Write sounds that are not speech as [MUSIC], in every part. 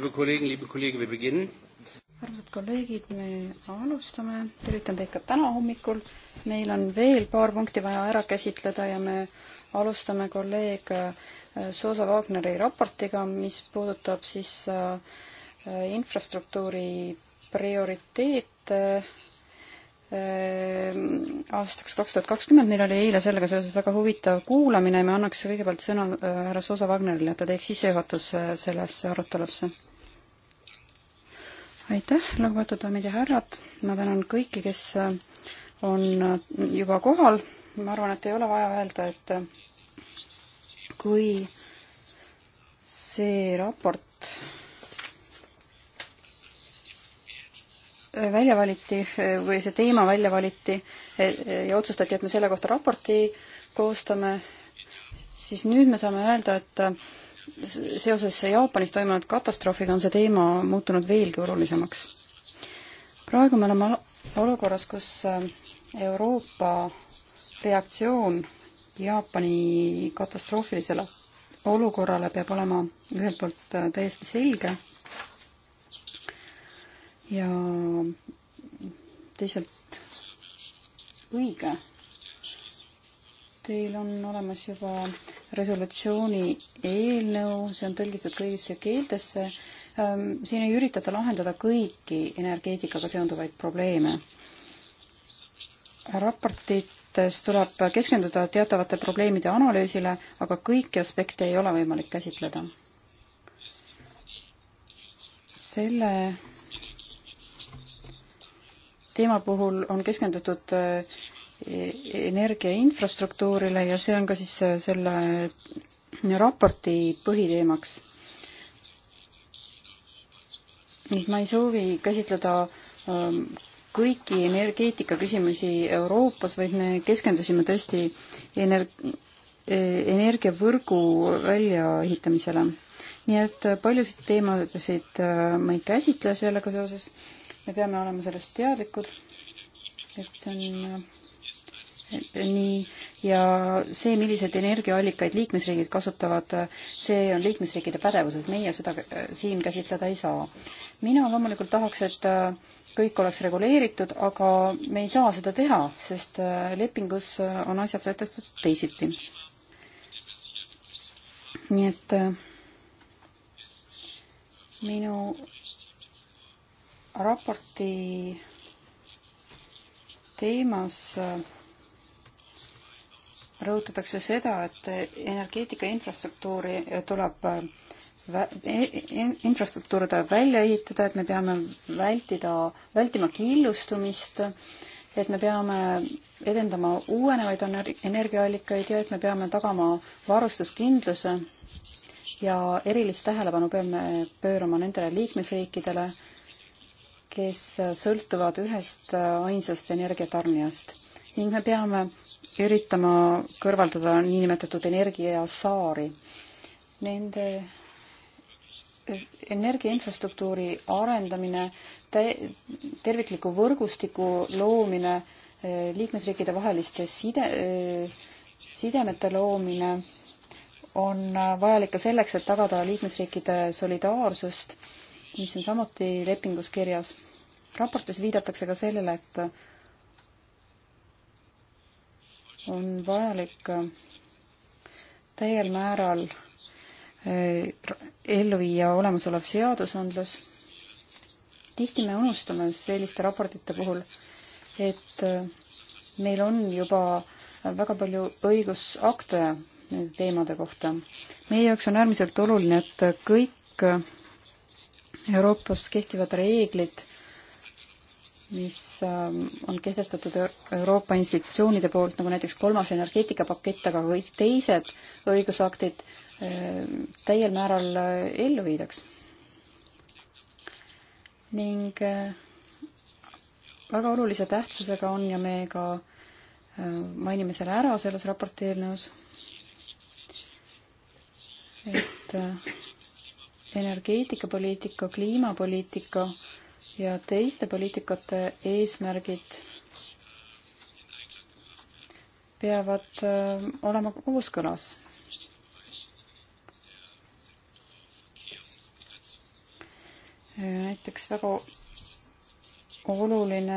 liebe Kollegen, liebe Kollegen, wir beginnen. armsad kolleegid, me alustame, tervitan teid ka täna hommikul. meil on veel paar punkti vaja ära käsitleda ja me alustame kolleeg äh, Soosa Wagneri raportiga, mis puudutab siis äh, infrastruktuuri prioriteete äh, aastaks kaks tuhat kakskümmend, meil oli eile sellega seoses väga huvitav kuulamine, me annaks kõigepealt sõna härra Soosa Wagnerile, et ta teeks sissejuhatuse sellesse arutelusse aitäh, lugupeetud daamid ja härrad, ma tänan kõiki, kes äh, on äh, juba kohal, ma arvan, et ei ole vaja öelda, et kui see raport välja valiti või see teema välja valiti ja otsustati, et me selle kohta raporti koostame, siis nüüd me saame öelda, et seoses Jaapanis toimunud katastroofiga on see teema muutunud veelgi olulisemaks. praegu me oleme olukorras, kus äh, Euroopa reaktsioon Jaapani katastroofilisele olukorrale peab olema ühelt poolt äh, täiesti selge ja teisalt õige. Teil on olemas juba resolutsiooni eelnõu, see on tõlgitud kõigisse keeltesse. Ähm, siin ei üritata lahendada kõiki energeetikaga seonduvaid probleeme. raportites tuleb keskenduda teatavate probleemide analüüsile, aga kõiki aspekte ei ole võimalik käsitleda. selle teema puhul on keskendutud äh, energiainfrastruktuurile ja see on ka siis selle raporti põhiteemaks. nüüd ma ei soovi käsitleda ähm, kõiki energeetika küsimusi Euroopas, vaid me keskendusime tõesti ener-, e-, energiavõrgu väljaehitamisele. nii et paljusid teemasid äh, ma ei käsitle sellega seoses, me peame olema sellest teadlikud, et see on äh, nii ja see, milliseid energiaallikaid liikmesriigid kasutavad, see on liikmesriikide pädevuses, meie seda äh, siin käsitleda ei saa. mina loomulikult tahaks, et äh, kõik oleks reguleeritud, aga me ei saa seda teha, sest äh, lepingus on asjad sätestatud teisiti. nii et minu raporti teemas rõhutatakse seda, et energeetika infrastruktuuri tuleb e- e- infrastruktuur tuleb välja ehitada, et me peame vältida, vältima killustumist, et me peame edendama uuenevaid energiaallikaid ja et me peame tagama varustuskindluse ja erilist tähelepanu peame pöörama nendele liikmesriikidele, kes sõltuvad ühest ainsast energiatarnijast ning me peame üritama kõrvaldada niinimetatud energiasaari. Nende energiainfrastruktuuri arendamine, tervikliku võrgustiku loomine, liikmesriikide vaheliste side, sidemete loomine on vajalik ka selleks, et tagada liikmesriikide solidaarsust, mis on samuti lepingus kirjas. raportis viidatakse ka sellele, et on vajalik äh, täiel määral äh, ellu viia olemasolev seadusandlus. tihti me unustame selliste raportite puhul, et äh, meil on juba väga palju õigusakte nende teemade kohta. meie jaoks on äärmiselt oluline, et kõik Euroopas kehtivad reeglid mis ähm, on kehtestatud Euroopa institutsioonide poolt, nagu näiteks kolmas energeetikapakett, aga kõik teised õigusaktid ähm, täiel määral äh, ellu viidaks. ning äh, väga olulise tähtsusega on ja me ka äh, mainime selle ära selles raporti eelnõus, et energeetikapoliitika, kliimapoliitika ja teiste poliitikate eesmärgid peavad äh, olema kooskõlas. näiteks väga oluline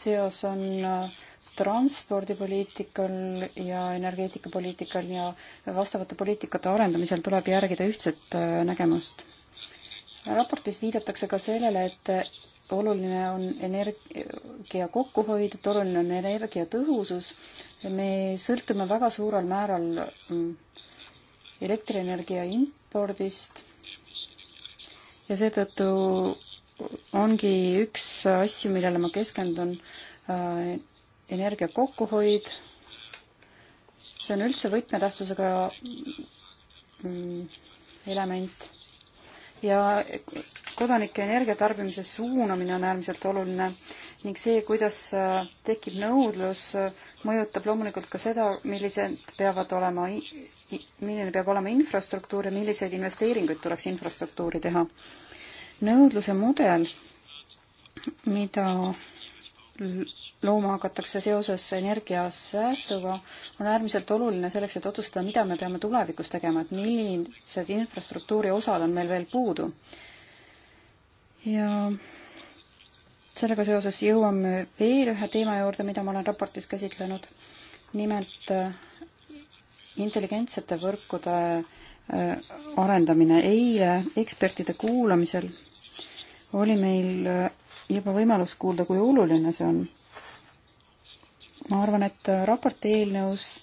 seos on äh, transpordipoliitikal ja energeetikapoliitikal ja vastavate poliitikate arendamisel tuleb järgida ühtset äh, nägemust raportis viidatakse ka sellele, et oluline on energia kokkuhoid, et oluline on energiatõhusus. me sõltume väga suurel määral mm, elektrienergia impordist ja seetõttu ongi üks asju, millele ma keskendun, äh, energia kokkuhoid. see on üldse võtmetähtsusega mm, element ja kodanike energiatarbimise suunamine on äärmiselt oluline ning see, kuidas äh, tekib nõudlus, äh, mõjutab loomulikult ka seda, millised peavad olema, milline peab olema infrastruktuur ja milliseid investeeringuid tuleks infrastruktuuri teha. nõudluse mudel, mida looma hakatakse seoses energiasäästuga, on äärmiselt oluline selleks, et otsustada, mida me peame tulevikus tegema, et millised infrastruktuuri osad on meil veel puudu. ja sellega seoses jõuame veel ühe teema juurde, mida ma olen raportis käsitlenud, nimelt äh, intelligentsete võrkude äh, arendamine. eile ekspertide kuulamisel oli meil äh, juba võimalus kuulda, kui oluline see on. ma arvan, et raporti eelnõus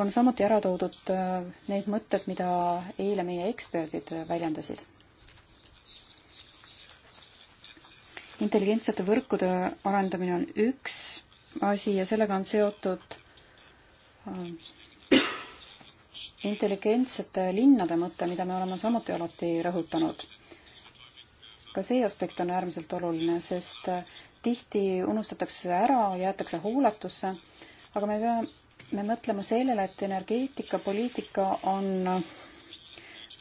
on samuti ära toodud äh, need mõtted, mida eile meie eksperdid äh, väljendasid. intelligentsete võrkude arendamine on üks asi ja sellega on seotud äh, intelligentsete linnade mõte, mida me oleme samuti alati rõhutanud ka see aspekt on äärmiselt oluline, sest äh, tihti unustatakse ära, jäetakse hooletusse, aga me peame, me mõtleme sellele, et energeetikapoliitika on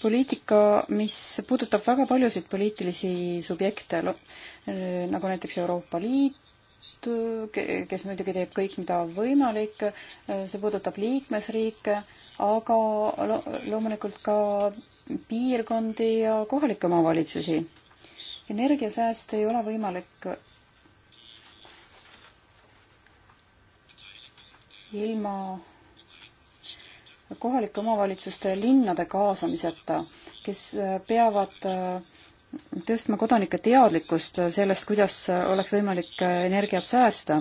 poliitika, mis puudutab väga paljusid poliitilisi subjekte, äh, nagu näiteks Euroopa Liit, kes muidugi teeb kõik, mida võimalik, äh, see puudutab liikmesriike, aga lo loomulikult ka piirkondi ja kohalikke omavalitsusi energiasääst ei ole võimalik ilma kohalike omavalitsuste ja linnade kaasamiseta, kes peavad äh, tõstma kodanike teadlikkust äh, sellest, kuidas äh, oleks võimalik energiat säästa.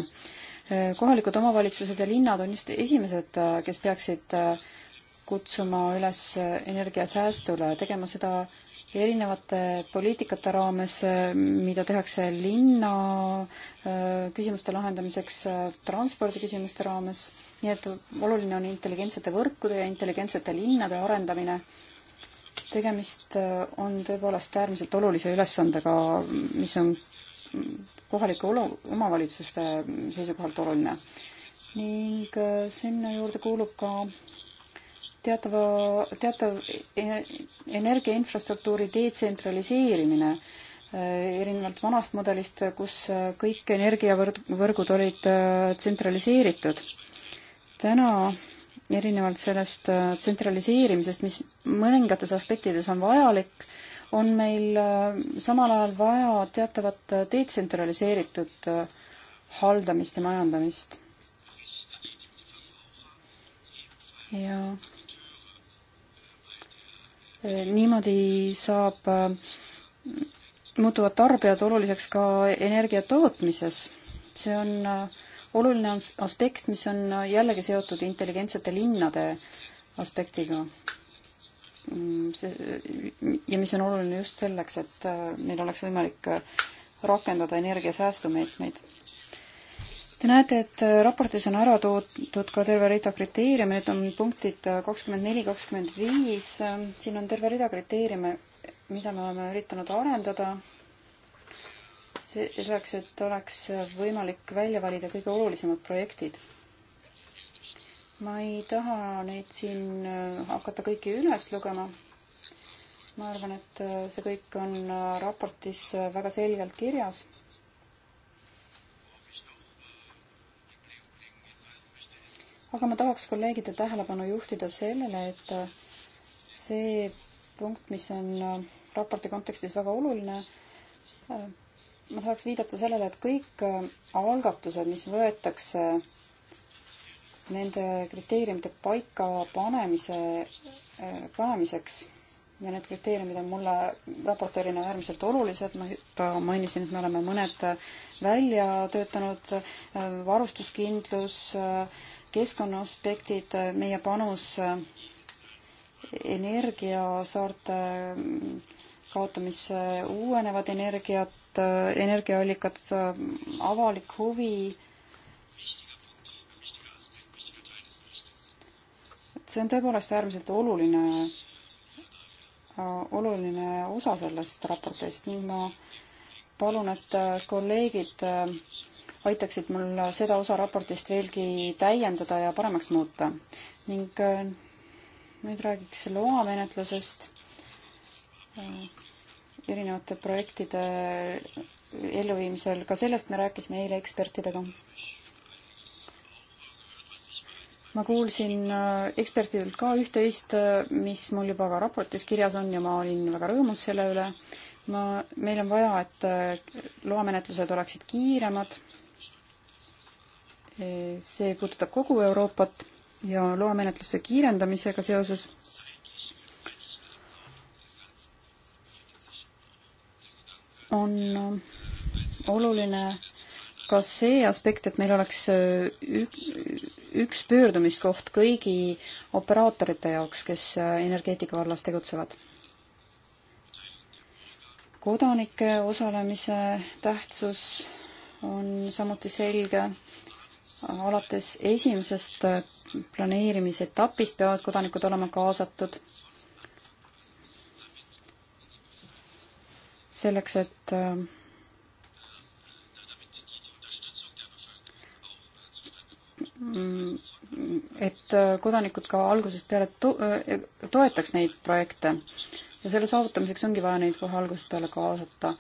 kohalikud omavalitsused ja linnad on just esimesed, kes peaksid kutsuma üles energiasäästule, tegema seda erinevate poliitikate raames, mida tehakse linna äh, küsimuste lahendamiseks, äh, transpordiküsimuste raames, nii et oluline on intelligentsete võrkude ja intelligentsete linnade arendamine. tegemist äh, on tõepoolest äärmiselt olulise ülesandega, mis on kohalike olu-, omavalitsuste seisukohalt oluline. ning sinna juurde kuulub ka teatava, teatav e-, energiainfrastruktuuri detsentraliseerimine äh, erinevalt vanast mudelist, kus äh, kõik energiavõrgud olid äh, tsentraliseeritud. täna erinevalt sellest tsentraliseerimisest, mis mõningates aspektides on vajalik, on meil samal ajal vaja teatavat detsentraliseeritud haldamist ja majandamist ja äh, niimoodi saab, äh, muutuvad tarbijad oluliseks ka energia tootmises. see on äh, oluline aspekt, mis on jällegi seotud intelligentsete linnade aspektiga. Mm, see, ja mis on oluline just selleks, et meil oleks võimalik rakendada energiasäästumeetmeid. Te näete, et raportis on ära toodud ka terve rida kriteeriume, need on punktid kakskümmend neli, kakskümmend viis, siin on terve rida kriteeriume, mida me oleme üritanud arendada selleks, et oleks võimalik välja valida kõige olulisemad projektid. ma ei taha neid siin hakata kõiki üles lugema. ma arvan, et see kõik on raportis väga selgelt kirjas aga ma tahaks kolleegide tähelepanu juhtida sellele, et see punkt, mis on äh, raporti kontekstis väga oluline, äh, ma tahaks viidata sellele, et kõik äh, algatused, mis võetakse nende kriteeriumite paika panemise, panemiseks ja need kriteeriumid on mulle raportöörina äärmiselt olulised, ma juba mainisin, et me oleme mõned välja töötanud, varustuskindlus äh,, keskkonnaaspektid, meie panus energiasaarte kaotamisse, uuenevad energiat, energiaallikad, avalik huvi. see on tõepoolest äärmiselt oluline, oluline osa sellest raportist ning ma palun, et kolleegid äh, aitaksid mul seda osa raportist veelgi täiendada ja paremaks muuta. ning äh, nüüd räägiks loamenetlusest, äh, erinevate projektide elluviimisel, ka sellest me rääkisime eile ekspertidega. ma kuulsin äh, ekspertidelt ka üht-teist, mis mul juba ka raportis kirjas on ja ma olin väga rõõmus selle üle ma, meil on vaja, et loamenetlused oleksid kiiremad see puudutab kogu Euroopat ja loamenetluse kiirendamisega seoses on oluline ka see aspekt, et meil oleks üks pöördumiskoht kõigi operaatorite jaoks, kes energeetika vallas tegutsevad. kodanike osalemise tähtsus on samuti selge, alates esimesest äh, planeerimisetapist peavad kodanikud olema kaasatud selleks, et äh, et äh, kodanikud ka algusest peale to toetaks neid projekte ja selle saavutamiseks ongi vaja neid kohe algusest peale kaasata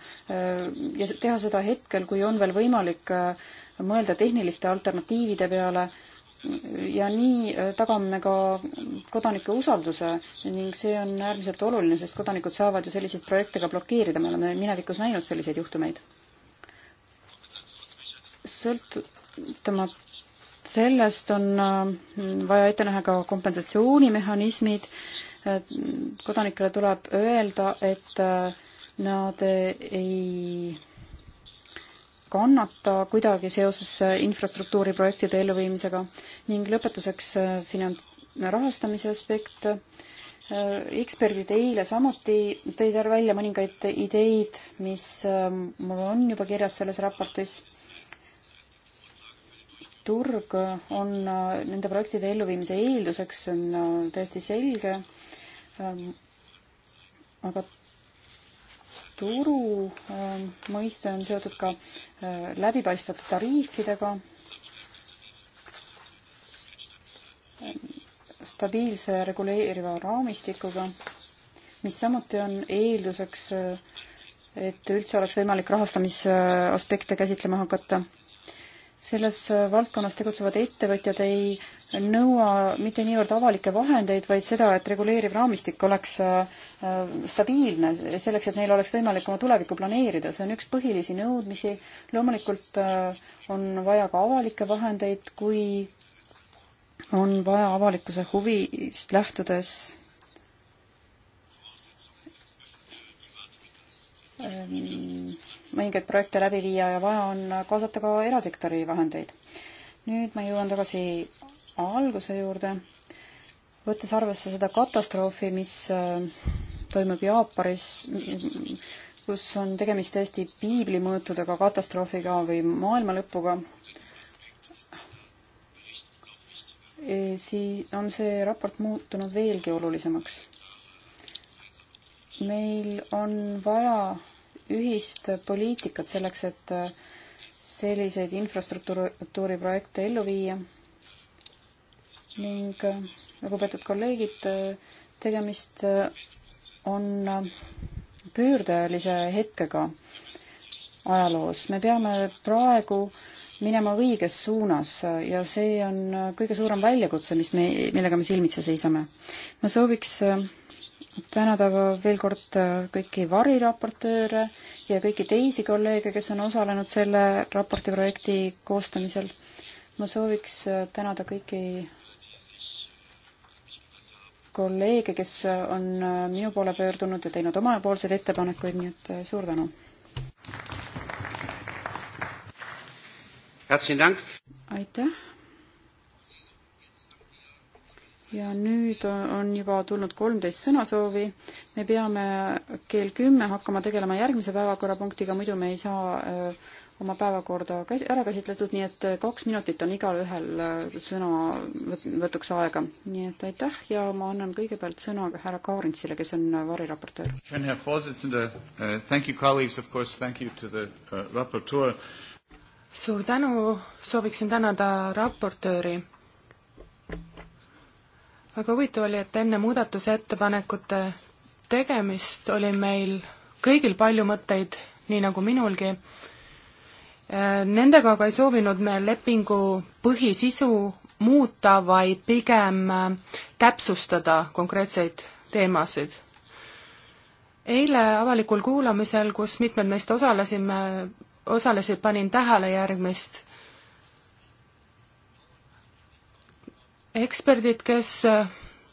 ja teha seda hetkel, kui on veel võimalik mõelda tehniliste alternatiivide peale ja nii tagame ka kodanike usalduse ning see on äärmiselt oluline, sest kodanikud saavad ju selliseid projekte ka blokeerida, me oleme minevikus näinud selliseid juhtumeid. sõltumata sellest on mm, vaja ette näha ka kompensatsioonimehhanismid, kodanikele tuleb öelda, et äh, nad ei kannata kuidagi seoses äh, infrastruktuuriprojektide elluviimisega ning lõpetuseks äh, finants, rahastamise aspekt. Äh, eksperdid eile samuti tõid välja mõningaid ideid, mis mul on juba kirjas selles raportis. turg on nende projektide elluviimise eelduseks, see on täiesti selge. aga turu ähm, mõiste on seotud ka äh, läbipaistvate tariifidega, ähm, stabiilse reguleeriva raamistikuga, mis samuti on eelduseks, äh, et üldse oleks võimalik rahastamisaspekte käsitlema hakata selles äh, valdkonnas tegutsevad ettevõtjad ei nõua mitte niivõrd avalikke vahendeid, vaid seda, et reguleeriv raamistik oleks äh, stabiilne, selleks et neil oleks võimalik oma tulevikku planeerida, see on üks põhilisi nõudmisi. loomulikult äh, on vaja ka avalikke vahendeid, kui on vaja avalikkuse huvist lähtudes ähm, mõningaid projekte läbi viia ja vaja on kaasata ka erasektori vahendeid. nüüd ma jõuan tagasi alguse juurde, võttes arvesse seda katastroofi, mis äh, toimub Jaapanis, kus on tegemist täiesti piiblimõõtudega katastroofiga või maailmalõpuga, e, sii-, on see raport muutunud veelgi olulisemaks. meil on vaja ühist poliitikat selleks, et äh, selliseid infrastruktuuri projekte ellu viia ning äh, lugupeetud kolleegid, äh, tegemist äh, on pöördelise hetkega ajaloos. me peame praegu minema õiges suunas ja see on kõige suurem väljakutse, mis me, millega me silmitsi seisame. ma sooviks tänada veel kord kõiki variraportööre ja kõiki teisi kolleege, kes on osalenud selle raporti projekti koostamisel. ma sooviks tänada kõiki kolleege, kes on äh, minu poole pöördunud ja teinud omapoolseid ettepanekuid, nii et äh, suur tänu. aitäh. ja nüüd äh, on juba tulnud kolmteist sõnasoovi. me peame kell kümme hakkama tegelema järgmise päevakorrapunktiga, muidu me ei saa äh, oma päevakorda ära käsitletud, nii et kaks minutit on igalühel äh, sõnavõtuks aega. nii et aitäh ja ma annan kõigepealt sõna härra Kaarintsile, kes on äh, variraportöör. Euh, uh, suur tänu, sooviksin tänada raportööri. väga huvitav oli, et enne muudatusettepanekute tegemist oli meil kõigil palju mõtteid, nii nagu minulgi Äh, nendega aga ei soovinud me lepingu põhisisu muuta, vaid pigem äh, täpsustada konkreetseid teemasid. eile avalikul kuulamisel, kus mitmed meist osalesime, osalesid, panin tähele järgmist. eksperdid, kes äh,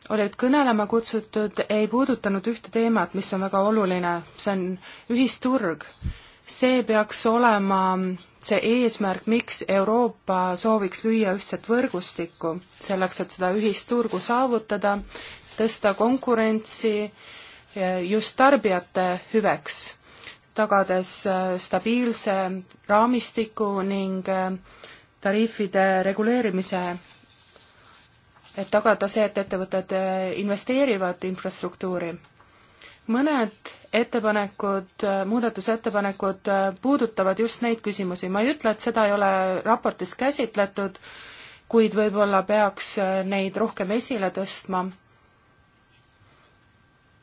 olid kõnelema kutsutud, ei puudutanud ühte teemat, mis on väga oluline, see on ühisturg see peaks olema see eesmärk, miks Euroopa sooviks lüüa ühtset võrgustikku, selleks et seda ühist turgu saavutada, tõsta konkurentsi eh, just tarbijate hüveks, tagades eh, stabiilse raamistiku ning eh, tariifide reguleerimise, et tagada see, et ettevõtted investeerivad infrastruktuuri. mõned ettepanekud, muudatusettepanekud puudutavad just neid küsimusi. ma ei ütle, et seda ei ole raportis käsitletud, kuid võib-olla peaks neid rohkem esile tõstma.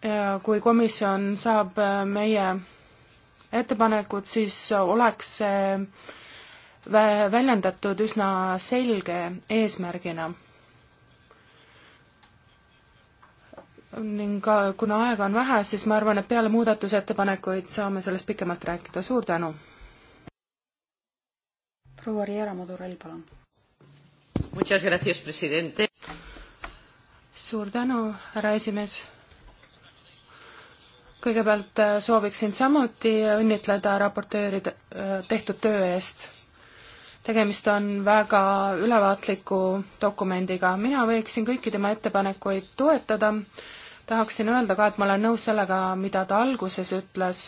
ja kui komisjon saab meie ettepanekud, siis oleks see väljendatud üsna selge eesmärgina ning kuna aega on vähe, siis ma arvan, et peale muudatusettepanekuid saame sellest pikemalt rääkida, suur tänu! proua Riera Madurell, palun! suur tänu, härra esimees! kõigepealt äh, sooviksin samuti õnnitleda raportööri äh, tehtud töö eest. tegemist on väga ülevaatliku dokumendiga, mina võiksin kõiki tema ettepanekuid toetada tahaksin öelda ka, et ma olen nõus sellega, mida ta alguses ütles.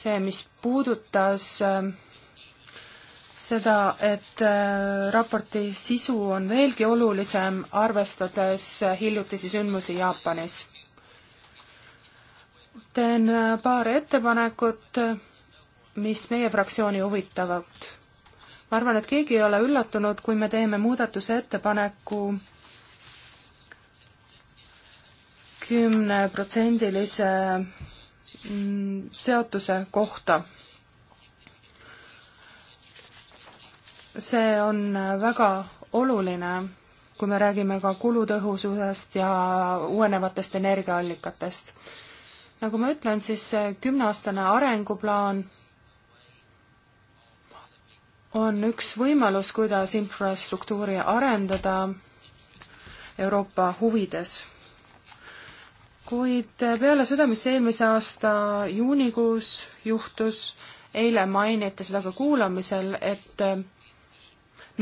see, mis puudutas äh, seda, et äh, raporti sisu on veelgi olulisem, arvestades hiljutisi sündmusi Jaapanis. teen äh, paar ettepanekut, mis meie fraktsiooni huvitavad ma arvan, et keegi ei ole üllatunud, kui me teeme muudatuse ettepaneku kümneprotsendilise mm, seotuse kohta. see on väga oluline, kui me räägime ka kulutõhususest ja uuenevatest energiaallikatest. nagu ma ütlen, siis see kümneaastane arenguplaan on üks võimalus, kuidas infrastruktuuri arendada Euroopa huvides kuid peale seda, mis eelmise aasta juunikuus juhtus, eile mainiti seda ka kuulamisel, et eh,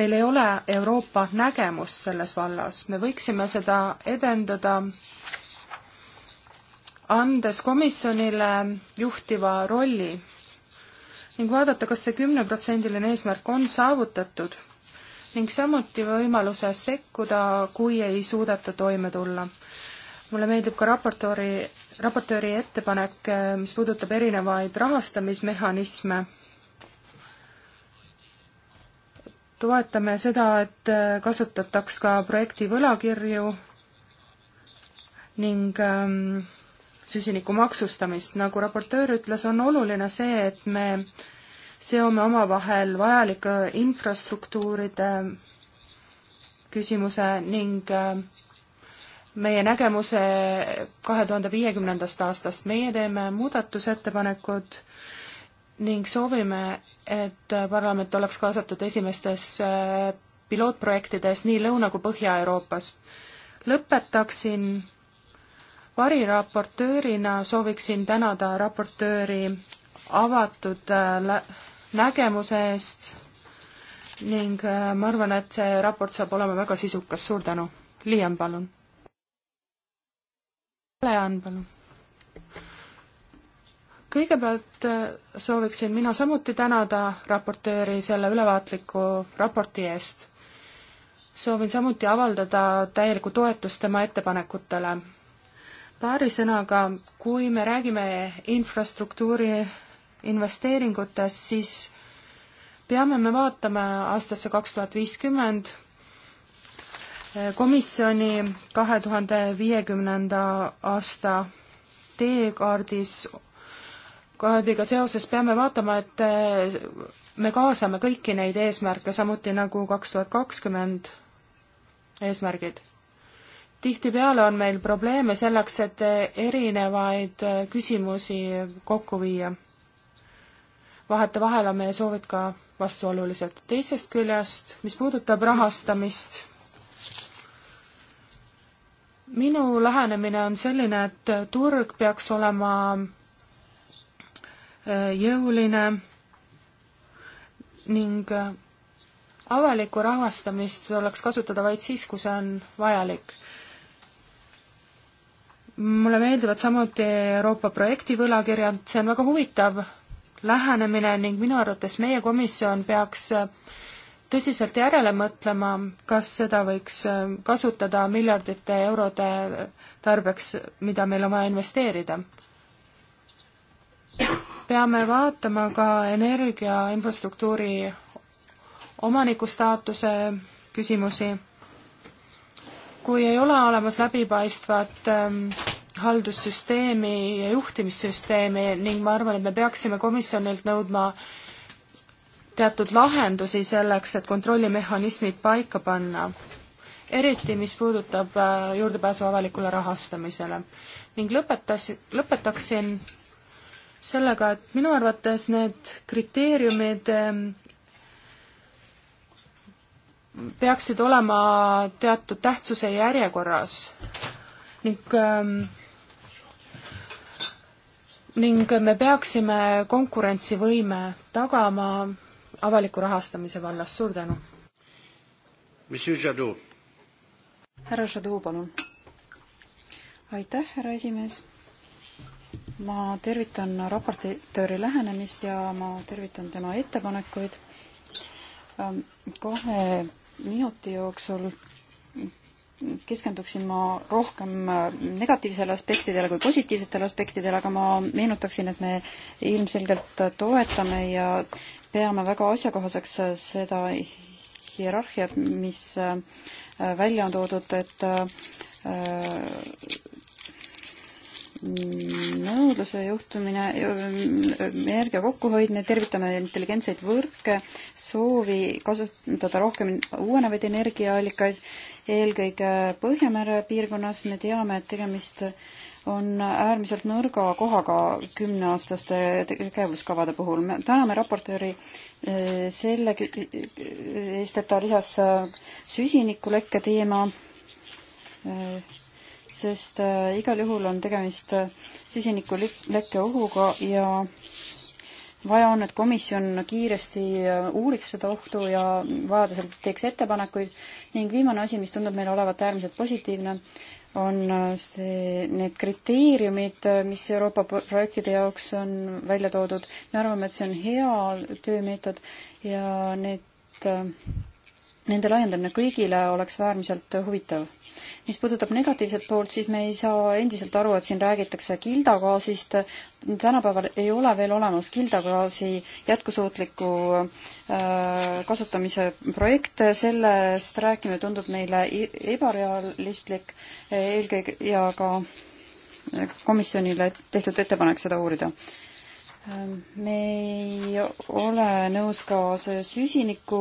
meil ei ole Euroopa nägemust selles vallas, me võiksime seda edendada, andes komisjonile juhtiva rolli ning vaadata, kas see kümneprotsendiline eesmärk on saavutatud ning samuti võimaluse sekkuda, kui ei suudeta toime tulla mulle meeldib ka raportööri, raportööri ettepanek, äh, mis puudutab erinevaid rahastamismehhanisme. toetame seda, et äh, kasutataks ka projekti võlakirju ning ähm, süsiniku maksustamist. nagu raportöör ütles, on oluline see, et me seome omavahel vajalike infrastruktuuride küsimuse ning äh, meie nägemuse kahe tuhande viiekümnendast aastast. meie teeme muudatusettepanekud ning soovime, et parlament oleks kaasatud esimestes äh, pilootprojektides nii Lõuna- kui Põhja-Euroopas. lõpetaksin variraportöörina, sooviksin tänada raportööri avatud äh, nägemuse eest ning äh, ma arvan, et see raport saab olema väga sisukas, suur tänu. Liian, palun Lean, palun. kõigepealt äh, sooviksin mina samuti tänada raportööri selle ülevaatliku raporti eest. soovin samuti avaldada täielikku toetust tema ettepanekutele. paari sõnaga, kui me räägime infrastruktuuri investeeringutest, siis peame me vaatama aastasse kaks tuhat viiskümmend komisjoni kahe tuhande viiekümnenda aasta teekaardis kaardiga seoses peame vaatama, et eh, me kaasame kõiki neid eesmärke, samuti nagu kaks tuhat kakskümmend eesmärgid. tihtipeale on meil probleeme selleks, et eh, erinevaid eh, küsimusi kokku viia. vahetevahel on meie soovid ka vastuolulised. teisest küljest, mis puudutab rahastamist, minu lähenemine on selline, et turg peaks olema äh, jõuline ning äh, avalikku rahastamist tuleks kasutada vaid siis, kui see on vajalik. mulle meeldivad samuti Euroopa projektivõlakirjad, see on väga huvitav lähenemine ning minu arvates meie komisjon peaks äh, tõsiselt järele mõtlema, kas seda võiks äh, kasutada miljardite eurode tarbeks, mida meil on vaja investeerida. peame vaatama ka energia infrastruktuuri omaniku staatuse küsimusi. kui ei ole olemas läbipaistvat ähm, haldussüsteemi ja juhtimissüsteemi ning ma arvan, et me peaksime komisjonilt nõudma äh, teatud lahendusi selleks, et kontrollimehhanismid paika panna. eriti, mis puudutab äh, juurdepääsu avalikule rahastamisele. ning lõpetas, lõpetaksin sellega, et minu arvates need kriteeriumid ähm, peaksid olema teatud tähtsuse järjekorras ning ähm, ning me peaksime konkurentsivõime tagama avaliku rahastamise vallas, suur tänu! härra Jadot, palun! aitäh, härra esimees! ma tervitan raportööri lähenemist ja ma tervitan tema ettepanekuid. Ähm, kahe minuti jooksul keskenduksin ma rohkem äh, negatiivsele aspektidele kui positiivsetele aspektidele, aga ma meenutaksin, et me ilmselgelt toetame ja peame väga asjakohaseks äh, seda hierarhiat, mis äh, välja on toodud, et äh, nõudluse juhtumine, energia kokkuhoidmine, tervitame intelligentseid võrke, soovi kasutada rohkem uuenevaid energiaallikaid, eelkõige Põhjamere piirkonnas me teame, et tegemist on äärmiselt nõrga kohaga kümneaastaste tegevuskavade puhul. me täname raportööri eh, selle eest, et ta lisas eh, süsinikulekke teema, eh, sest igal juhul on tegemist süsinikulekke ohuga ja vaja on, et komisjon kiiresti uuriks seda ohtu ja vajadusel teeks ettepanekuid ning viimane asi, mis tundub meile olevat äärmiselt positiivne, on äh, see, need kriteeriumid, äh, mis Euroopa projektide jaoks on välja toodud, me arvame, et see on hea töömeetod ja need, äh, nende laiendamine kõigile oleks äärmiselt huvitav mis puudutab negatiivset poolt, siis me ei saa endiselt aru, et siin räägitakse kildagaasist. tänapäeval ei ole veel olemas kildagaasi jätkusuutliku äh, kasutamise projekte, sellest rääkimine tundub meile ebarealistlik eelkõige ja ka komisjonile tehtud ettepanek seda uurida ähm, me ei ole nõus ka see süsiniku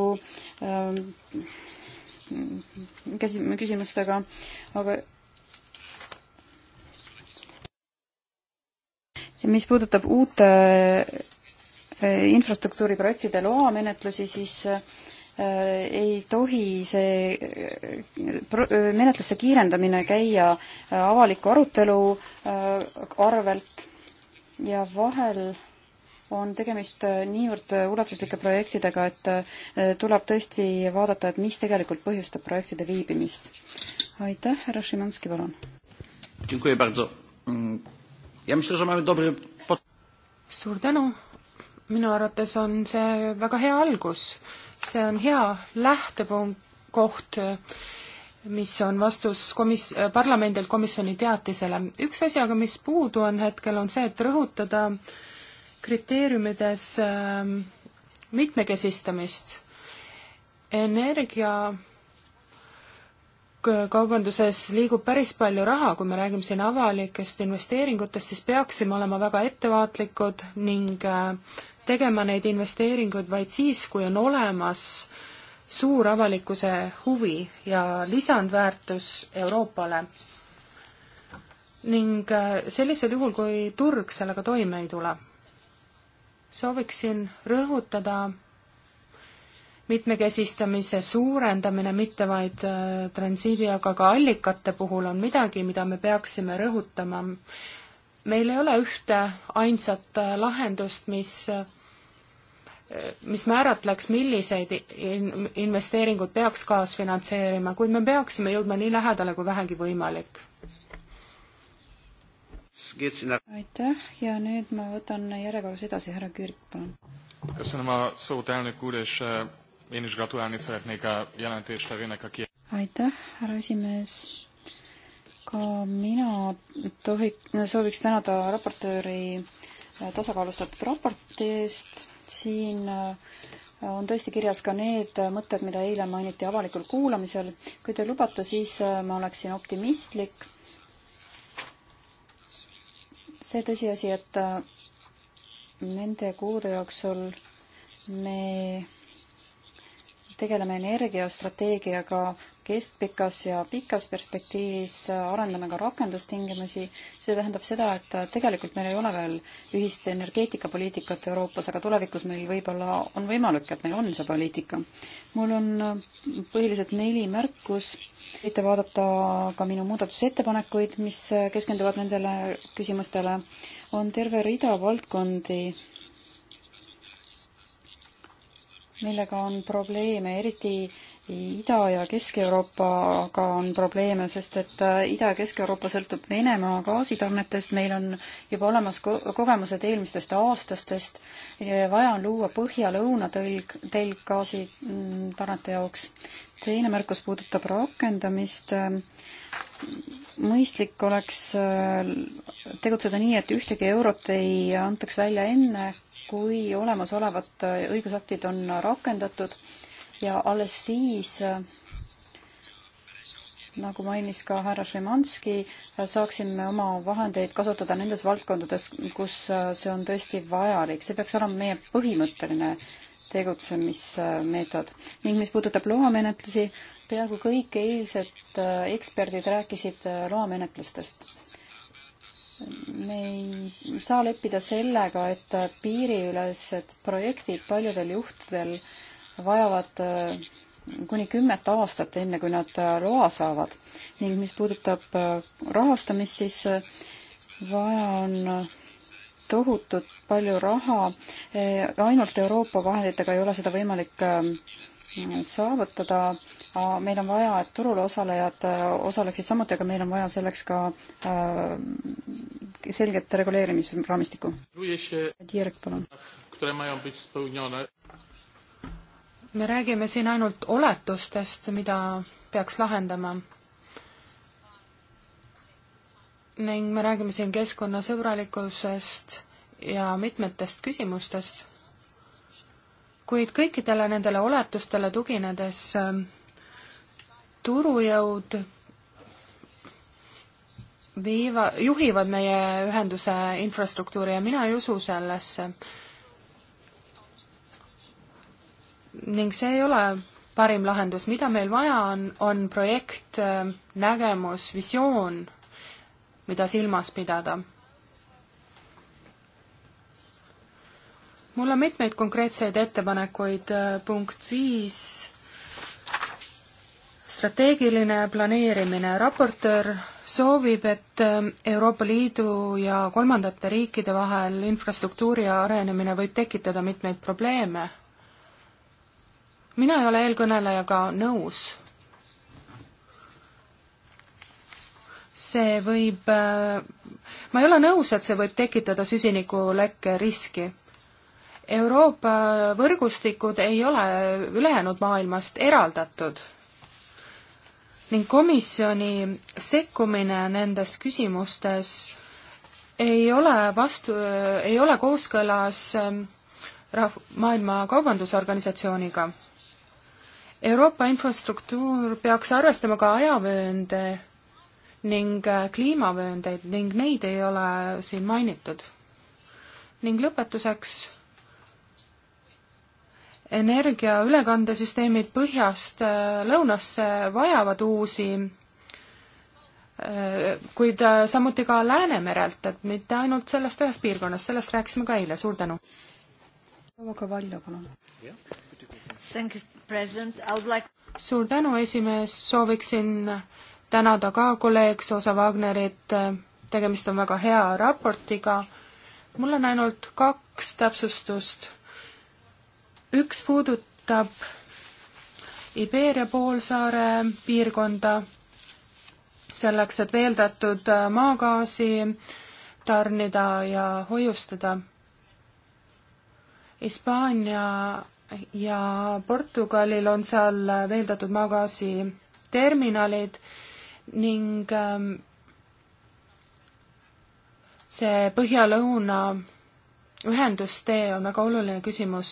ähm, käsi, küsimustega, aga mis puudutab uute eh, infrastruktuuriprojektide loamenetlusi, siis eh, ei tohi see eh, menetluste kiirendamine käia avaliku arutelu arvelt ja vahel on tegemist äh, niivõrd äh, ulatuslike projektidega, et äh, tuleb tõesti vaadata, et mis tegelikult põhjustab projektide viibimist. aitäh, härra Šimanski, palun. Mm, suur tänu. minu arvates on see väga hea algus. see on hea lähtepunkt, koht, mis on vastus komis-, parlamendilt komisjoni teatisele. üks asi aga, mis puudu on hetkel, on see, et rõhutada äh, kriteeriumides ähm, mitmekesistamist. energia kaubanduses liigub päris palju raha, kui me räägime siin avalikest investeeringutest, siis peaksime olema väga ettevaatlikud ning äh, tegema neid investeeringuid vaid siis, kui on olemas suur avalikkuse huvi ja lisandväärtus Euroopale. ning äh, sellisel juhul, kui turg sellega toime ei tule sooviksin rõhutada mitmekesistamise suurendamine mitte vaid äh, transiidi, aga ka allikate puhul on midagi, mida me peaksime rõhutama. meil ei ole ühte ainsat äh, lahendust, mis äh, mis määratleks, milliseid investeeringuid peaks kaasfinantseerima, kuid me peaksime jõudma nii lähedale kui vähegi võimalik aitäh ja nüüd ma võtan järjekorras edasi, härra Kürk, palun. Eh, aitäh, härra esimees. ka mina tohi-, sooviks tänada raportööri eh, tasakaalustatud raporti eest. siin eh, on tõesti kirjas ka need mõtted, mida eile mainiti avalikul kuulamisel. kui te lubate, siis ma oleksin optimistlik see tõsiasi, et äh, nende kuude jooksul me tegeleme energiastrateegiaga keskpikas ja pikas perspektiivis, äh, arendame ka rakendustingimusi, see tähendab seda, et äh, tegelikult meil ei ole veel ühist energeetikapoliitikat Euroopas, aga tulevikus meil võib-olla on võimalik, et meil on see poliitika. mul on põhiliselt neli märkus võite vaadata ka minu muudatusettepanekuid, mis keskenduvad nendele küsimustele. on terve rida valdkondi, millega on probleeme, eriti Ida- ja Kesk-Euroopaga on probleeme, sest et Ida- ja Kesk-Euroopa sõltub Venemaa gaasitarnetest, meil on juba olemas ko kogemused eelmistest aastastest, vaja on luua põhja-lõuna tõlg, telg gaasitarnete jaoks teine märkus puudutab rakendamist. mõistlik oleks äh, tegutseda nii, et ühtegi eurot ei antaks välja enne, kui olemasolevad äh, õigusaktid on rakendatud ja alles siis äh, nagu mainis ka härra Šimanski, saaksime oma vahendeid kasutada nendes valdkondades, kus see on tõesti vajalik. see peaks olema meie põhimõtteline tegutsemismeetod. ning mis puudutab loamenetlusi, peaaegu kõik eilsed äh, eksperdid rääkisid äh, loamenetlustest. me ei saa leppida sellega, et äh, piiriülesed projektid paljudel juhtudel vajavad kuni kümmet aastat, enne kui nad loa saavad. ning mis puudutab rahastamist, siis vaja on tohutult palju raha, eh, ainult Euroopa vahenditega ei ole seda võimalik ähm, saavutada, meil on vaja, et turul osalejad äh, osaleksid samuti, aga meil on vaja selleks ka äh, selget reguleerimisraamistikku. Dirk, palun. me räägime siin ainult oletustest, mida peaks lahendama ning me räägime siin keskkonnasõbralikkusest ja mitmetest küsimustest, kuid kõikidele nendele oletustele tuginedes ähm, turujõud viiva, juhivad meie ühenduse infrastruktuuri ja mina ei usu sellesse. ning see ei ole parim lahendus, mida meil vaja on, on projekt, ähm, nägemus, visioon mida silmas pidada. mul on mitmeid konkreetseid ettepanekuid, äh, punkt viis, strateegiline planeerimine, raportöör soovib, et äh, Euroopa Liidu ja kolmandate riikide vahel infrastruktuuri arenemine võib tekitada mitmeid probleeme. mina ei ole eelkõnelejaga nõus see võib, äh, ma ei ole nõus, et see võib tekitada süsinikulekke riski. Euroopa võrgustikud ei ole ülejäänud maailmast eraldatud ning komisjoni sekkumine nendes küsimustes ei ole vastu, ei ole kooskõlas ähm, rahv-, Maailma Kaubandusorganisatsiooniga. Euroopa infrastruktuur peaks arvestama ka ajavöönde ning äh, kliimavööndeid ning neid ei ole siin mainitud. ning lõpetuseks energia ülekandesüsteemid põhjast äh, lõunasse vajavad uusi, äh, kuid samuti ka Läänemerelt, et mitte ainult sellest ühest piirkonnast, sellest rääkisime ka eile, suur tänu. proua Kavaljo, palun. suur tänu, esimees, sooviksin tänada ka kolleeg Soosa Wagnerit, tegemist on väga hea raportiga. mul on ainult kaks täpsustust. üks puudutab Iberia poolsaare piirkonda selleks, et veeldatud maagaasi tarnida ja hoiustada. Hispaania ja Portugalil on seal veeldatud maagaasi terminalid ning ähm, see põhja-lõuna ühendustee on väga oluline küsimus.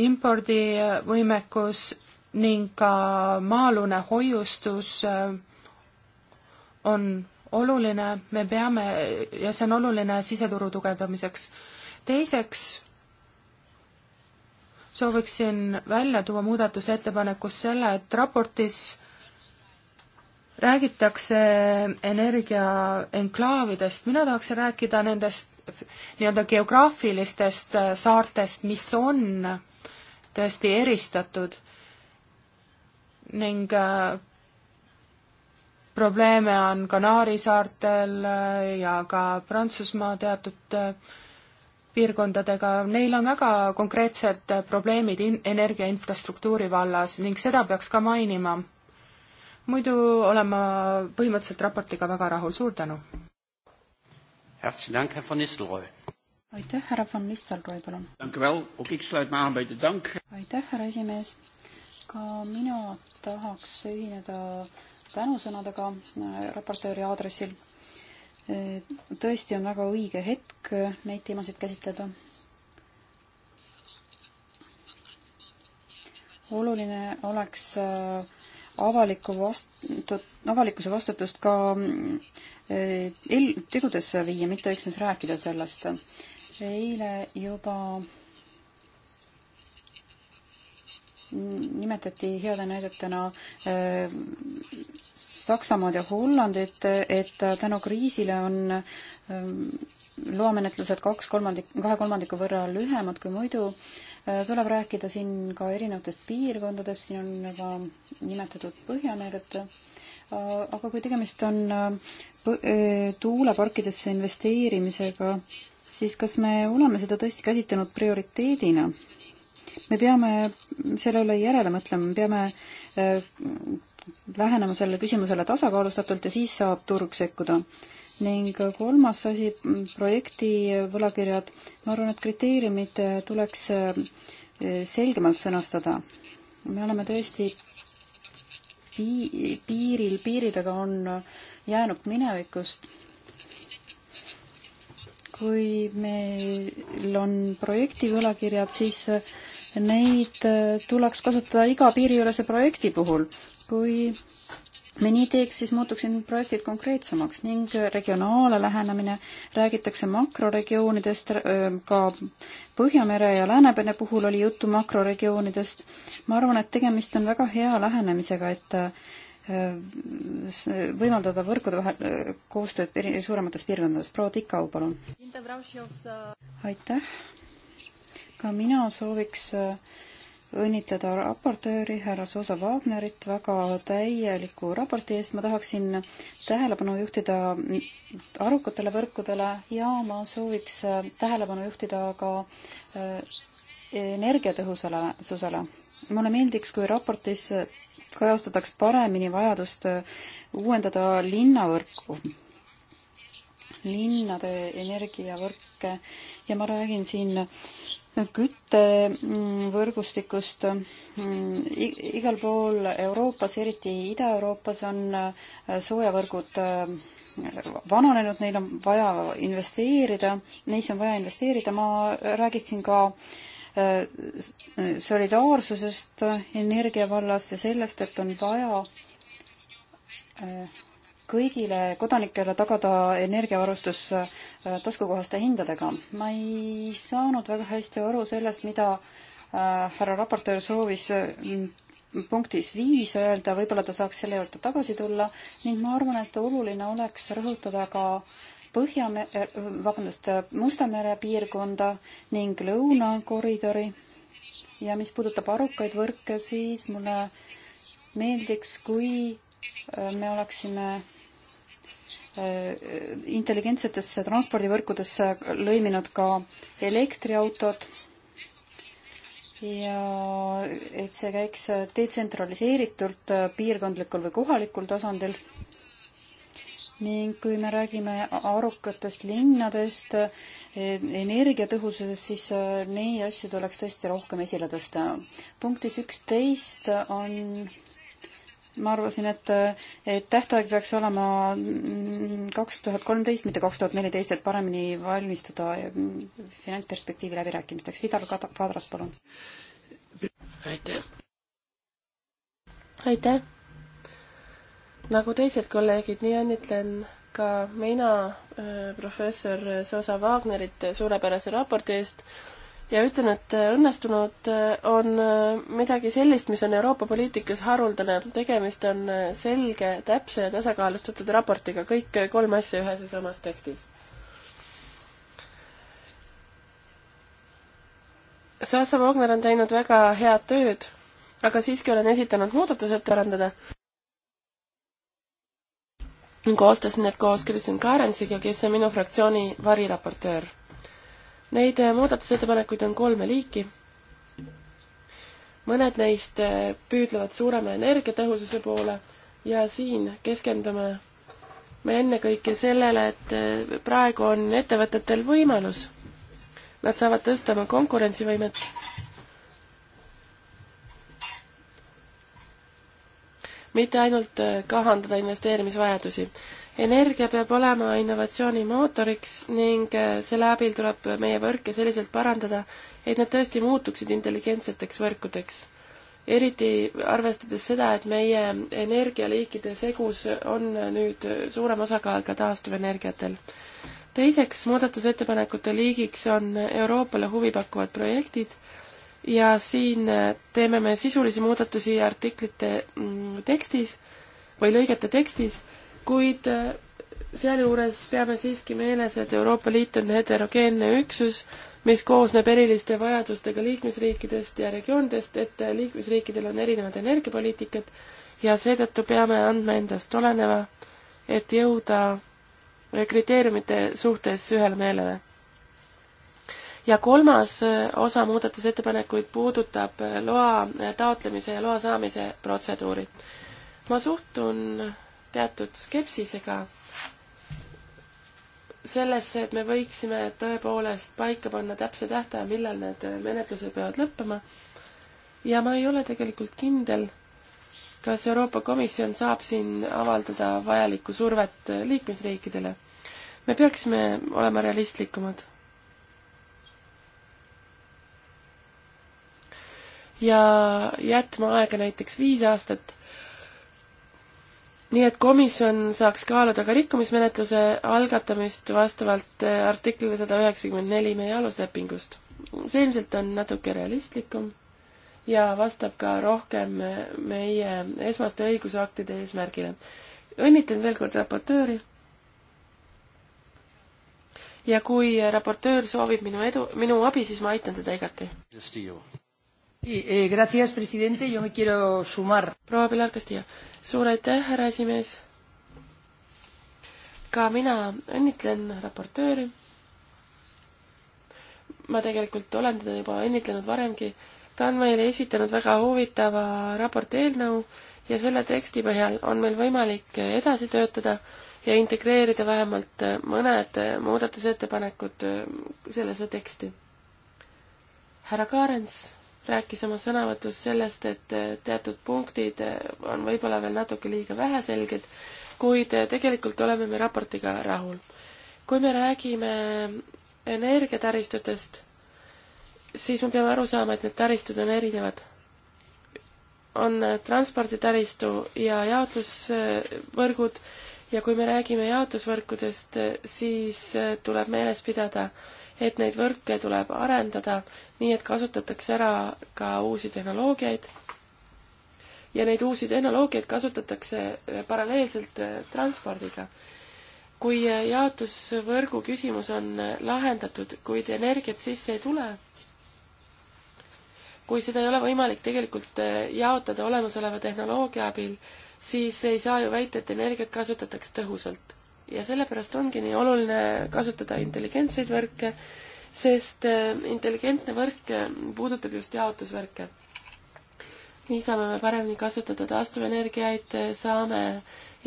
impordivõimekus ning ka maa-alune hoiustus äh, on oluline, me peame, ja see on oluline siseturu tugevdamiseks. teiseks sooviksin välja tuua muudatusettepanekus selle, et raportis räägitakse energiaenklaavidest, mina tahaksin rääkida nendest nii-öelda geograafilistest äh, saartest, mis on tõesti eristatud ning äh, probleeme on Kanaari saartel äh, ja ka Prantsusmaa teatud piirkondadega, neil on väga konkreetsed probleemid in-, energia infrastruktuuri vallas ning seda peaks ka mainima muidu olen ma põhimõtteliselt raportiga väga rahul, suur tänu! aitäh, härra von Nistelrooy, palun! aitäh, härra esimees! ka mina tahaks ühineda tänusõnadega äh, raportööri aadressil. Äh, tõesti on väga õige hetk neid teemasid käsitleda. oluline oleks äh, avalikku vastut-, avalikkuse vastutust ka el-, eh, tegudesse viia, mitte üksnes rääkida sellest. eile juba nimetati heade näidetena eh, Saksamaad ja Hollandit, et tänu kriisile on eh, loamenetlused kaks kolmandik, kahe kolmandiku võrra lühemad kui muidu äh, Äh, tuleb rääkida siin ka erinevatest piirkondadest, siin on juba nimetatud Põhjamerd, äh, aga kui tegemist on äh, tuuleparkidesse investeerimisega, siis kas me oleme seda tõesti käsitlenud prioriteedina? me peame selle üle järele mõtlema, me peame lähenema sellele küsimusele tasakaalustatult ja siis saab turg sekkuda ning kolmas asi, projekti võlakirjad. ma arvan, et kriteeriumid tuleks eh, selgemalt sõnastada. me oleme tõesti pii-, piiril, piirid aga on jäänud minevikust. kui meil on projekti võlakirjad, siis neid tuleks kasutada iga piiriülese projekti puhul. kui me nii teeks, siis muutuksid need projektid konkreetsemaks ning regionaalne lähenemine, räägitakse makroregioonidest, äh, ka Põhjamere ja Läänepere puhul oli juttu makroregioonidest. ma arvan, et tegemist on väga hea lähenemisega, et äh, võimaldada võrkude vahel äh, koostööd suuremates piirkondades. proua Tikau, palun. aitäh. ka mina sooviks äh, õnnitleda raportööri härra Zosa Wagnerit väga täieliku raporti eest. ma tahaksin tähelepanu juhtida arukatele võrkudele ja ma sooviks tähelepanu juhtida ka äh, energiatõhususele. mulle meeldiks, kui raportis kajastataks paremini vajadust uuendada linnavõrku, linnade energiavõrke ja ma räägin siin küttevõrgustikust. Mm, mm, igal pool Euroopas, eriti Ida-Euroopas on äh, soojavõrgud äh, vananenud, neil on vaja investeerida, neisse on vaja investeerida, ma räägiksin ka äh, solidaarsusest energia vallas ja sellest, et on vaja kõigile kodanikele tagada energiavarustus äh, taskukohaste hindadega. ma ei saanud väga hästi aru sellest, mida äh, härra raportöör soovis äh, punktis viis öelda, võib-olla ta saaks selle juurde tagasi tulla ning ma arvan, et oluline oleks rõhutada ka Põhjamere, vabandust, Musta mere piirkonda ning lõunakoridori. ja mis puudutab arukaid võrke, siis mulle meeldiks, kui me oleksime Äh, intelligentsetesse transpordivõrkudesse lõiminud ka elektriautod ja et see käiks detsentraliseeritult äh, piirkondlikul või kohalikul tasandil. ning kui me räägime arukatest linnadest, e, energiatõhususest, siis äh, neid asju tuleks tõesti rohkem esile tõsta. punktis üksteist on ma arvasin, et, et tähtaeg peaks olema kaks tuhat kolmteist, mitte kaks tuhat neliteist, et paremini valmistuda finantsperspektiivi läbirääkimisteks. Vidal Kadras, palun. aitäh. aitäh. nagu teised kolleegid, nii õnnitlen ka mina äh, professor Zosa Wagnerit suurepärase raporti eest ja ütlen, et äh, õnnestunud äh, on äh, midagi sellist, mis on Euroopa poliitikas haruldane. tegemist on selge, täpse ja tasakaalustatud raportiga, kõik kolm asja ühes ja samas tekstis. Saasa Voogner on teinud väga head tööd, aga siiski olen esitanud muudatused parandada. koostas need koos Kristen Karensiga, kes on minu fraktsiooni variraportöör Neid äh, muudatusettepanekuid on kolme liiki. mõned neist äh, püüdlevad suurema energiatõhususe poole ja siin keskendume me ennekõike sellele, et äh, praegu on ettevõtetel võimalus. Nad saavad tõsta oma konkurentsivõimet. mitte ainult kahandada investeerimisvajadusi energia peab olema innovatsiooni mootoriks ning äh, selle abil tuleb meie võrke selliselt parandada, et nad tõesti muutuksid intelligentseteks võrkudeks. eriti arvestades seda, et meie energialiikide segus on nüüd suurem osakaal ka taastuvenergiatel. teiseks muudatusettepanekute liigiks on Euroopale huvi pakkuvad projektid ja siin teeme me sisulisi muudatusi artiklite mm, tekstis või lõigete tekstis kuid eh, sealjuures peame siiski meeles, et Euroopa Liit on heterogeenne üksus, mis koosneb eriliste vajadustega liikmesriikidest ja regioonidest, et liikmesriikidel on erinevad energiapoliitikad ja seetõttu peame andma endast oleneva, et jõuda eh, kriteeriumite suhtes ühele meelele. ja kolmas eh, osa muudatusettepanekuid puudutab loa taotlemise ja loa saamise protseduuri. ma suhtun teatud skepsisega sellesse, et me võiksime tõepoolest paika panna täpse tähtaja, millal need menetlused peavad lõppema. ja ma ei ole tegelikult kindel, kas Euroopa Komisjon saab siin avaldada vajalikku survet liikmesriikidele. me peaksime olema realistlikumad. ja jätma aega näiteks viis aastat nii et komisjon saaks kaaluda ka rikkumismenetluse algatamist vastavalt äh, artiklile sada üheksakümmend neli meie aluslepingust. see ilmselt on natuke realistlikum ja vastab ka rohkem äh, meie esmaste õigusaktide eesmärgile. õnnitlen veel kord raportööri. ja kui raportöör soovib minu edu, minu abi, siis ma aitan teda igati. Eh, proua Pilar Castillo suur aitäh, härra esimees. ka mina õnnitlen raportööri. ma tegelikult olen teda juba õnnitlenud varemgi. ta on meile esitanud väga huvitava raporti eelnõu ja selle teksti põhjal on meil võimalik edasi töötada ja integreerida vähemalt mõned muudatusettepanekud sellesse teksti. härra Kaarens rääkis oma sõnavõtus sellest, et eh, teatud punktid eh, on võib-olla veel natuke liiga väheselged, kuid eh, tegelikult oleme me raportiga rahul. kui me räägime energiataristutest, siis me peame aru saama, et need taristud on erinevad. on transporditaristu ja jaotusvõrgud ja kui me räägime jaotusvõrkudest, siis tuleb meeles pidada, et neid võrke tuleb arendada nii, et kasutatakse ära ka uusi tehnoloogiaid ja neid uusi tehnoloogiaid kasutatakse äh, paralleelselt äh, transpordiga. kui äh, jaotusvõrgu küsimus on lahendatud, kuid energiat sisse ei tule, kui seda ei ole võimalik tegelikult jaotada olemasoleva tehnoloogia abil, siis ei saa ju väita, et energiat kasutatakse tõhusalt ja sellepärast ongi nii oluline kasutada intelligentseid võrke, sest äh, intelligentne võrk äh, puudutab just jaotusvõrke. nii saame me paremini kasutada taastuvenergiaid, äh, saame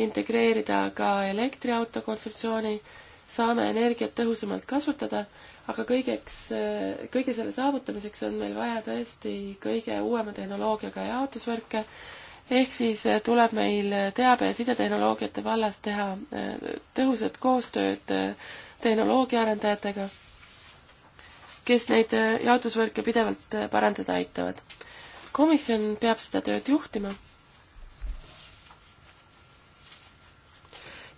integreerida ka elektriauto kontseptsiooni, saame energiat tõhusamalt kasutada, aga kõigeks, kõige selle saavutamiseks on meil vaja tõesti kõige uuema tehnoloogiaga jaotusvõrke ja ehk siis eh, tuleb meil teabe- ja sidetehnoloogiate vallas teha eh, tõhusat koostööd eh, tehnoloogiaarendajatega, kes neid jaotusvõrke pidevalt parandada aitavad. komisjon peab seda tööd juhtima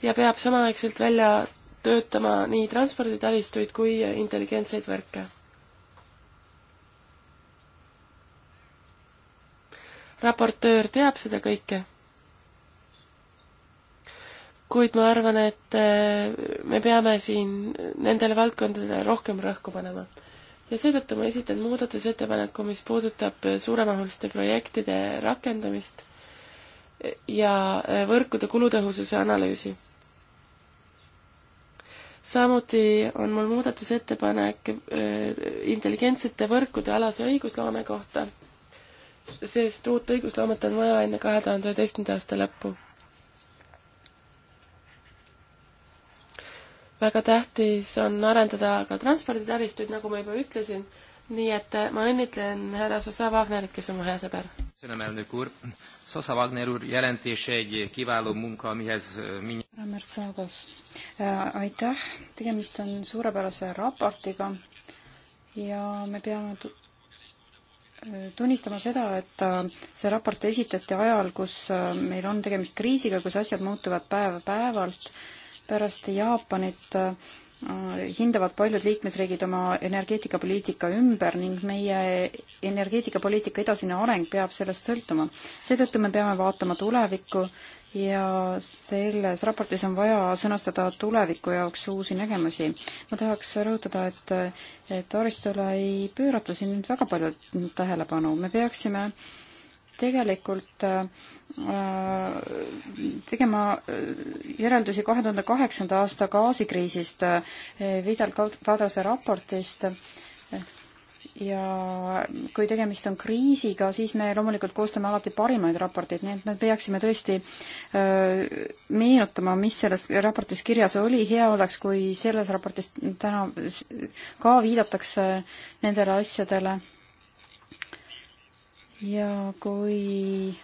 ja peab samaaegselt välja töötama nii transporditaristuid kui intelligentseid võrke raportöör teab seda kõike. kuid ma arvan, et äh, me peame siin nendele valdkondadele rohkem rõhku panema. ja seetõttu ma esitan muudatusettepaneku, mis puudutab suuremahuliste projektide rakendamist ja äh, võrkude kulutõhususe analüüsi samuti on mul muudatusettepanek äh, intelligentsete võrkude alase õigusloome kohta sest uut õigusloomet on vaja enne kahe tuhande üheteistkümnenda aasta lõppu. väga tähtis on arendada ka transporditaristuid, nagu ma juba ütlesin, nii et ma õnnitlen härra Sosa Wagnerit, kes on mu hea sõber. Sosa Wagner úr jelentése egy kiváló munka, amihez eh, minny- Rambert Saagos, eh, aitäh, tegemist on suurepärase raportiga ja me peame tunnistama seda, et äh, see raport esitati ajal, kus äh, meil on tegemist kriisiga, kus asjad muutuvad päev-päevalt. pärast Jaapanit äh, hindavad paljud liikmesriigid oma energeetikapoliitika ümber ning meie energeetikapoliitika edasine areng peab sellest sõltuma. seetõttu me peame vaatama tulevikku ja selles raportis on vaja sõnastada tuleviku jaoks uusi nägemusi. ma tahaks rõhutada, et, et taristule ei pöörata siin nüüd väga palju tähelepanu, me peaksime tegelikult äh, tegema äh, järeldusi kahe tuhande kaheksanda aasta gaasikriisist äh,, Vidal Kadrase raportist äh,, ja kui tegemist on kriisiga, siis me loomulikult koostame alati parimaid raporteid, nii et me peaksime tõesti öö, meenutama, mis selles raportis kirjas oli, hea oleks, kui selles raportis täna ka viidatakse nendele asjadele. ja kui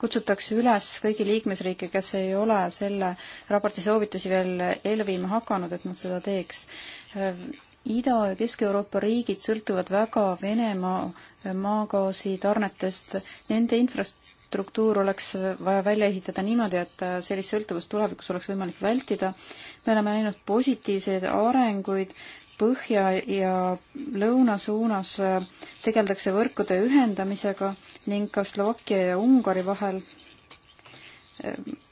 kutsutakse üles kõigi liikmesriike, kes ei ole selle raporti soovitusi veel ellu viima hakanud, et nad seda teeks Ida- ja Kesk-Euroopa riigid sõltuvad väga Venemaa maagaasi tarnetest. Nende infrastruktuur oleks vaja välja ehitada niimoodi, et sellist sõltuvust tulevikus oleks võimalik vältida. me oleme näinud positiivseid arenguid, põhja ja lõuna suunas tegeldakse võrkude ühendamisega ning ka Slovakkia ja Ungari vahel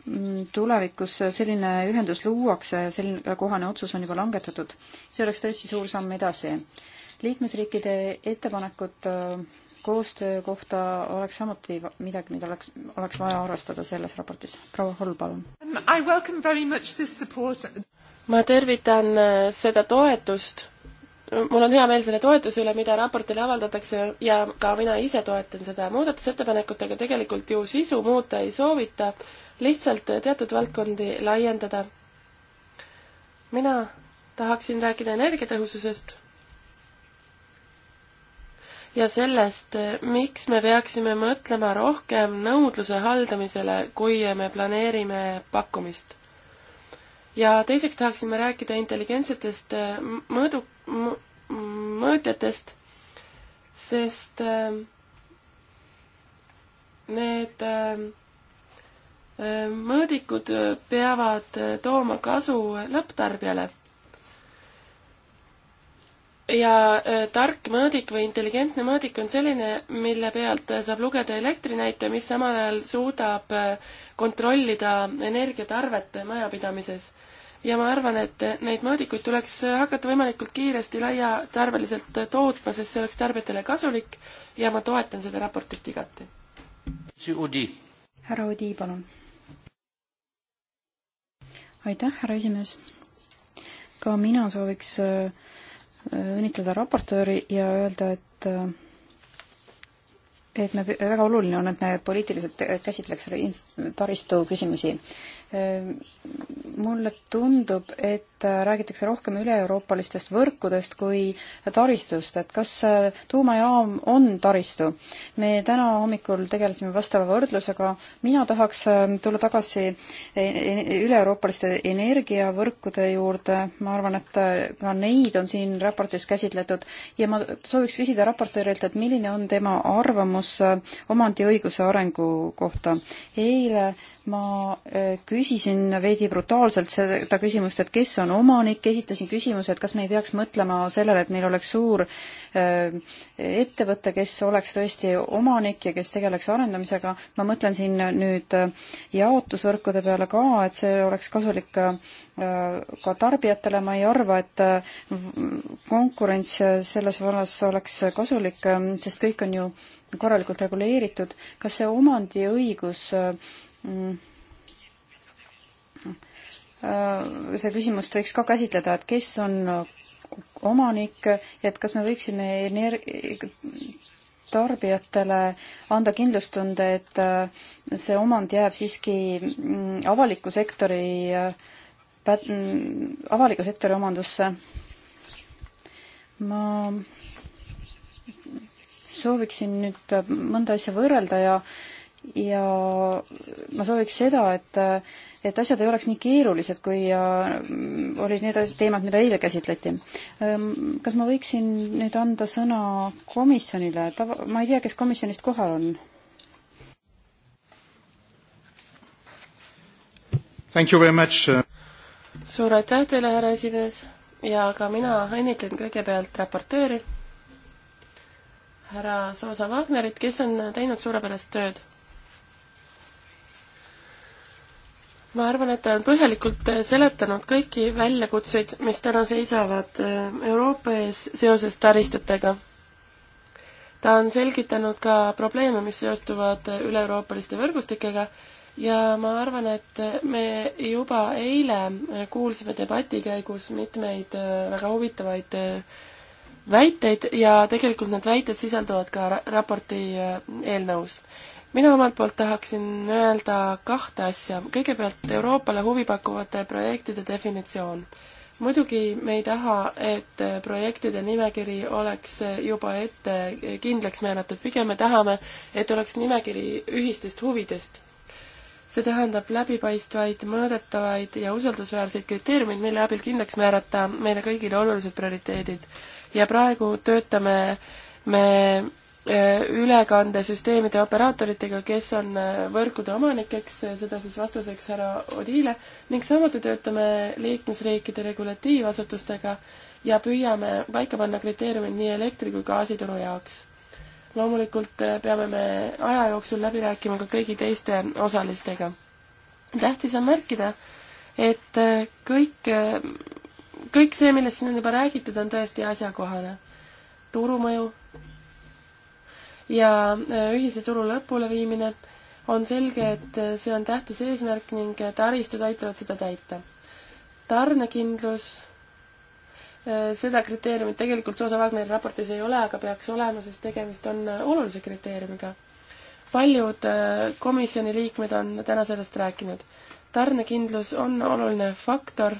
Mm, tulevikus selline ühendus luuakse ja selline kohane otsus on juba langetatud, see oleks tõesti suur samm edasi. liikmesriikide ettepanekud äh, koostöö kohta oleks samuti midagi, mida oleks, oleks vaja arvestada selles raportis. proua Holm, palun. Um, ma tervitan äh, seda toetust. mul on hea meel selle toetuse üle, mida raportile avaldatakse ja ka mina ise toetan seda. muudatusettepanekutega tegelikult ju sisu muuta ei soovita lihtsalt teatud valdkondi laiendada. mina tahaksin rääkida energiatõhususest ja sellest, miks me peaksime mõtlema rohkem nõudluse haldamisele, kui me planeerime pakkumist. ja teiseks tahaksime rääkida intelligentsetest mõõdu, mõõtjatest, sest äh, need äh, mõõdikud peavad tooma kasu lõpptarbijale. ja e, tark mõõdik või intelligentne mõõdik on selline, mille pealt saab lugeda elektrinäite, mis samal ajal suudab e, kontrollida energiatarvet majapidamises. ja ma arvan, et neid mõõdikuid tuleks hakata võimalikult kiiresti laiatarbeliselt tootma, sest see oleks tarbijatele kasulik ja ma toetan seda raportit igati. härra Odi, palun aitäh, härra esimees. ka mina sooviks äh, äh, õnnitleda raportööri ja öelda, et äh, et me, väga oluline on, et me poliitiliselt käsitleks taristu küsimusi mulle tundub, et äh, räägitakse rohkem üle-euroopalistest võrkudest kui taristust, et kas äh, tuumajaam on taristu? me täna hommikul tegelesime vastava võrdlusega, mina tahaks ähm, tulla tagasi e, e, üle-euroopaliste energiavõrkude juurde, ma arvan, et äh, ka neid on siin raportis käsitletud ja ma sooviks küsida raportöörilt, et milline on tema arvamus omandiõiguse arengu kohta. eile ma äh, küsisin veidi brutaalselt seda küsimust, et kes on omanik, esitasin küsimuse, et kas me ei peaks mõtlema sellele, et meil oleks suur äh, ettevõte, kes oleks tõesti omanik ja kes tegeleks arendamisega. ma mõtlen siin nüüd äh, jaotusvõrkude peale ka, et see oleks kasulik ka tarbijatele, ma ei arva, et konkurents selles vallas oleks kasulik, sest kõik on ju korralikult reguleeritud. kas see omandiõigus äh, Mm. Äh, see küsimust võiks ka käsitleda, et kes on omanik ja et kas me võiksime ener-, tarbijatele anda kindlustunde, et äh, see omand jääb siiski mm, avaliku sektori, mm, avaliku sektori omandusse. ma sooviksin nüüd äh, mõnda asja võrrelda ja äh, ja ma sooviks seda, et, et asjad ei oleks nii keerulised, kui mm, olid need teemad, mida eile käsitleti. Ehm, kas ma võiksin nüüd anda sõna komisjonile, tava, ma ei tea, kes komisjonist kohal on? Thank you very much. Uh. suur aitäh teile, härra esimees, ja ka mina õnnitlen kõigepealt raportööri, härra Soosa Wagnerit, kes on teinud suurepärast tööd ma arvan, et ta on põhjalikult äh, seletanud kõiki väljakutseid, mis täna seisavad äh, Euroopa ees seoses taristutega. ta on selgitanud ka probleeme, mis seostuvad äh, üle-euroopaliste võrgustikega ja ma arvan, et me juba eile kuulsime debati käigus mitmeid väga huvitavaid väiteid ja tegelikult need väited sisalduvad ka raporti eelnõus mina omalt poolt tahaksin öelda kahte asja. kõigepealt Euroopale huvipakkuvate projektide definitsioon. muidugi me ei taha, et projektide nimekiri oleks juba ette kindlaks määratud, pigem me tahame, et oleks nimekiri ühistest huvidest. see tähendab läbipaistvaid, mõõdetavaid ja usaldusväärseid kriteeriumeid, mille abil kindlaks määrata meile kõigile olulised prioriteedid. ja praegu töötame me Äh, ülekandesüsteemide operaatoritega, kes on äh, võrkude omanikeks, äh, seda siis vastuseks härra Odile, ning samuti töötame liikmesriikide regulatiivasutustega ja püüame paika panna kriteeriumid nii elektri kui gaasituru jaoks. loomulikult peame me aja jooksul läbi rääkima ka kõigi teiste osalistega. tähtis on märkida, et kõik, kõik see, millest siin on juba räägitud, on tõesti asjakohane. turumõju ja äh, ühise turu lõpuleviimine, on selge, et äh, see on tähtis eesmärk ning äh, taristud aitavad seda täita. tarnekindlus, seda kriteeriumit tegelikult Soosa Wagneri raportis ei ole, aga peaks olema, sest tegemist on olulise kriteeriumiga. paljud komisjoni liikmed on täna sellest rääkinud. tarnekindlus on oluline faktor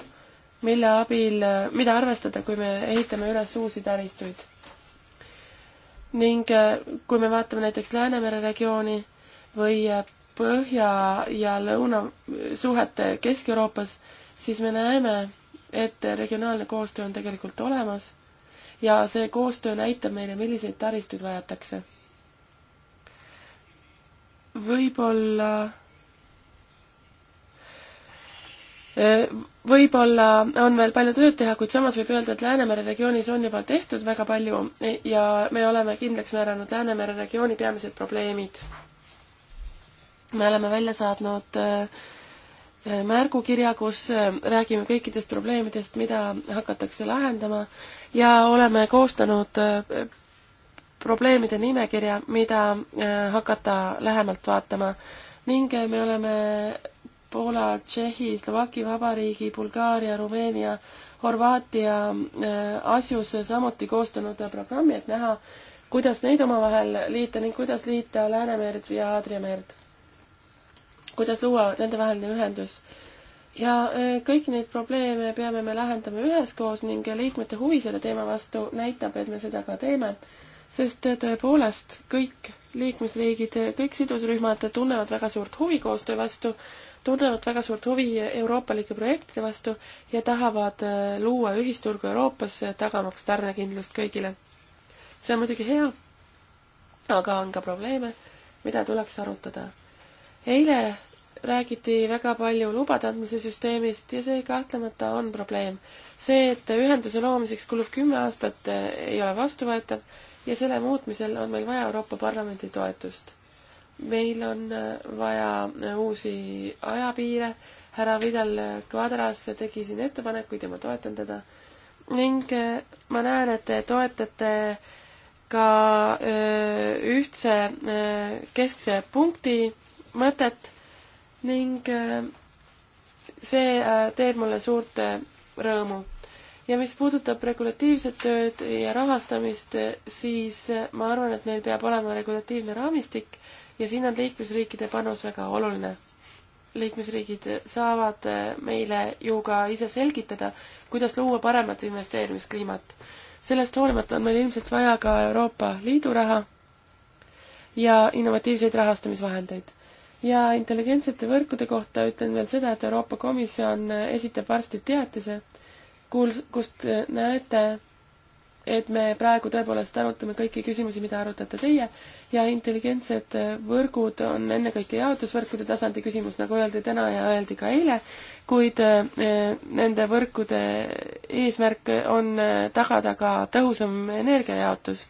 mille abil, mida arvestada, kui me ehitame üles uusi taristuid ning äh, kui me vaatame näiteks Läänemere regiooni või äh, Põhja ja Lõuna suhete Kesk-Euroopas, siis me näeme, et regionaalne koostöö on tegelikult olemas ja see koostöö näitab meile, milliseid taristuid vajatakse. võib-olla võib-olla on veel palju tööd teha, kuid samas võib öelda, et Läänemere regioonis on juba tehtud väga palju ja me oleme kindlaks määranud Läänemere regiooni peamised probleemid. me oleme välja saatnud äh, märgukirja, kus äh, räägime kõikidest probleemidest, mida hakatakse lahendama ja oleme koostanud äh, probleemide nimekirja, mida hakata lähemalt vaatama ning me oleme Poola, Tšehhi, Slovaki Vabariigi, Bulgaaria, Rumeenia, Horvaatia äh, asjus samuti koostanud programmi, et näha, kuidas neid omavahel liita ning kuidas liita Läänemerd ja Aadria merd. kuidas luua nendevaheline ühendus. ja äh, kõiki neid probleeme peame me lahendama üheskoos ning liikmete huvi selle teema vastu näitab, et me seda ka teeme, sest tõepoolest kõik liikmesriigid, kõik sidusrühmad tunnevad väga suurt huvi koostöö vastu tunnevad väga suurt huvi euroopalike projektide vastu ja tahavad äh, luua ühisturgu Euroopas, äh, tagamaks tarnekindlust kõigile. see on muidugi hea, aga on ka probleeme, mida tuleks arutada. eile räägiti väga palju lubade andmise süsteemist ja see kahtlemata on probleem. see, et ühenduse loomiseks kulub kümme aastat, äh, ei ole vastuvõetav ja selle muutmisel on meil vaja Euroopa Parlamendi toetust meil on äh, vaja äh, uusi ajapiire, härra Vidal Quadras tegi siin ettepanekuid ja ma toetan teda. ning äh, ma näen, et te toetate ka ühtse keskse punkti mõtet ning see teeb mulle suurt rõõmu. ja mis puudutab regulatiivset tööd ja rahastamist, siis ma arvan, et meil peab olema regulatiivne raamistik ja siin on liikmesriikide panus väga oluline. liikmesriigid saavad äh, meile ju ka ise selgitada, kuidas luua paremat investeerimiskliimat. sellest hoolimata on meil ilmselt vaja ka Euroopa Liidu raha ja innovatiivseid rahastamisvahendeid. ja intelligentsete võrkude kohta ütlen veel seda, et Euroopa Komisjon äh, esitab varsti teatise, kuul-, kust äh, näete, et me praegu tõepoolest arutame kõiki küsimusi, mida arutate teie ja intelligentsed võrgud on ennekõike jaotusvõrkude tasandi küsimus, nagu öeldi täna ja öeldi ka eile, kuid eh, nende võrkude eesmärk on eh, tagada ka tõhusam energiajaotus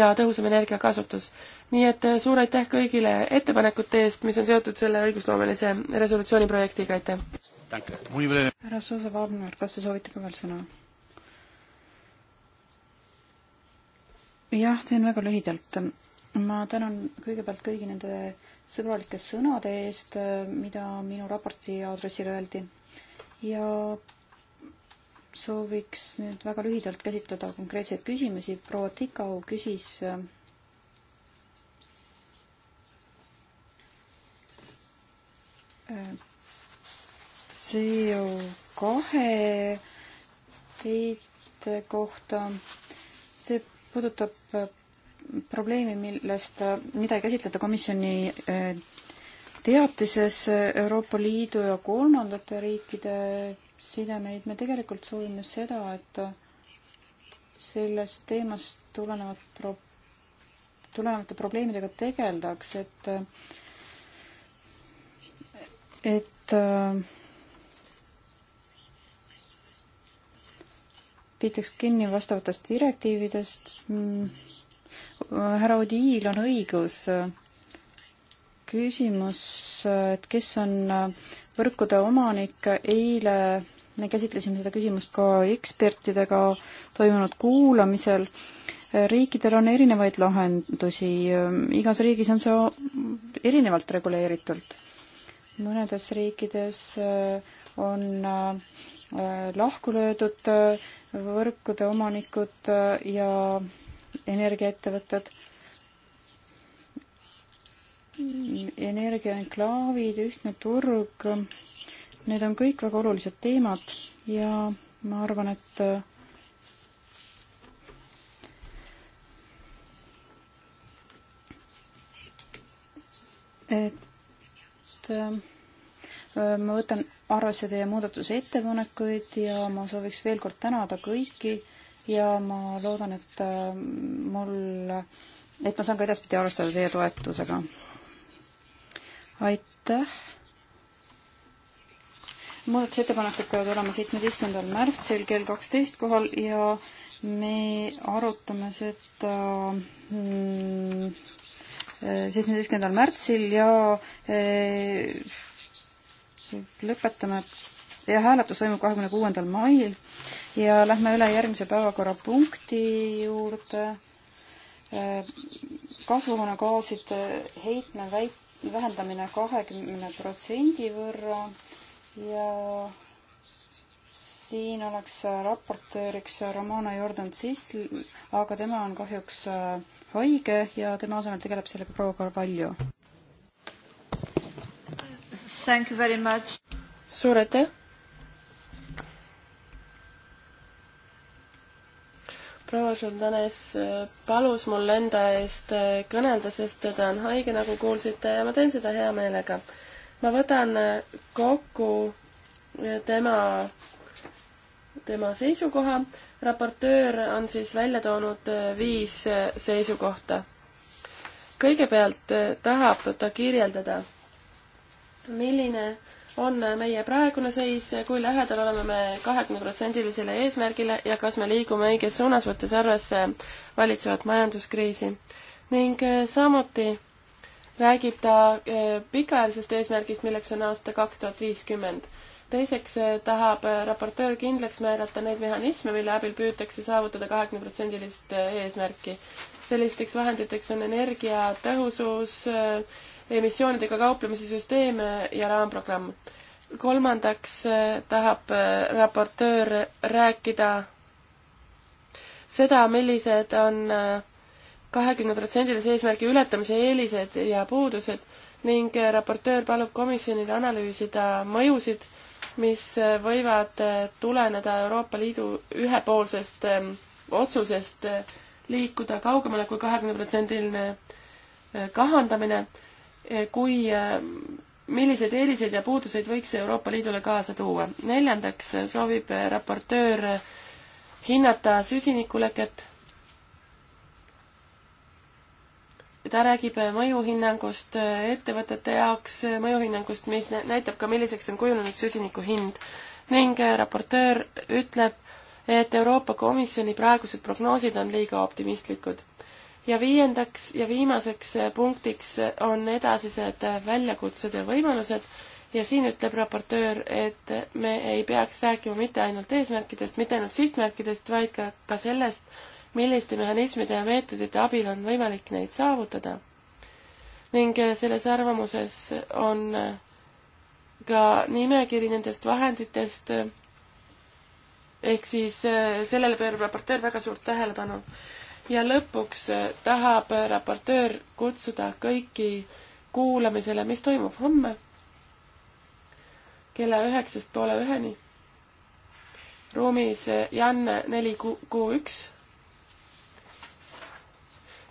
ja tõhusam energiakasutus. nii et eh, suur aitäh kõigile ettepanekute eest, mis on seotud selle õigusloomelise resolutsiooni projektiga, aitäh! härra Suusa Vabner, kas te soovite ka veel sõna? jah, teen väga lühidalt ma tänan kõigepealt kõigi nende sõbralike sõnade eest, mida minu raporti aadressil öeldi. ja sooviks nüüd väga lühidalt käsitleda konkreetseid küsimusi. proua Tikau küsis äh, CO kahe heite kohta. see puudutab äh, probleemi, millest, äh, mida ei käsitleta komisjoni äh, teatises äh, Euroopa Liidu ja kolmandate riikide sidemeid, me tegelikult soovime seda, et sellest teemast tulenevat pro-, tulenevate probleemidega tegeldaks, et et peetaks kinni vastavatest direktiividest, mm härra Odiil on õigus. küsimus, et kes on võrkude omanik, eile me käsitlesime seda küsimust ka ekspertidega toimunud kuulamisel. riikidel on erinevaid lahendusi, igas riigis on see erinevalt reguleeritud. mõnedes riikides on äh, lahku löödud äh, võrkude omanikud äh, ja energiaettevõtted, energiaenklaavid, ühtne turg, need on kõik väga olulised teemad ja ma arvan, et et ma võtan arvesse teie muudatuse ettepanekuid ja ma sooviks veel kord tänada kõiki äh, ja ma loodan, et äh, mul, et ma saan ka edaspidi arvestada teie toetusega. aitäh! muudatusettepanekud peavad olema seitsmeteistkümnendal märtsil kell kaksteist kohal ja me arutame seda mm, seitsmeteistkümnendal märtsil ja äh, lõpetame ja hääletus toimub kahekümne kuuendal mail ja lähme üle järgmise päevakorrapunkti juurde. Äh, kasvuhoonegaaside heitme väit-, vähendamine kahekümne protsendi võrra ja siin oleks raportööriks Ramona Jordan Sisl, aga tema on kahjuks äh, haige ja tema asemel tegeleb sellega proua Carvalho. suur aitäh! proua Jordanes äh, palus mul enda eest äh, kõnelda, sest ta on haige, nagu kuulsite, ja ma teen seda hea meelega. ma võtan äh, kokku tema, tema seisukoha. raportöör on siis välja toonud viis seisukohta. kõigepealt tahab ta kirjeldada, milline on meie praegune seis, kui lähedal oleme me kahekümneprotsendilisele eesmärgile ja kas me liigume õiges suunas, võttes arvesse valitsevat majanduskriisi. ning äh, samuti räägib ta äh, pikaajalisest eesmärgist, milleks on aasta kaks tuhat viiskümmend. teiseks äh, tahab raportöör kindlaks määrata neid mehhanisme, mille abil püütakse saavutada kahekümneprotsendilist eesmärki. sellisteks vahenditeks on energiatõhusus, emissioonidega kauplemise süsteem ja raamprogramm. kolmandaks eh, tahab eh, raportöör rääkida seda, millised on eh, kahekümneprotsendilise eesmärgi ületamise eelised ja puudused ning raportöör palub komisjonil analüüsida mõjusid, mis võivad tuleneda Euroopa Liidu ühepoolsest otsusest liikuda kaugemale kui kahekümneprotsendiline kahandamine Eh, kui, eh, milliseid eeliseid ja puuduseid võiks see Euroopa Liidule kaasa tuua. neljandaks eh, soovib raportöör hinnata süsinikuleket. ta räägib mõjuhinnangust ettevõtete jaoks, mõjuhinnangust, mis näitab ka, milliseks on kujunenud süsiniku hind ning raportöör ütleb, et Euroopa Komisjoni praegused prognoosid on liiga optimistlikud ja viiendaks ja viimaseks eh, punktiks eh, on edasised eh, väljakutsed ja võimalused ja siin ütleb raportöör, et me ei peaks rääkima mitte ainult eesmärkidest, mitte ainult sihtmärkidest, vaid ka, ka sellest, milliste mehhanismide ja meetodite abil on võimalik neid saavutada. ning selles arvamuses on ka nimekiri nendest vahenditest, ehk siis sellele pöörab raportöör väga suurt tähelepanu ja lõpuks eh, tahab eh, raportöör kutsuda kõiki kuulamisele, mis toimub homme kella üheksast poole üheni. ruumis eh, Janne neli kuu üks.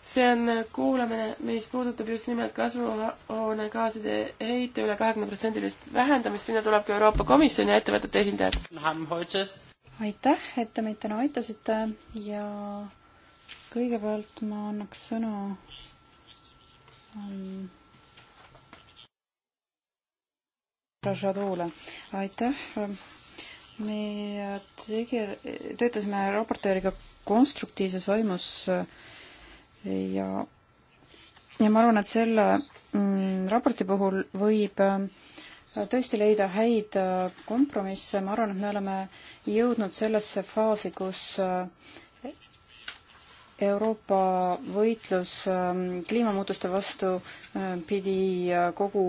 see on kuulamine, mis puudutab just nimelt kasvuhoonegaaside heite üle kahekümne protsendilist vähendamist, sinna tuleb ka Euroopa Komisjoni ja ettevõtete esindajad. aitäh, et te meid täna aitasite ja kõigepealt ma annaks sõna um, ähm, Rajadoole. aitäh. me tege-, töötasime raportööriga konstruktiivses vaimus äh, ja, ja ma arvan, et selle mm, raporti puhul võib äh, tõesti leida häid äh, kompromisse, ma arvan, et me oleme jõudnud sellesse faasi, kus äh, Euroopa võitlus ähm, kliimamuutuste vastu ähm, pidi äh, kogu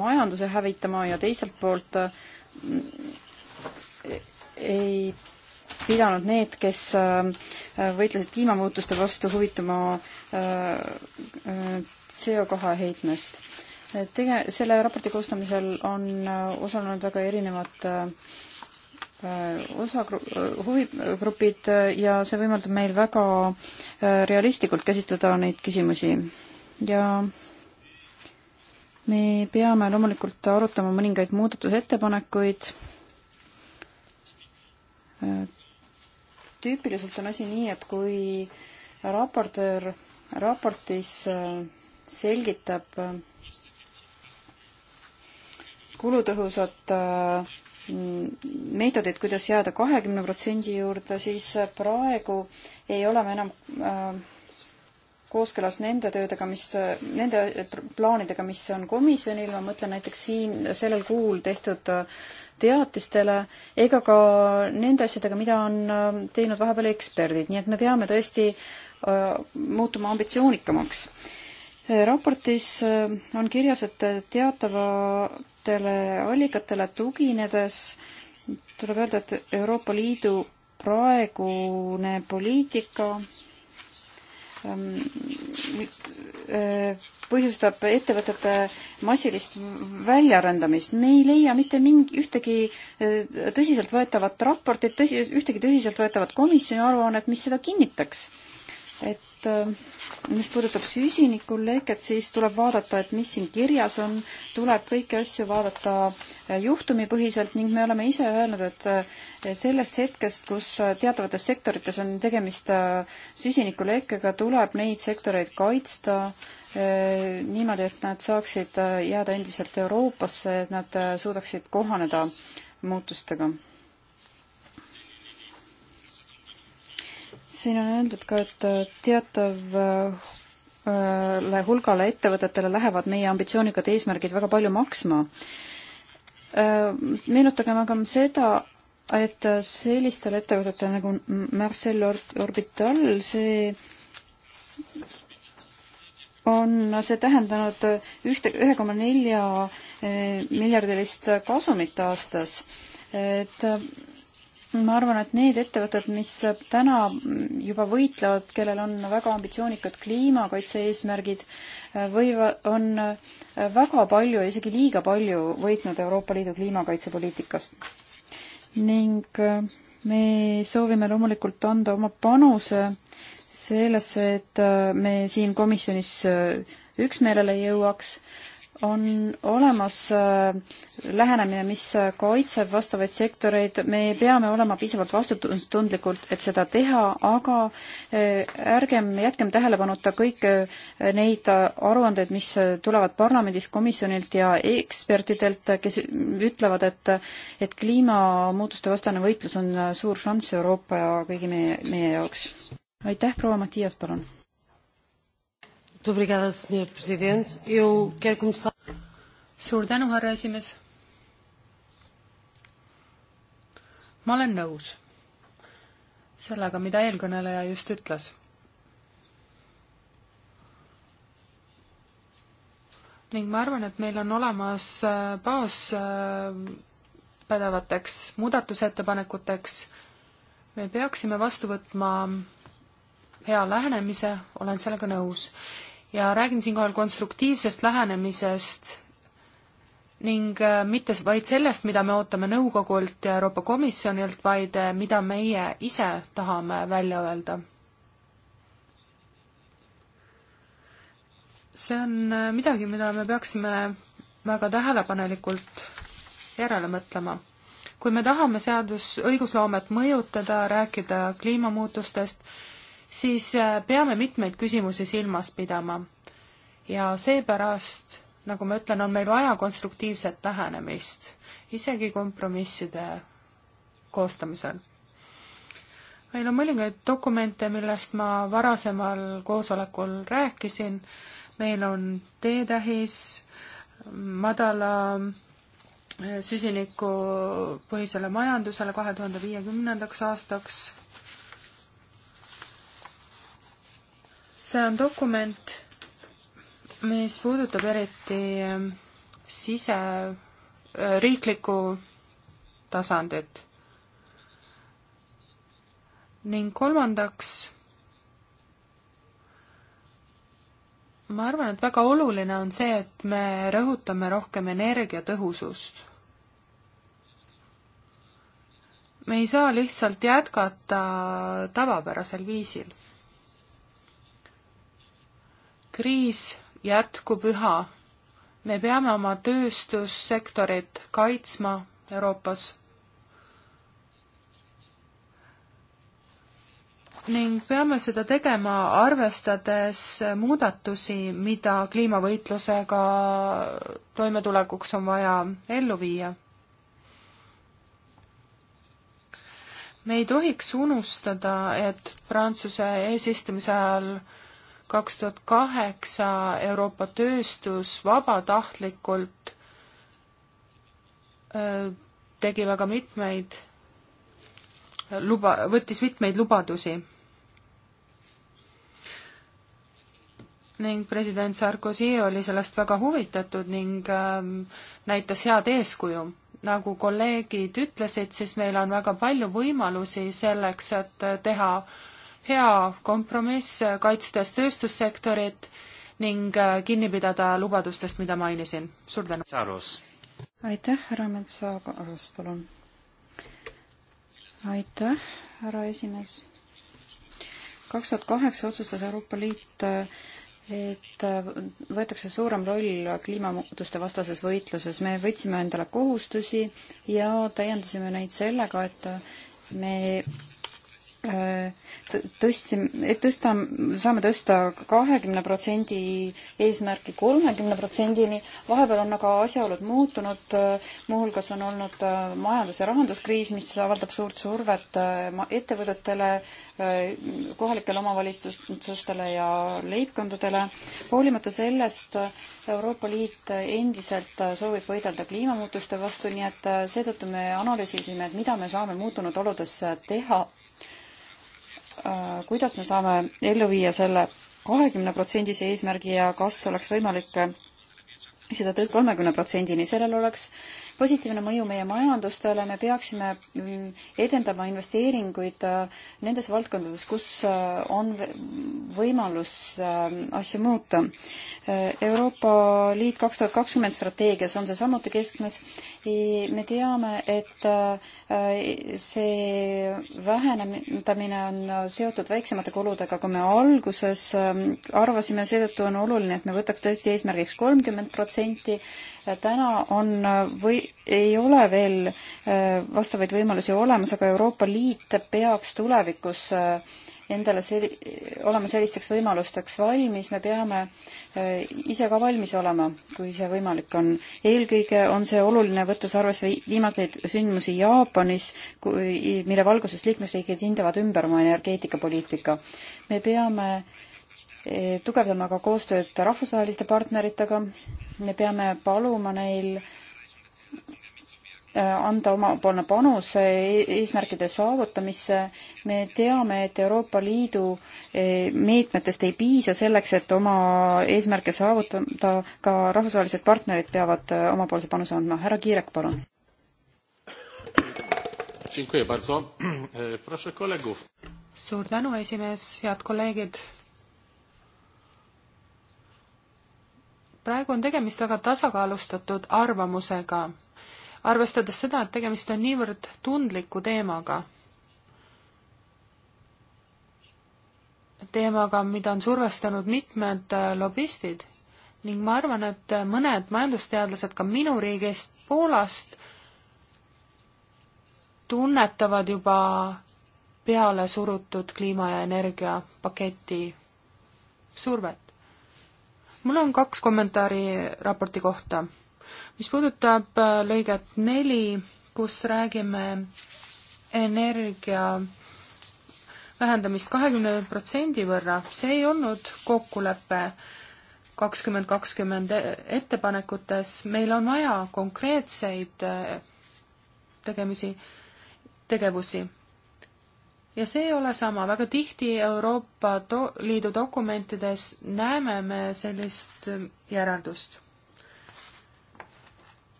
majanduse hävitama ja teiselt poolt äh, ei pidanud need, kes äh, võitlesid kliimamuutuste vastu, huvituma CO2 heitmest. tege-, selle raporti koostamisel on osalenud väga erinevad Äh, osa äh, huvigrupid äh, ja see võimaldab meil väga realistlikult käsitleda neid küsimusi. ja me peame loomulikult arutama mõningaid muudatusettepanekuid. tüüpiliselt on asi nii, et kui raportöör raportis selgitab kulutõhusat äh, meetodid, kuidas jääda kahekümne protsendi juurde, siis praegu ei ole me enam äh, kooskõlas nende töödega, mis, nende plaanidega, mis on komisjonil, ma mõtlen näiteks siin sellel kuul tehtud äh, teatistele ega ka nende asjadega, mida on äh, teinud vahepeal eksperdid, nii et me peame tõesti muutuma ambitsioonikamaks raportis äh, on kirjas, et teatavatele allikatele tuginedes tuleb öelda, et Euroopa Liidu praegune poliitika ähm, äh, põhjustab ettevõtete massilist väljarändamist. me ei leia mitte mingi, ühtegi äh, tõsiseltvõetavat raportit, tõsi, ühtegi tõsiseltvõetavat komisjoni aruannet, mis seda kinnitaks et äh, mis puudutab süsinikuleket, siis tuleb vaadata, et mis siin kirjas on, tuleb kõiki asju vaadata äh, juhtumipõhiselt ning me oleme ise öelnud, et äh, sellest hetkest, kus teatavates sektorites on tegemist süsinikulekkega, tuleb neid sektoreid kaitsta niimoodi, et nad saaksid jääda endiselt Euroopasse, et nad suudaksid kohaneda muutustega siin on öeldud ka, et äh, teatavale äh, hulgale ettevõtetele lähevad meie ambitsioonikad eesmärgid väga palju maksma. Äh, meenutagem aga seda, et sellistel ettevõtetel nagu Marcel Orbital, see on see tähendanud ühte, ühe koma nelja miljardilist kasumit aastas. et ma arvan, et need ettevõtted, mis täna juba võitlevad, kellel on väga ambitsioonikad kliimakaitse eesmärgid, äh, võivad, on äh, väga palju, isegi liiga palju võitnud Euroopa Liidu kliimakaitsepoliitikast. ning äh, me soovime loomulikult anda oma panuse sellesse, et me siin komisjonis üksmeelele jõuaks äh, on olemas äh, lähenemine, mis äh, kaitseb vastavaid sektoreid, me peame olema piisavalt vastutustundlikult, et seda teha, aga äh, ärgem jätkem tähelepanuta kõik neid aruandeid, mis tulevad parlamendist, komisjonilt ja ekspertidelt, kes ütlevad, et et kliimamuutuste vastane võitlus on suur šanss Euroopa ja kõigi meie, meie jaoks. aitäh, proua Mattias, palun! suur tänu, härra esimees. ma olen nõus sellega, mida eelkõneleja just ütles. ning ma arvan, et meil on olemas äh, baas äh, pädevateks muudatusettepanekuteks. me peaksime vastu võtma hea lähenemise, olen sellega nõus ja räägin siinkohal konstruktiivsest lähenemisest ning äh, mitte vaid sellest, mida me ootame nõukogult ja Euroopa Komisjonilt, vaid äh, mida meie ise tahame välja öelda. see on äh, midagi, mida me peaksime väga tähelepanelikult järele mõtlema. kui me tahame seadus, õigusloomet mõjutada, rääkida kliimamuutustest, siis äh, peame mitmeid küsimusi silmas pidama. ja seepärast, nagu ma ütlen, on meil vaja konstruktiivset lähenemist, isegi kompromisside koostamisel. meil on mõningaid dokumente, millest ma varasemal koosolekul rääkisin, meil on teetähis, madala äh, süsinikupõhisele majandusele kahe tuhande viiekümnendaks aastaks see on dokument, mis puudutab eriti ehm, sise, äh, riiklikku tasandit. ning kolmandaks, ma arvan, et väga oluline on see, et me rõhutame rohkem energiatõhusust. me ei saa lihtsalt jätkata tavapärasel viisil kriis jätkub üha. me peame oma tööstussektorit kaitsma Euroopas. ning peame seda tegema, arvestades muudatusi, mida kliimavõitlusega toimetulekuks on vaja ellu viia. me ei tohiks unustada, et Prantsuse eesistumise ajal kaks tuhat kaheksa Euroopa tööstus vabatahtlikult tegi väga mitmeid luba, võttis mitmeid lubadusi. ning president Sarkozy oli sellest väga huvitatud ning ähm, näitas head eeskuju. nagu kolleegid ütlesid, siis meil on väga palju võimalusi selleks, et teha äh, hea kompromiss, kaitstes tööstussektorit ning äh, kinni pidada lubadustest, mida mainisin. suur tänu! aitäh, härra Metsa-Aras, palun! aitäh, härra esimees! kaks tuhat kaheksa otsustas Euroopa Liit et äh, võetakse suurem roll kliimamuutuste vastases võitluses. me võtsime endale kohustusi ja täiendasime neid sellega, et me Äh, tõstsime, tõsta, saame tõsta kahekümne protsendi eesmärki kolmekümne protsendini, vahepeal on aga asjaolud muutunud, muuhulgas on olnud äh, majandus- ja rahanduskriis, mis avaldab suurt survet äh, ettevõtetele, kohalikele omavalitsustele ja leibkondadele. hoolimata sellest Euroopa Liit endiselt soovib võidelda kliimamuutuste vastu, nii et seetõttu me analüüsisime, et mida me saame muutunud oludes teha Äh, kuidas me saame ellu viia selle kahekümne protsendise eesmärgi ja kas oleks võimalik äh, seda tõi kolmekümne protsendini, sellel oleks positiivne mõju meie majandustele, me peaksime mm, edendama investeeringuid äh, nendes valdkondades, kus on võimalus asju muuta. Euroopa Liit kaks tuhat kakskümmend strateegias on see samuti keskmes. me teame, et äh, see vähenemine on seotud väiksemate kuludega, kui me alguses ähm, arvasime, seetõttu on oluline, et me võtaks tõesti eesmärgiks kolmkümmend protsenti. Äh, täna on äh, või ei ole veel vastavaid võimalusi olemas, aga Euroopa Liit peaks tulevikus äh, endale sel-, olema sellisteks võimalusteks valmis, me peame äh, ise ka valmis olema, kui see võimalik on. eelkõige on see oluline, võttes arvesse viimaseid sündmusi Jaapanis, kui, mille valguses liikmesriigid hindavad ümber oma energeetikapoliitika. me peame äh, tugevdama ka koostööd rahvusvaheliste partneritega, me peame paluma neil Äh, anda omapoolne panuse äh, eesmärkide saavutamisse. me teame, et Euroopa Liidu äh, meetmetest ei piisa selleks, et oma eesmärke saavutada, ka rahvusvahelised partnerid peavad omapoolse panuse andma. härra Kiirek, palun. E, suur tänu, esimees, head kolleegid praegu on tegemist väga tasakaalustatud arvamusega arvestades seda, et tegemist on niivõrd tundliku teemaga, teemaga, mida on survestanud mitmed äh, lobistid ning ma arvan, et mõned majandusteadlased ka minu riigist, Poolast, tunnetavad juba peale surutud kliima- ja energiapaketi survet. mul on kaks kommentaari raporti kohta mis puudutab äh, lõiget neli, kus räägime energia vähendamist kahekümne protsendi võrra, see ei olnud kokkulepe kakskümmend kakskümmend ettepanekutes, meil on vaja konkreetseid äh, tegemisi, tegevusi. ja see ei ole sama, väga tihti Euroopa to-, Liidu dokumentides näeme me sellist äh, järeldust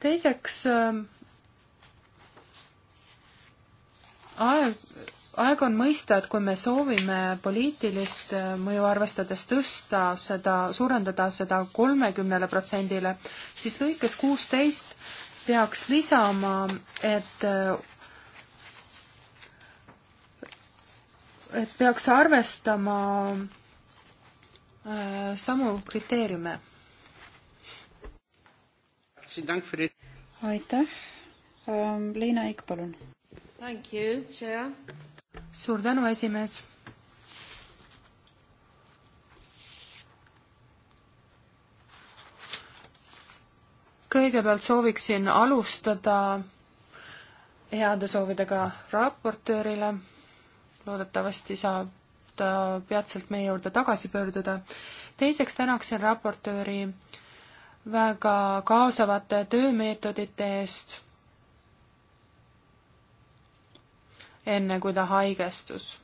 teiseks ähm, aeg, aeg on mõista, et kui me soovime poliitilist äh, mõju arvestades tõsta seda, suurendada seda kolmekümnele protsendile, siis lõikes kuusteist peaks lisama, et äh, et peaks arvestama äh, samu kriteeriume aitäh. Ähm, Liina Eik, palun. suur tänu, esimees. kõigepealt sooviksin alustada heade soovidega raportöörile. loodetavasti saab ta peatselt meie juurde tagasi pöörduda. teiseks tänaksin raportööri äh, väga kaasavate töömeetodite eest, enne kui ta haigestus.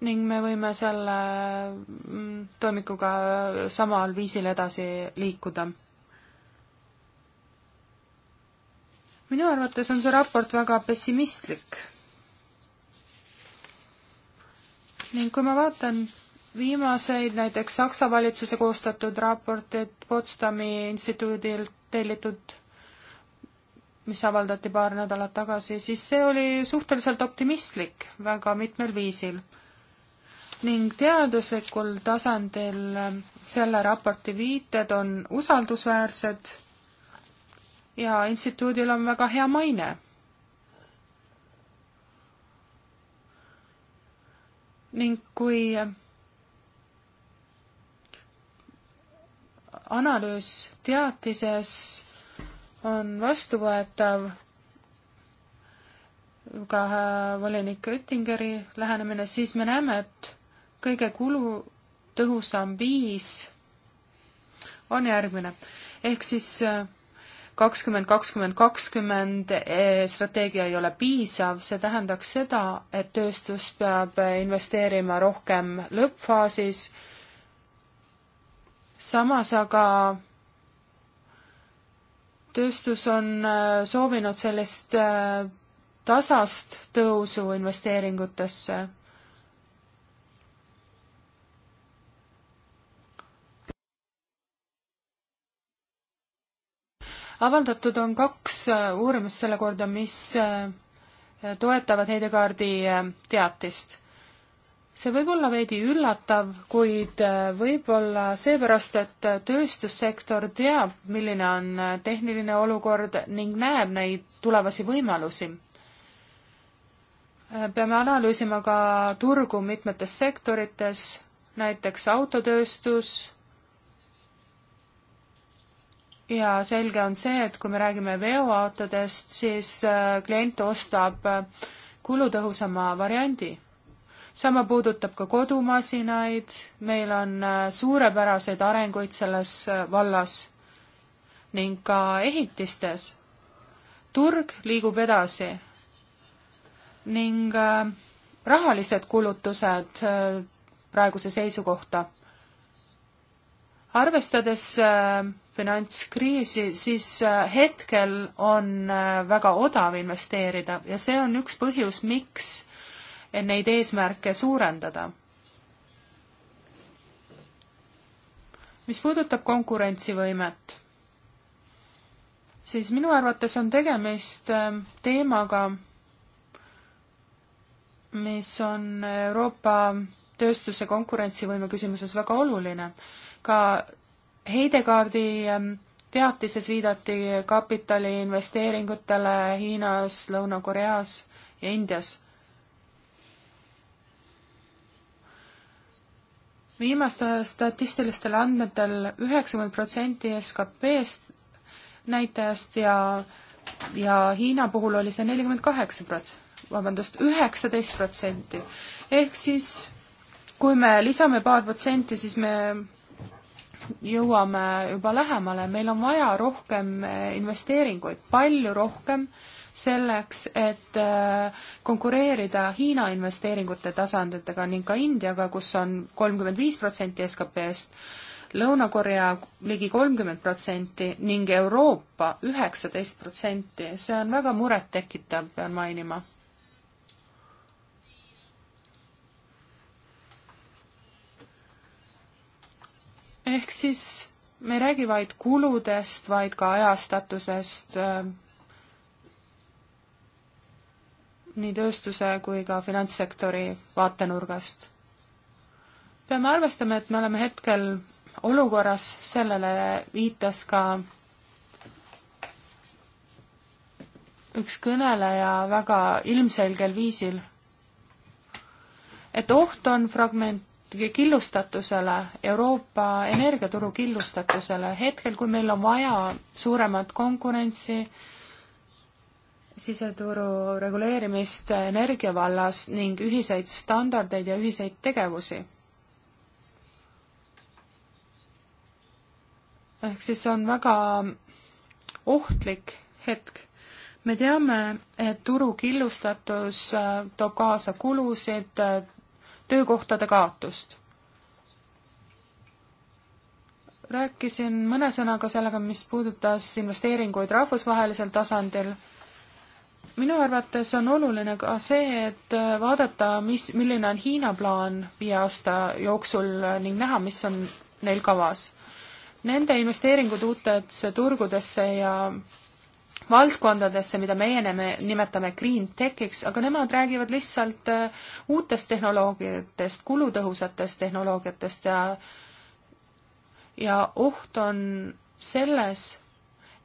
ning me võime selle mm, toimikuga samal viisil edasi liikuda. minu arvates on see raport väga pessimistlik ning kui ma vaatan viimaseid, näiteks Saksa valitsuse koostatud raportid Potsdami instituudilt tellitud, mis avaldati paar nädalat tagasi, siis see oli suhteliselt optimistlik väga mitmel viisil. ning teaduslikul tasandil selle raporti viited on usaldusväärsed ja instituudil on väga hea maine ning kui analüüs teatises on vastuvõetav ka äh, volinik Oettingeri lähenemine, siis me näeme, et kõige kulutõhusam viis on järgmine. ehk siis äh, kakskümmend, kakskümmend, kakskümmend äh, strateegia ei ole piisav, see tähendaks seda, et tööstus peab investeerima rohkem lõppfaasis samas aga tööstus on äh, soovinud sellist äh, tasast tõusu investeeringutesse. avaldatud on kaks äh, uurimust selle korda, mis toetavad Heidekaardi teatist see võib olla veidi üllatav, kuid äh, võib-olla seepärast, et äh, tööstussektor teab, milline on äh, tehniline olukord ning näeb neid tulevasi võimalusi. peame analüüsima ka turgu mitmetes sektorites, näiteks autotööstus, ja selge on see, et kui me räägime veoautodest, siis klient ostab kulutõhusama variandi sama puudutab ka kodumasinaid, meil on äh, suurepäraseid arenguid selles äh, vallas ning ka ehitistes. turg liigub edasi ning äh, rahalised kulutused praeguse seisukohta. arvestades finantskriisi, siis hetkel on väga odav investeerida ja see on üks põhjus, miks neid eesmärke suurendada. mis puudutab konkurentsivõimet, siis minu arvates on tegemist ähm, teemaga, mis on Euroopa tööstuse konkurentsivõime küsimuses väga oluline. ka Heidekaardi ähm, teatises viidati kapitaliinvesteeringutele Hiinas, Lõuna-Koreas ja Indias. viimastel statistilistel andmetel üheksakümmend protsenti SKP-st näitajast ja, ja Hiina puhul oli see nelikümmend kaheksa prots-, vabandust, üheksateist protsenti. ehk siis kui me lisame paar protsenti, siis me jõuame juba lähemale, meil on vaja rohkem eh, investeeringuid, palju rohkem selleks, et äh, konkureerida Hiina investeeringute tasanditega ning ka Indiaga, kus on kolmkümmend viis protsenti SKP-st, Lõuna-Korea ligi kolmkümmend protsenti ning Euroopa üheksateist protsenti, see on väga murettekitav, pean mainima ehk siis me ei räägi vaid kuludest, vaid ka ajastatusest, äh, nii tööstuse kui ka finantssektori vaatenurgast. peame arvestama, et me oleme hetkel olukorras, sellele viitas ka üks kõneleja väga ilmselgel viisil, et oht on fragment, killustatusele, Euroopa energiaturu killustatusele, hetkel, kui meil on vaja suuremat konkurentsi, siseturu reguleerimist energia vallas ning ühiseid standardeid ja ühiseid tegevusi. ehk siis see on väga ohtlik hetk. me teame, et turu killustatus äh, toob kaasa kulusid, äh, töökohtade kaotust. rääkisin mõne sõnaga sellega, mis puudutas investeeringuid rahvusvahelisel tasandil minu arvates on oluline ka see, et vaadata, mis, milline on Hiina plaan viie aasta jooksul ning näha, mis on neil kavas. Nende investeeringud uutesse turgudesse ja valdkondadesse, mida meie neme, nimetame green tech'iks, aga nemad räägivad lihtsalt äh, uutest tehnoloogiatest, kulutõhusatest tehnoloogiatest ja ja oht on selles,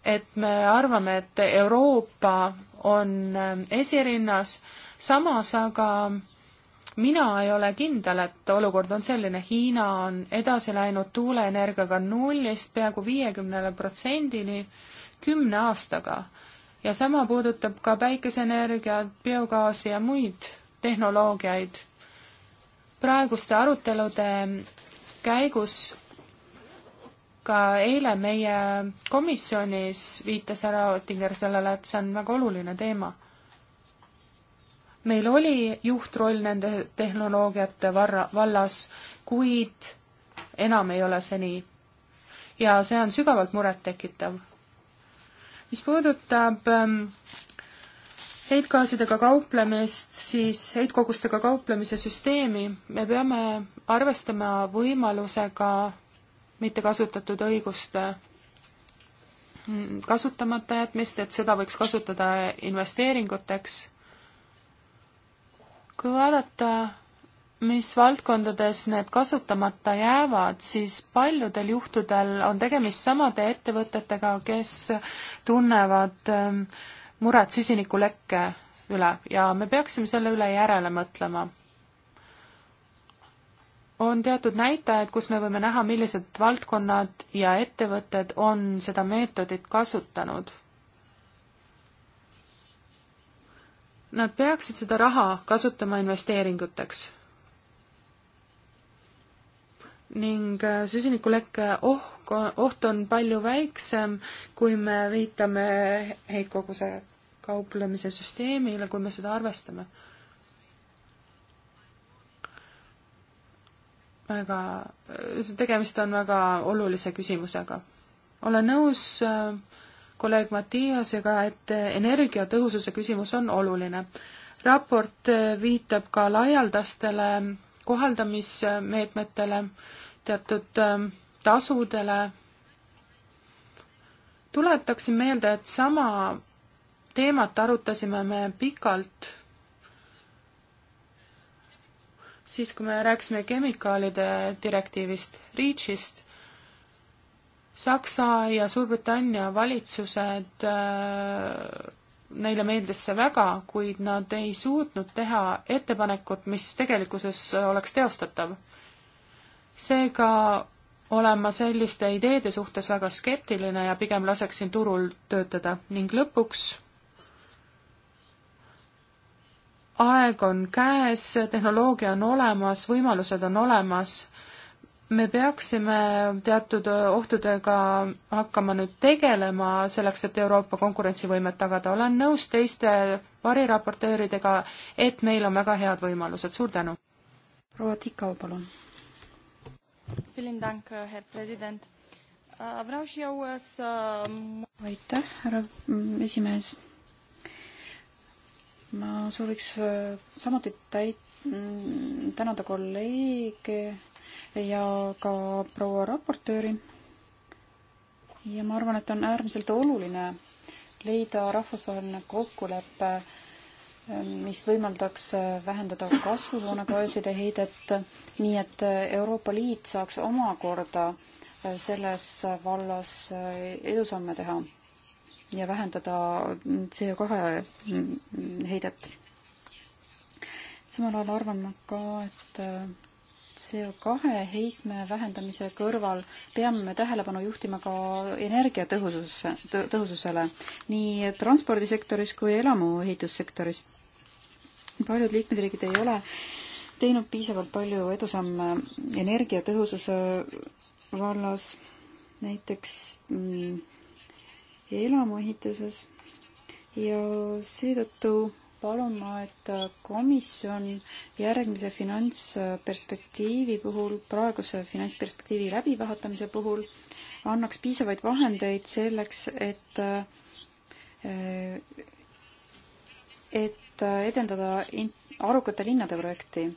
et me arvame, et Euroopa on ähm, esirinnas, samas aga mina ei ole kindel, et olukord on selline, Hiina on edasi läinud tuuleenergiaga nullist peaaegu viiekümnele protsendini kümne aastaga. ja sama puudutab ka päikeseenergiat, biogaasi ja muid tehnoloogiaid. praeguste arutelude käigus ka eile meie komisjonis viitas härra Ottinger sellele, et see on väga oluline teema. meil oli juhtroll nende tehnoloogiate varra, vallas, kuid enam ei ole see nii. ja see on sügavalt murettekitav. mis puudutab ähm, heitgaasidega kauplemist, siis heitkogustega kauplemise süsteemi me peame arvestama võimalusega mittekasutatud õiguste kasutamata jätmist, et seda võiks kasutada investeeringuteks. kui vaadata, mis valdkondades need kasutamata jäävad, siis paljudel juhtudel on tegemist samade ettevõtetega, kes tunnevad ähm, muret süsinikulekke üle ja me peaksime selle üle järele mõtlema on teatud näitajad, kus me võime näha, millised valdkonnad ja ettevõtted on seda meetodit kasutanud. Nad peaksid seda raha kasutama investeeringuteks. ning äh, süsinikulekke ohk, oht on palju väiksem, kui me viitame heitkoguse kauplemise süsteemile, kui me seda arvestame väga, tegemist on väga olulise küsimusega. olen nõus äh, kolleeg Mattiasega, et energiatõhususe küsimus on oluline. raport äh, viitab ka laialdastele kohaldamismeetmetele, teatud äh, tasudele. tuletaksin meelde, et sama teemat arutasime me pikalt siis, kui me rääkisime kemikaalide direktiivist, REACH-ist, Saksa ja Suurbritannia valitsused, äh, neile meeldis see väga, kuid nad ei suutnud teha ettepanekut, mis tegelikkuses oleks teostatav. seega olen ma selliste ideede suhtes väga skeptiline ja pigem laseksin turul töötada ning lõpuks aeg on käes, tehnoloogia on olemas, võimalused on olemas, me peaksime teatud ohtudega hakkama nüüd tegelema selleks, et Euroopa konkurentsivõimet tagada. olen nõus teiste variraportööridega, et meil on väga head võimalused. suur tänu! proua Tikau, palun! Äh, äh, äh, aitäh, härra mm, esimees ma sooviks äh, samuti täit-, mm, tänada kolleege ja ka proua raportööri. ja ma arvan, et on äärmiselt oluline leida rahvusvaheline kokkulepe, äh, mis võimaldaks äh, vähendada kasvuhoonegaaside heidet, nii et Euroopa Liit saaks omakorda selles vallas edusamme teha ja vähendada CO2 heidet. samal ajal arvan ma ka, et äh, CO2 heitme vähendamise kõrval peame me tähelepanu juhtima ka energiatõhususse, tõhususele nii transpordisektoris kui elamuehitussektoris. paljud liikmesriigid ei ole teinud piisavalt palju edusamme energiatõhususe vallas, näiteks mm, ja elamuehituses ja seetõttu palun ma, et komisjon järgmise finantsperspektiivi puhul, praeguse finantsperspektiivi läbivaatamise puhul annaks piisavaid vahendeid selleks, et eh, et edendada arukate linnade projekti.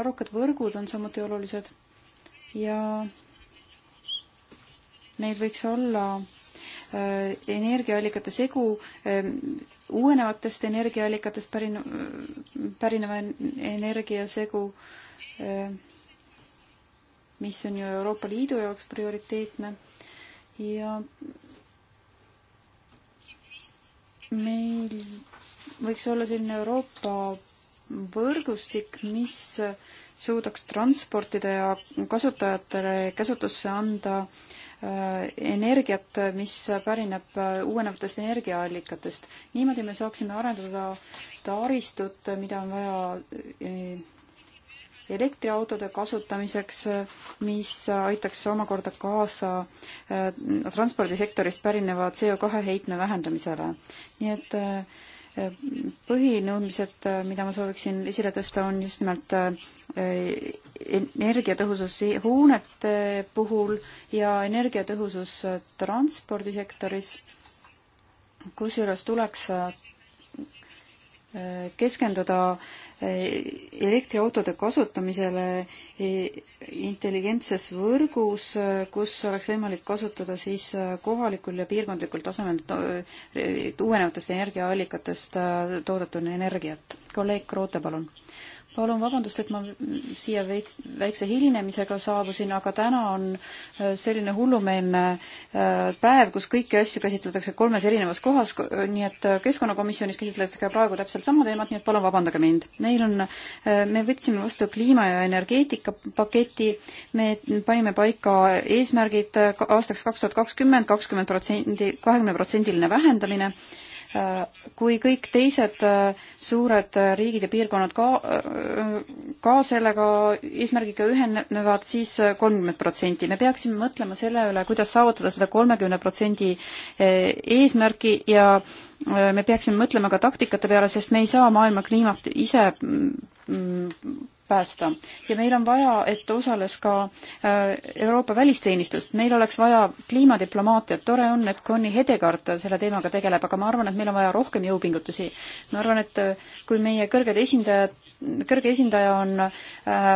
arukad võrgud on samuti olulised ja meil võiks olla Äh, energiaallikate segu ähm, uuenevatest energiaallikatest pärin-, pärineva energia segu, ähm, mis on ju Euroopa Liidu jaoks prioriteetne ja meil võiks olla selline Euroopa võrgustik, mis suudaks transportida ja kasutajatele käsutusse anda äh, energiat, mis pärineb uuenevatest energiaallikatest. niimoodi me saaksime arendada taristut, mida on vaja eh, elektriautode kasutamiseks, mis aitaks omakorda kaasa eh, transpordisektorist pärineva CO2 heitme vähendamisele. nii et äh, põhinõudmised, äh, mida ma sooviksin esile tõsta, on just nimelt äh, energiatõhusus hoonete äh, puhul ja energiatõhusus transpordisektoris, kusjuures tuleks keskenduda äh, elektriautode kasutamisele intelligentses võrgus, kus oleks võimalik kasutada siis kohalikul ja piirkondlikul tasemel uuenevatest energiaallikatest toodetud energiat. kolleeg Kroote, palun palun vabandust, et ma siia veits, väikse hilinemisega saabusin, aga täna on äh, selline hullumeelne äh, päev, kus kõiki asju käsitletakse kolmes erinevas kohas, äh, nii et Keskkonnakomisjonis käsitletakse ka praegu täpselt sama teemat, nii et palun vabandage mind. meil on, me võtsime vastu kliima- ja energeetikapaketi, me panime paika eesmärgid aastaks kaks tuhat kakskümmend, kakskümmend protsendi, kahekümne protsendiline vähendamine Äh, kui kõik teised äh, suured äh, riigid ja piirkonnad ka, ka sellega eesmärgiga ühenevad, siis kolmkümmend protsenti. me peaksime mõtlema selle üle, kuidas saavutada seda kolmekümne protsendi eesmärki ja me peaksime mõtlema ka taktikate peale, sest me ei saa maailma kliimat ise mm, mm, päästa. ja meil on vaja, et osales ka äh, Euroopa välisteenistust, meil oleks vaja kliimadiplomaatiat, tore on, et Conny Hedegaard selle teemaga tegeleb, aga ma arvan, et meil on vaja rohkem jõupingutusi. ma arvan, et äh, kui meie kõrged esindajad kõrge esindaja on äh,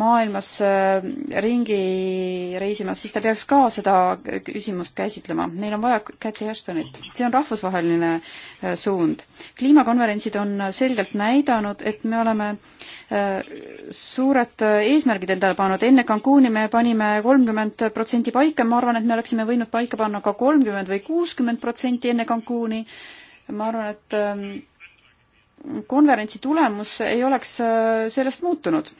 maailmas ringi reisimas, siis ta peaks ka seda küsimust käsitlema. meil on vaja Käti Ashtonit, see on rahvusvaheline suund. kliimakonverentsid on selgelt näidanud, et me oleme äh, Äh, suured äh, eesmärgid endale pannud, enne Cancuni me panime kolmkümmend protsenti paika, ma arvan, et me oleksime võinud paika panna ka kolmkümmend või kuuskümmend protsenti enne Cancuni, ma arvan, et ähm, konverentsi tulemus ei oleks äh, sellest muutunud.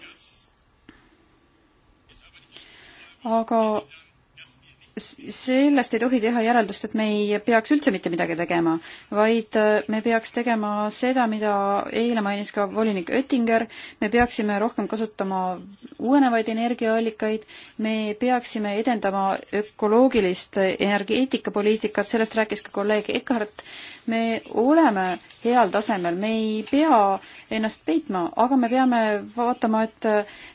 aga sellest ei tohi teha järeldust, et me ei peaks üldse mitte midagi tegema, vaid äh, me peaks tegema seda, mida eile mainis ka volinik Oettinger, me peaksime rohkem kasutama uuenevaid energiaallikaid, me peaksime edendama ökoloogilist energeetikapoliitikat, sellest rääkis ka kolleeg Eckart, me oleme heal tasemel, me ei pea ennast peitma, aga me peame vaatama, et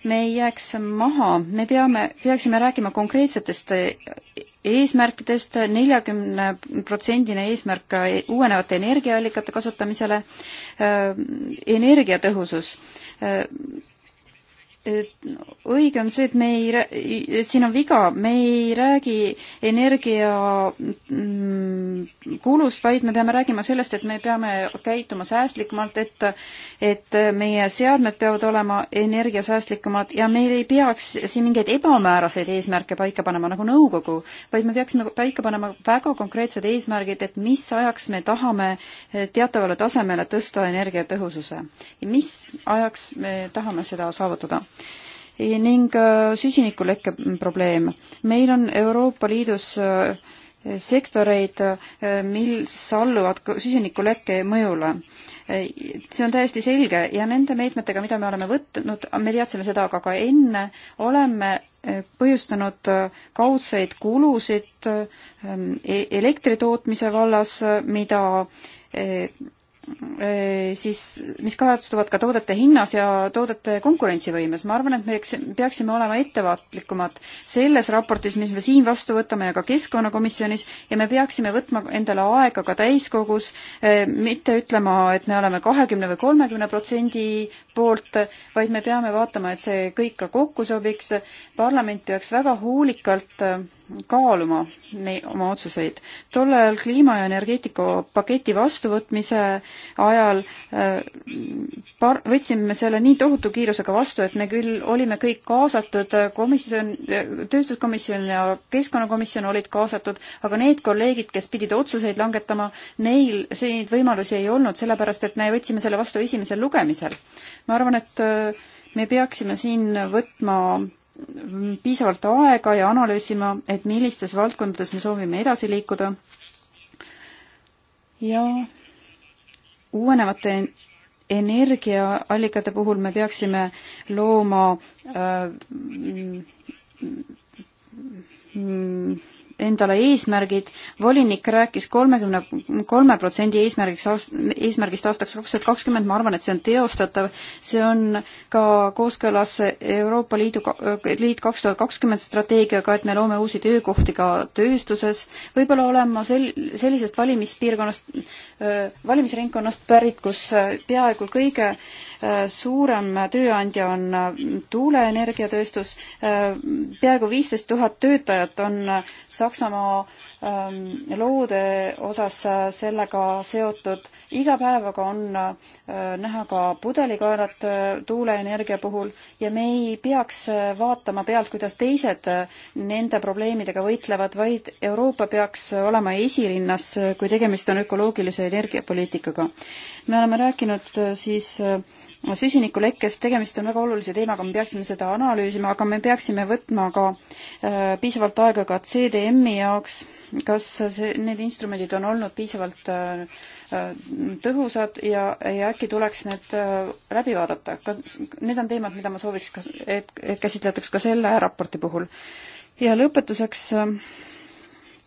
me ei jääks maha, me peame, peaksime rääkima konkreetsetest eesmärkidest, neljakümne protsendine eesmärk uuenevate energiaallikate kasutamisele, äh, energiatõhusus äh, et õige on see, et me ei, et siin on viga, me ei räägi energia mm, kulust, vaid me peame rääkima sellest, et me peame käituma säästlikumalt, et et meie seadmed peavad olema energiasäästlikumad ja meil ei peaks siin mingeid ebamääraseid eesmärke paika panema nagu nõukogu, vaid me peaksime paika panema väga konkreetsed eesmärgid, et mis ajaks me tahame teatavale tasemele tõsta energiatõhususe ja mis ajaks me tahame seda saavutada ning äh, süsinikulekke probleem. meil on Euroopa Liidus äh, sektoreid, äh, mis alluvad süsinikulekke mõjule. see on täiesti selge ja nende meetmetega, mida me oleme võtnud, me teadsime seda aga ka enne, oleme põhjustanud kaudseid kulusid e-, elektri tootmise vallas, mida siis, mis kajastuvad ka toodete hinnas ja toodete konkurentsivõimes. ma arvan, et me peaksime olema ettevaatlikumad selles raportis, mis me siin vastu võtame ja ka Keskkonnakomisjonis ja me peaksime võtma endale aega ka täiskogus, mitte ütlema, et me oleme kahekümne või kolmekümne protsendi poolt, vaid me peame vaatama, et see kõik ka kokku sobiks. parlament peaks väga hoolikalt äh, kaaluma me, oma otsuseid. tol ajal kliima- ja energeetikapaketi vastuvõtmise ajal äh, par-, võtsime selle nii tohutu kiirusega vastu, et me küll olime kõik kaasatud, äh, komisjon, tööstuskomisjon ja keskkonnakomisjon olid kaasatud, aga need kolleegid, kes pidid otsuseid langetama, neil neid võimalusi ei olnud, sellepärast et me võtsime selle vastu esimesel lugemisel ma arvan, et äh, me peaksime siin võtma mm, piisavalt aega ja analüüsima, et millistes valdkondades me soovime edasi liikuda. ja uuenevate energiaallikate puhul me peaksime looma äh, mm, mm, endale eesmärgid, volinik rääkis kolmekümne kolme protsendi eesmärgiks aast-, eesmärgist aastaks kaks tuhat kakskümmend, ma arvan, et see on teostatav, see on ka kooskõlas Euroopa Liidu, Liit kaks tuhat kakskümmend strateegiaga, et me loome uusi töökohti ka tööstuses, võib-olla olen ma sel-, sellisest valimispiirkonnast, valimisringkonnast pärit, kus äh, peaaegu kõige äh, Äh, suurem tööandja on äh, tuuleenergiatööstus, äh, peaaegu viisteist tuhat töötajat on Saksamaa ähm, loode osas sellega seotud, iga päevaga on näha ka pudelikaelad tuuleenergia puhul ja me ei peaks vaatama pealt, kuidas teised nende probleemidega võitlevad, vaid Euroopa peaks olema esirinnas, kui tegemist on ökoloogilise energiapoliitikaga. me oleme rääkinud siis süsinikulekkest, tegemist on väga olulise teemaga, me peaksime seda analüüsima, aga me peaksime võtma ka äh, piisavalt aega ka CDM-i jaoks, kas see, need instrumendid on olnud piisavalt äh, äh tõhusad ja, ja äkki tuleks need äh, läbi vaadata. Need on teemad, mida ma sooviks, et, et käsitletaks ka selle raporti puhul. ja lõpetuseks äh,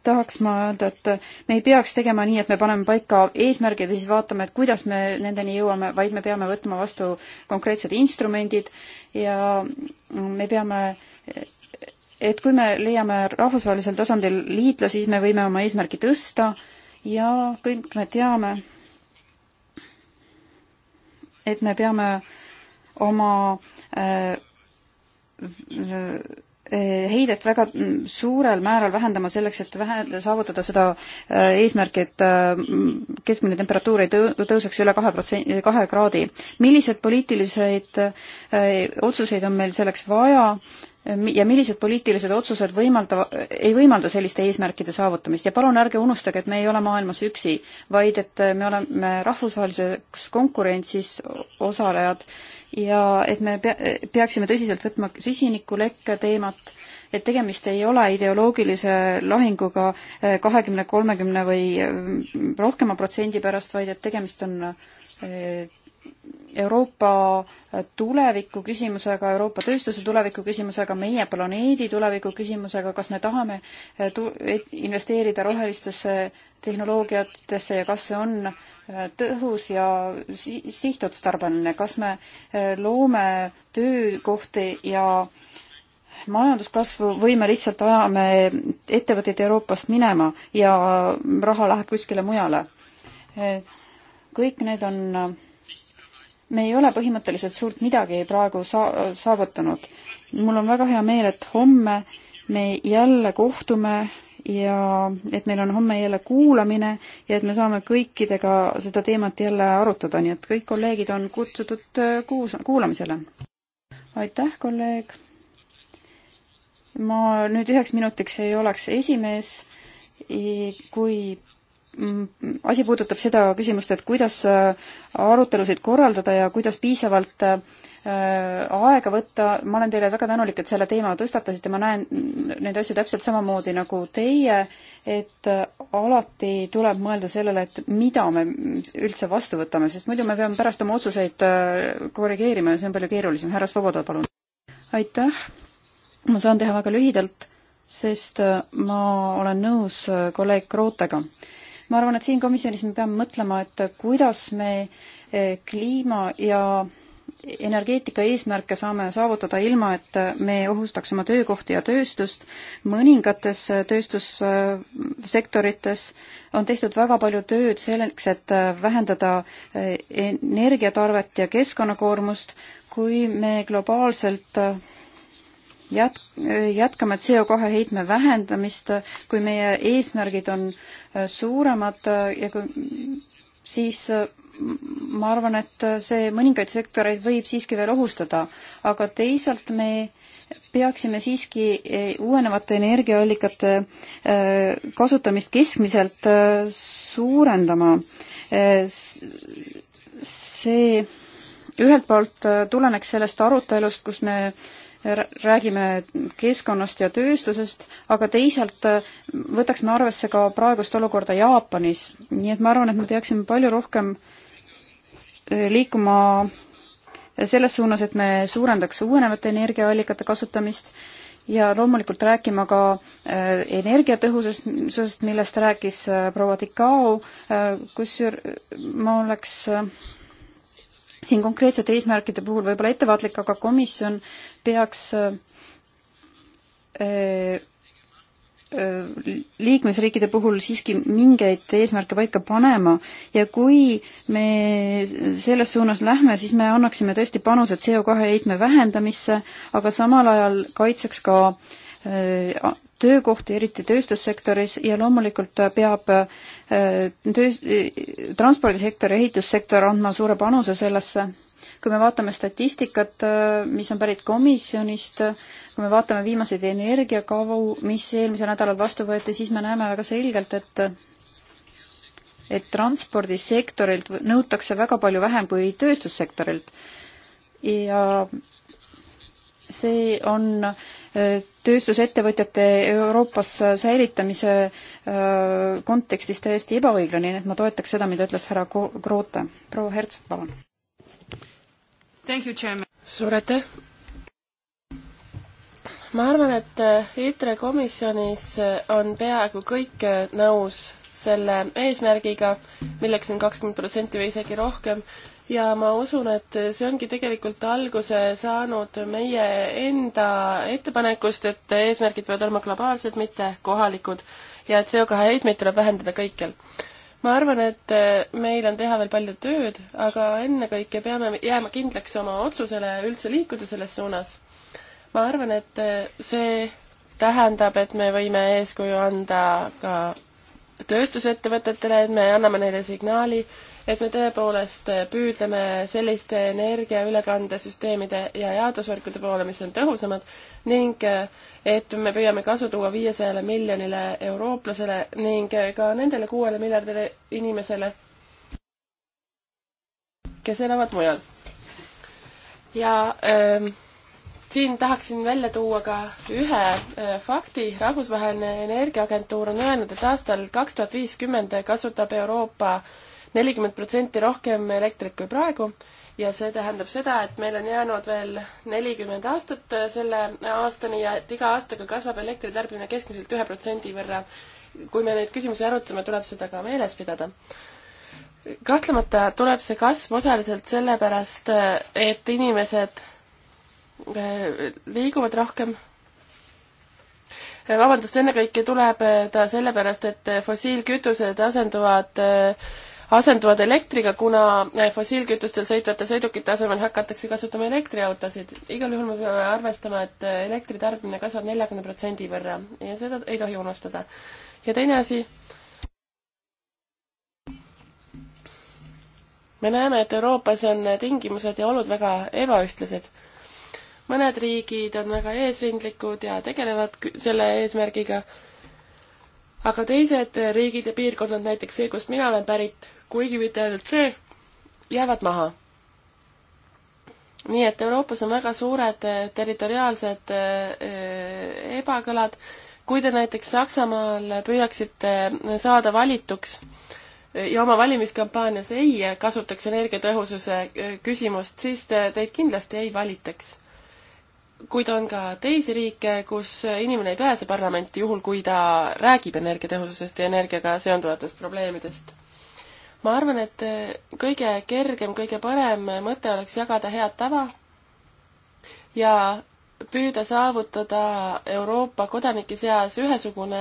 tahaks ma öelda, et me ei peaks tegema nii, et me paneme paika eesmärgid ja siis vaatame, et kuidas me nendeni jõuame, vaid me peame võtma vastu konkreetsed instrumendid ja me peame et kui me leiame rahvusvahelisel tasandil liitlasi, siis me võime oma eesmärki tõsta ja kõik me teame, et me peame oma äh, Eh, heidet väga mm, suurel määral vähendama selleks, et vähe, saavutada seda eh, eesmärki, et eh, keskmine temperatuur ei tõu-, tõuseks üle kahe protsendi, kahe kraadi. milliseid poliitilised otsuseid on meil selleks vaja ja millised poliitilised otsused võimalda, ei võimalda selliste eesmärkide saavutamist ja palun ärge unustage, et me ei ole maailmas üksi, vaid et me oleme rahvusvahelises konkurentsis osalejad ja et me peaksime tõsiselt võtma süsinikulekke teemat, et tegemist ei ole ideoloogilise lahinguga eh, kahekümne, kolmekümne või eh, rohkema protsendi pärast, vaid et tegemist on eh, Euroopa tuleviku küsimusega, Euroopa tööstuse tuleviku küsimusega, meie planeedi tuleviku küsimusega, kas me tahame eh, investeerida rohelistesse tehnoloogiatesse ja kas see on eh, tõhus ja si sihtotstarbeline, kas me eh, loome töökohti ja majanduskasvu või me lihtsalt ajame ettevõtteid Euroopast minema ja raha läheb kuskile mujale. kõik need on me ei ole põhimõtteliselt suurt midagi praegu saa-, saavutanud. mul on väga hea meel, et homme me jälle kohtume ja et meil on homme jälle kuulamine ja et me saame kõikidega seda teemat jälle arutada, nii et kõik kolleegid on kutsutud äh, kuus-, kuulamisele. aitäh, kolleeg! ma nüüd üheks minutiks ei oleks esimees, kui Mm, asi puudutab seda küsimust, et kuidas äh, arutelusid korraldada ja kuidas piisavalt äh, aega võtta, ma olen teile väga tänulik, et selle teema tõstatasite, ma näen neid asju täpselt samamoodi nagu teie, et äh, alati tuleb mõelda sellele, et mida me üldse vastu võtame, sest muidu me peame pärast oma otsuseid korrigeerima ja see on palju keerulisem. härra Svoboda, palun. aitäh, ma saan teha väga lühidalt, sest ma olen nõus kolleeg Krootega ma arvan, et siin komisjonis me peame mõtlema, et kuidas me eh, kliima ja energeetika eesmärke saame saavutada ilma, et me ohustaks oma töökohti ja tööstust. mõningates eh, tööstussektorites on tehtud väga palju tööd selleks, et eh, vähendada energiatarvet ja keskkonnakoormust. kui me globaalselt jät-, jätkame CO2 heitme vähendamist, kui meie eesmärgid on äh, suuremad äh, ja kui siis äh, ma arvan, et see mõningaid sektoreid võib siiski veel ohustada, aga teisalt me peaksime siiski uuenevate energiaallikate kasutamist keskmiselt suurendama. see ühelt poolt tuleneks sellest arutelust, kus me räägime keskkonnast ja tööstusest, aga teisalt äh, võtaksime arvesse ka praegust olukorda Jaapanis. nii et ma arvan, et me peaksime palju rohkem äh, liikuma äh, selles suunas, et me suurendaks uuenevate energiaallikate kasutamist ja loomulikult rääkima ka energiatõhususest, millest rääkis proua Tikao, kusjuures ma oleks siin konkreetsete eesmärkide puhul võib-olla ettevaatlik, aga komisjon peaks äh, äh, liikmesriikide puhul siiski mingeid eesmärke paika panema ja kui me selles suunas lähme, siis me annaksime tõesti panuse CO2 heitme vähendamisse, aga samal ajal kaitseks ka äh, töökohti, eriti tööstussektoris ja loomulikult peab äh, töös-, transpordisektor ja ehitussektor andma suure panuse sellesse. kui me vaatame statistikat, äh, mis on pärit komisjonist, kui me vaatame viimaseid energiakavu, mis eelmisel nädalal vastu võeti, siis me näeme väga selgelt, et et transpordisektorilt nõutakse väga palju vähem kui tööstussektorilt. ja see on äh, tööstusettevõtjate Euroopas säilitamise äh, kontekstis täiesti ebaõiglane, nii et ma toetaks seda, mida ütles härra Groote. proua Herts, palun. suur aitäh! ma arvan, et äh, ITRE komisjonis äh, on peaaegu kõik nõus selle eesmärgiga, milleks on kakskümmend protsenti või isegi rohkem, ja ma usun, et see ongi tegelikult alguse saanud meie enda ettepanekust, et eesmärgid peavad olema globaalsed, mitte kohalikud ja et CO2 heitmeid tuleb vähendada kõikjal. ma arvan, et meil on teha veel palju tööd, aga ennekõike peame jääma kindlaks oma otsusele üldse liikuda selles suunas. ma arvan, et see tähendab, et me võime eeskuju anda ka tööstusettevõtetele, et me anname neile signaali, et me tõepoolest püüdleme selliste energiaülekandesüsteemide ja jaotusvõrkude poole, mis on tõhusamad ning et me püüame kasu tuua viiesajale miljonile eurooplasele ning ka nendele kuuele miljardile inimesele, kes elavad mujal. ja ähm, siin tahaksin välja tuua ka ühe äh, fakti. rahvusvaheline Energiaagentuur on öelnud, et aastal kaks tuhat viiskümmend kasutab Euroopa äh, nelikümmend protsenti rohkem elektrit kui praegu ja see tähendab seda, et meil on jäänud veel nelikümmend aastat selle aastani ja et iga aastaga kasvab elektri tarbimine keskmiselt ühe protsendi võrra. kui me neid küsimusi arutame, tuleb seda ka meeles pidada kahtlemata tuleb see kasv osaliselt sellepärast, et inimesed eh, liiguvad rohkem. Eh, vabandust, ennekõike tuleb ta sellepärast, et fossiilkütused asenduvad eh, asenduvad elektriga, kuna eh, fossiilkütustel sõitvate sõidukite asemel hakatakse kasutama elektriautosid. igal juhul me peame arvestama, et eh, elektri tarbimine kasvab neljakümne protsendi võrra ja seda ei tohi unustada. ja teine asi, me näeme, et Euroopas on tingimused ja olud väga ebaühtlased. mõned riigid on väga eesrindlikud ja tegelevad selle eesmärgiga aga teised riigid ja piirkonnad, näiteks see, kust mina olen pärit, kuigi mitte ainult see, jäävad maha. nii et Euroopas on väga suured eh, territoriaalsed eh, ebakõlad. kui te näiteks Saksamaal püüaksite saada valituks eh, ja oma valimiskampaanias ei kasutaks energiatõhususe küsimust, siis te, teid kindlasti ei valitaks kuid on ka teisi riike, kus inimene ei pääse parlamenti, juhul kui ta räägib energiatõhususest ja energiaga seonduvatest probleemidest. ma arvan, et kõige kergem, kõige parem mõte oleks jagada head tava ja püüda saavutada Euroopa kodanike seas ühesugune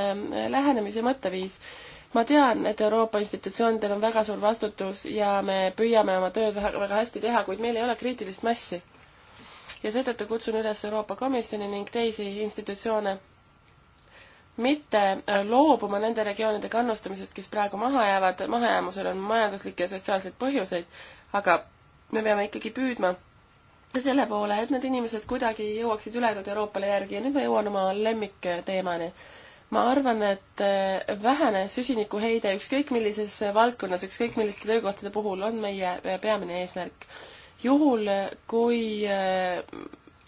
lähenemise mõtteviis. ma tean, et Euroopa institutsioonidel on väga suur vastutus ja me püüame oma tööd väga hästi teha, kuid meil ei ole kriitilist massi ja seetõttu kutsun üles Euroopa Komisjoni ning teisi institutsioone mitte äh, loobuma nende regioonide kannustamisest, kes praegu maha jäävad, mahajäämusel on majanduslikke ja sotsiaalseid põhjuseid, aga me peame ikkagi püüdma selle poole, et need inimesed kuidagi jõuaksid ülejäänud Euroopale järgi ja nüüd ma jõuan oma lemmikteemani. ma arvan, et äh, vähene süsinikuheide ükskõik millises valdkonnas, ükskõik milliste töökohtade puhul on meie äh, peamine eesmärk juhul, kui äh,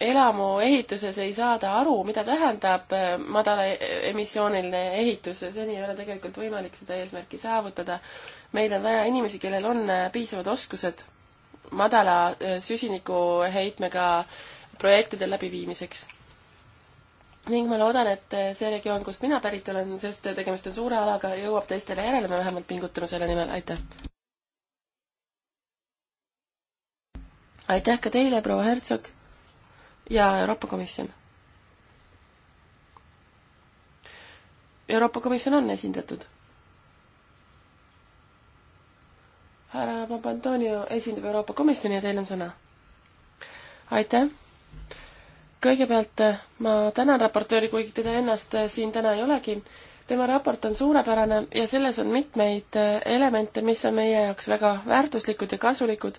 elamu ehituses ei saada aru, mida tähendab äh, madalaemissiooniline ehitus, seni ei ole tegelikult võimalik seda eesmärki saavutada. meil on vaja inimesi, kellel on äh, piisavad oskused madala süsinikuheitmega projektide läbiviimiseks. ning ma loodan, et see regioon, kust mina pärit olen, sest tegemist on suure alaga, jõuab teistele järele, me vähemalt pingutame selle nimel, aitäh! aitäh ka teile, proua Hertsog ja Euroopa Komisjon. Euroopa Komisjon on esindatud. härra Papantonio esindab Euroopa Komisjoni ja teil on sõna. aitäh! kõigepealt eh, ma tänan raportööri, kuigi teda ennast eh, siin täna ei olegi. tema raport on suurepärane ja selles on mitmeid eh, elemente, mis on meie jaoks väga väärtuslikud ja kasulikud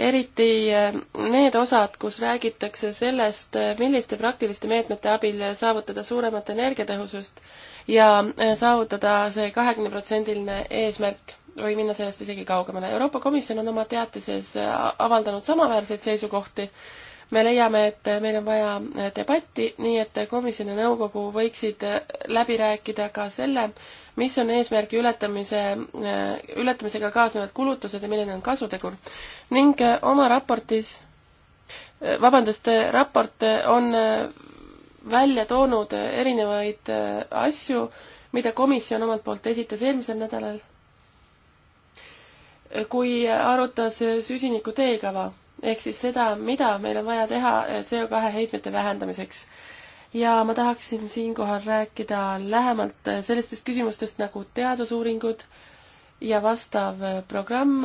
eriti äh, need osad, kus räägitakse sellest, äh, milliste praktiliste meetmete abil saavutada suuremat energiatõhusust ja äh, saavutada see kahekümneprotsendiline eesmärk või minna sellest isegi kaugemale. Euroopa Komisjon on oma teatises avaldanud samaväärseid seisukohti. me leiame, et meil on vaja debatti, nii et komisjon ja nõukogu võiksid läbi rääkida ka selle, mis on eesmärgi ületamise, ületamisega kaasnevad kulutused ja milline on kasutegur. ning äh, oma raportis, äh, vabandust, äh, raport on välja toonud erinevaid asju, mida komisjon omalt poolt esitas eelmisel nädalal, kui arutas süsiniku teekava ehk siis seda, mida meil on vaja teha CO2 heitmete vähendamiseks ja ma tahaksin siinkohal rääkida lähemalt äh, sellistest küsimustest nagu teadusuuringud ja vastav äh, programm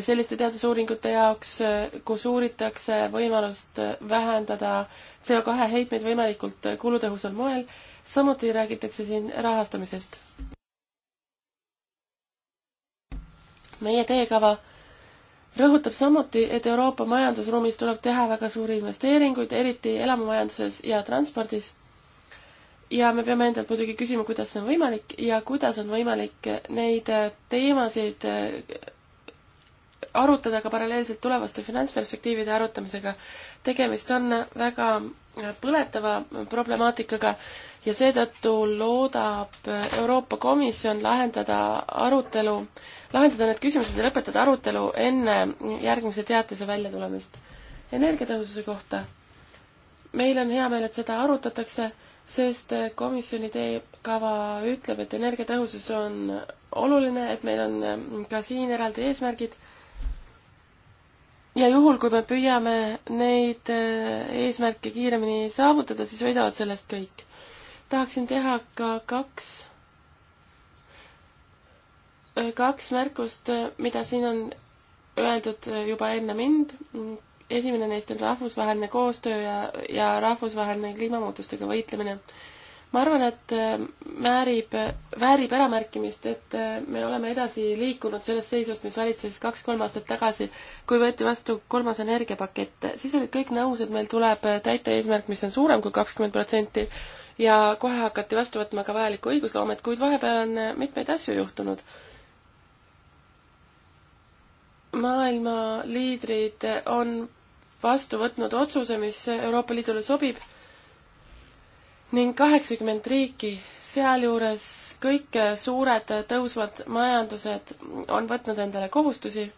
selliste teadusuuringute jaoks, äh, kus uuritakse võimalust vähendada CO2 heitmeid võimalikult kulutõhusal moel, samuti räägitakse siin rahastamisest. meie teekava rõhutab samuti, et Euroopa majandusruumis tuleb teha väga suuri investeeringuid, eriti elamumajanduses ja transpordis. ja me peame endalt muidugi küsima, kuidas see on võimalik ja kuidas on võimalik neid teemasid äh, arutada ka paralleelselt tulevaste finantsperspektiivide arutamisega. tegemist on väga põletava problemaatikaga ja seetõttu loodab Euroopa Komisjon lahendada arutelu lahendada need küsimused ja lõpetada arutelu enne järgmise teatise väljatulemist. energiatõhususe kohta. meil on hea meel, et seda arutatakse, sest komisjoni teekava ütleb, et energiatõhusus on oluline, et meil on ka siin eraldi eesmärgid ja juhul, kui me püüame neid eesmärke kiiremini saavutada, siis võidavad sellest kõik. tahaksin teha ka kaks kaks märkust, mida siin on öeldud juba enne mind. esimene neist on rahvusvaheline koostöö ja, ja rahvusvaheline kliimamuutustega võitlemine. ma arvan, et äh, määrib, väärib äramärkimist, et äh, me oleme edasi liikunud sellest seisust, mis valitses kaks-kolm aastat tagasi, kui võeti vastu kolmas energiapakett. siis olid kõik nõus, et meil tuleb täita eesmärk, mis on suurem kui kakskümmend protsenti ja kohe hakati vastu võtma ka vajalikku õigusloomet, kuid vahepeal on mitmeid asju juhtunud maailma liidrid on vastu võtnud otsuse, mis Euroopa Liidule sobib ning kaheksakümmend riiki, sealjuures kõik suured tõusvad majandused on võtnud endale kohustusi,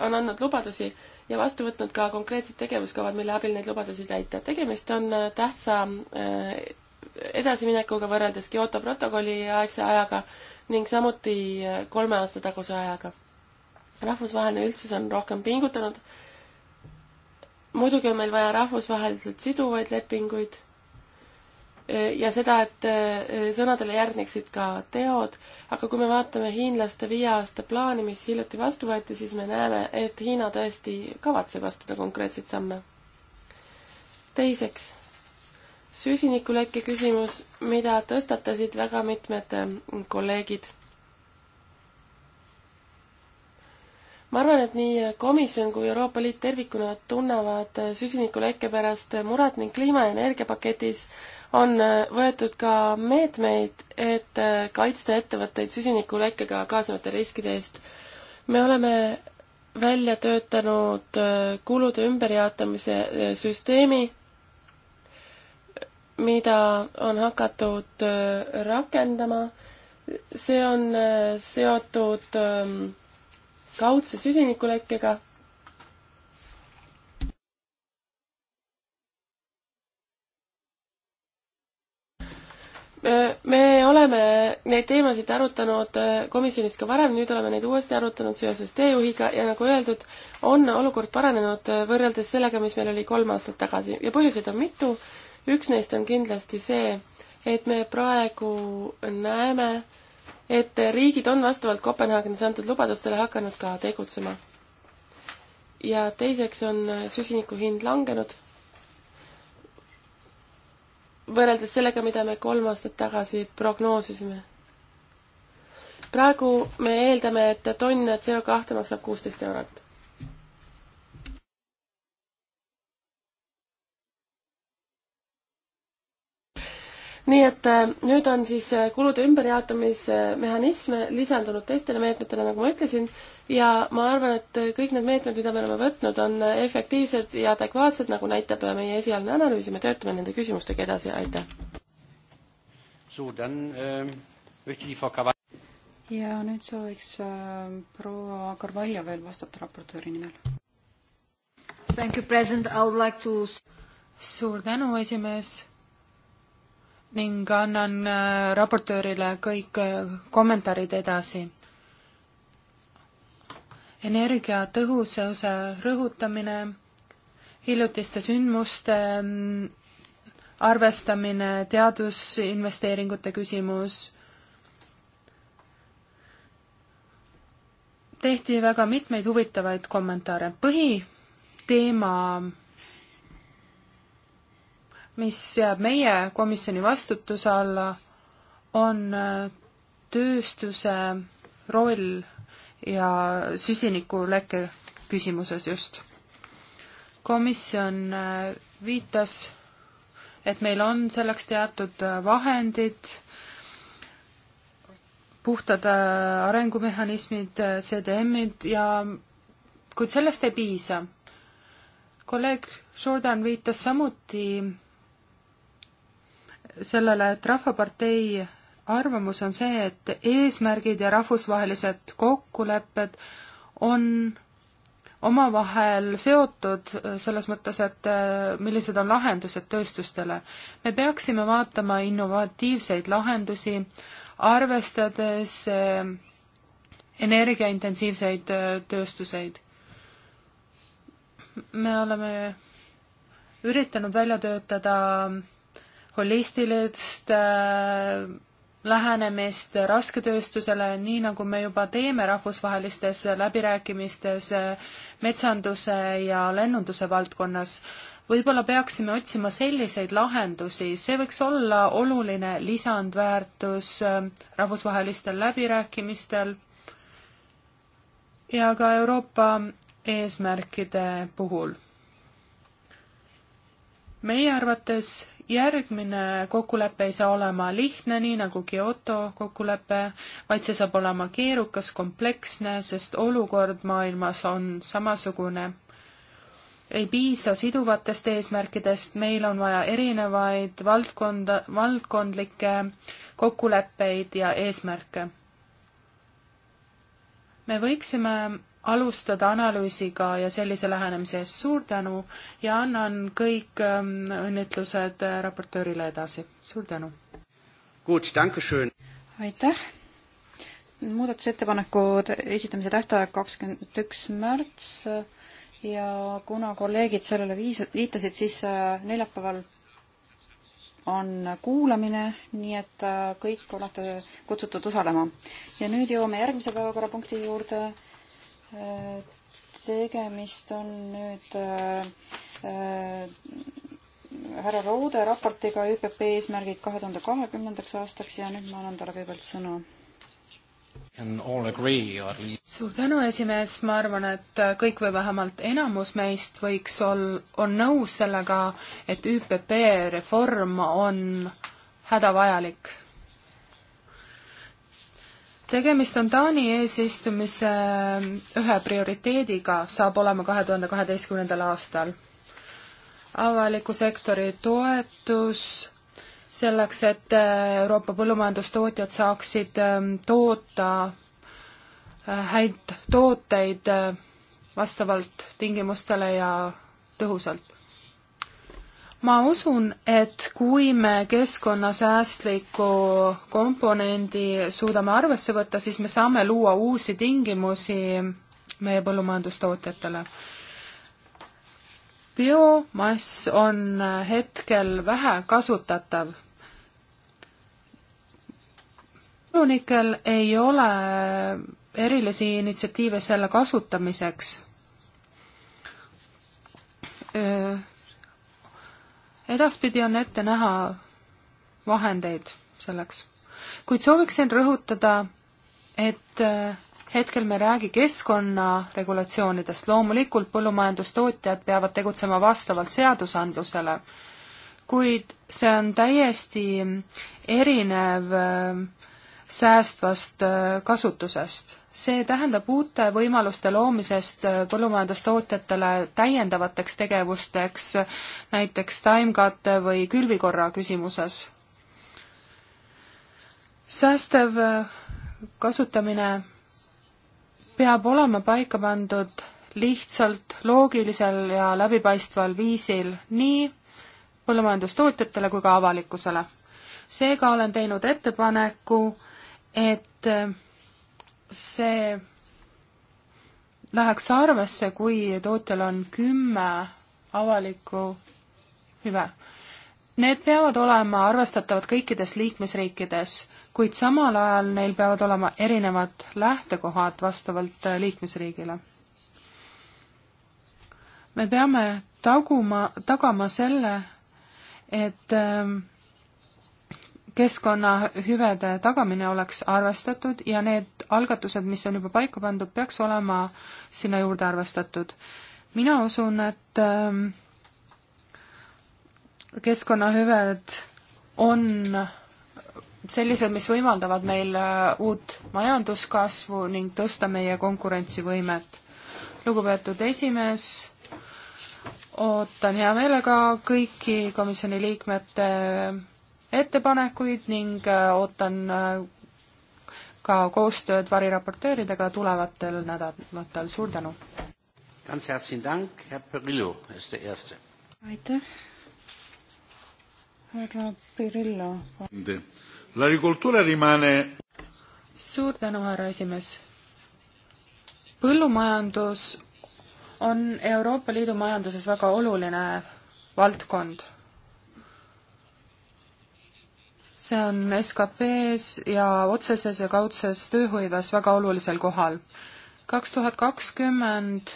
on andnud lubadusi ja vastu võtnud ka konkreetsed tegevuskavad, mille abil neid lubadusi täita. tegemist on äh, tähtsa äh, edasiminekuga võrreldes Kyoto protokolli aegse ajaga ning samuti äh, kolme aasta taguse ajaga rahvusvaheline üldsus on rohkem pingutanud. muidugi on meil vaja rahvusvaheliselt siduvaid lepinguid e, ja seda, et e, sõnadele järgneksid ka teod, aga kui me vaatame hiinlaste viie aasta plaani, mis hiljuti vastu võeti, siis me näeme, et Hiina tõesti kavatseb astuda konkreetseid samme. teiseks, süsinikulekke küsimus, mida tõstatasid väga mitmed kolleegid ma arvan, et nii komisjon kui Euroopa Liit tervikuna tunnevad süsinikulekke pärast muret ning kliima- ja energiapaketis on võetud ka meetmeid, et kaitsta ettevõtteid süsinikulekkega kaasnevate riskide eest. me oleme välja töötanud kulude ümberjaotamise süsteemi, mida on hakatud rakendama. see on seotud ähm, kaudse süsinikulekkega. me oleme neid teemasid arutanud komisjonis ka varem, nüüd oleme neid uuesti arutanud seoses teejuhiga ja nagu öeldud, on olukord paranenud võrreldes sellega, mis meil oli kolm aastat tagasi ja põhjuseid on mitu. üks neist on kindlasti see, et me praegu näeme, et riigid on vastavalt Kopenhaagenis antud lubadustele hakanud ka tegutsema. ja teiseks on süsiniku hind langenud võrreldes sellega, mida me kolm aastat tagasi prognoosisime. praegu me eeldame, et tonn CO2 maksab kuusteist eurot nii et äh, nüüd on siis äh, kulude ümberjaotamismehhanism lisandunud teistele meetmetele, nagu ma ütlesin, ja ma arvan, et äh, kõik need meetmed, mida me oleme võtnud, on efektiivsed ja adekvaatsed, nagu näitab meie esialgne analüüs ja me töötame nende küsimustega edasi, aitäh! Ähm, ja nüüd sooviks ähm, proua Carvalho veel vastata raportööri nimel. Like to... suur tänu, esimees ning annan äh, raportöörile kõik äh, kommentaarid edasi. energiatõhususe rõhutamine, hiljutiste sündmuste mm, arvestamine, teadusinvesteeringute küsimus, tehti väga mitmeid huvitavaid kommentaare. põhiteema mis jääb meie komisjoni vastutuse alla, on äh, tööstuse roll ja süsinikulekke küsimuses just. komisjon äh, viitas, et meil on selleks teatud äh, vahendid, puhtad arengumehhanismid, CDM-id ja kuid sellest ei piisa. kolleeg Jordan viitas samuti sellele, et Rahvapartei arvamus on see, et eesmärgid ja rahvusvahelised kokkulepped on omavahel seotud selles mõttes, et äh, millised on lahendused tööstustele. me peaksime vaatama innovatiivseid lahendusi, arvestades äh, energiaintensiivseid äh, tööstuseid. me oleme üritanud välja töötada holistilist äh, lähenemist rasketööstusele, nii nagu me juba teeme rahvusvahelistes läbirääkimistes äh, metsanduse ja lennunduse valdkonnas. võib-olla peaksime otsima selliseid lahendusi, see võiks olla oluline lisandväärtus äh, rahvusvahelistel läbirääkimistel ja ka Euroopa eesmärkide puhul meie arvates järgmine kokkulepe ei saa olema lihtne, nii nagu Kyoto kokkulepe, vaid see saab olema keerukas, kompleksne, sest olukord maailmas on samasugune. ei piisa siduvatest eesmärkidest, meil on vaja erinevaid valdkonda, valdkondlikke kokkuleppeid ja eesmärke. me võiksime alustada analüüsiga ja sellise lähenemise eest suur tänu ja annan kõik ähm, õnnitlused äh, raportöörile edasi. suur tänu! aitäh! muudatusettepaneku esitamise tähtaeg kakskümmend üks märts ja kuna kolleegid sellele viis-, viitasid, siis äh, neljapäeval on kuulamine, nii et äh, kõik olete kutsutud osalema. ja nüüd jõuame järgmise päevakorrapunkti juurde Äh, tegemist on nüüd äh, äh, härra Roode raportiga ÜPP eesmärgid kahe tuhande kahekümnendaks aastaks ja nüüd ma annan talle kõigepealt sõna. suur tänu, esimees, ma arvan, et kõik või vähemalt enamus meist võiks ol-, on nõus sellega, et ÜPP reform on hädavajalik tegemist on Taani eesistumise äh, ühe prioriteediga, saab olema kahe tuhande kaheteistkümnendal aastal. avaliku sektori toetus selleks, et äh, Euroopa põllumajandustootjad saaksid ähm, toota äh, häid tooteid vastavalt tingimustele ja tõhusalt ma usun, et kui me keskkonnasäästliku komponendi suudame arvesse võtta, siis me saame luua uusi tingimusi meie põllumajandustootjatele. biomass on hetkel vähe kasutatav. elanikel ei ole erilisi initsiatiive selle kasutamiseks edaspidi on ette näha vahendeid selleks. kuid sooviksin rõhutada, et äh, hetkel me ei räägi keskkonnaregulatsioonidest, loomulikult põllumajandustootjad peavad tegutsema vastavalt seadusandlusele, kuid see on täiesti erinev äh, säästvast äh, kasutusest see tähendab uute võimaluste loomisest põllumajandustootjatele täiendavateks tegevusteks, näiteks taimkate või külvikorra küsimuses. säästev kasutamine peab olema paika pandud lihtsalt, loogilisel ja läbipaistval viisil nii põllumajandustootjatele kui ka avalikkusele. seega olen teinud ettepaneku, et see läheks arvesse, kui tootel on kümme avalikku hüve. Need peavad olema arvestatavad kõikides liikmesriikides, kuid samal ajal neil peavad olema erinevad lähtekohad vastavalt äh, liikmesriigile. me peame taguma, tagama selle, et ähm, keskkonnahüvede tagamine oleks arvestatud ja need algatused, mis on juba paika pandud, peaks olema sinna juurde arvestatud. mina usun, et ähm, keskkonnahüved on sellised, mis võimaldavad meil äh, uut majanduskasvu ning tõsta meie konkurentsivõimet. lugupeetud esimees, ootan hea meelega kõiki komisjoni liikmete ettepanekuid ning äh, ootan äh, ka koostööd variraportööridega tulevatel nädalatel, suur tänu! aitäh! härra Pirillo. suur tänu, härra esimees! põllumajandus on Euroopa Liidu majanduses väga oluline valdkond see on SKP-s ja otseses ja kaudses tööhõives väga olulisel kohal. kaks tuhat kakskümmend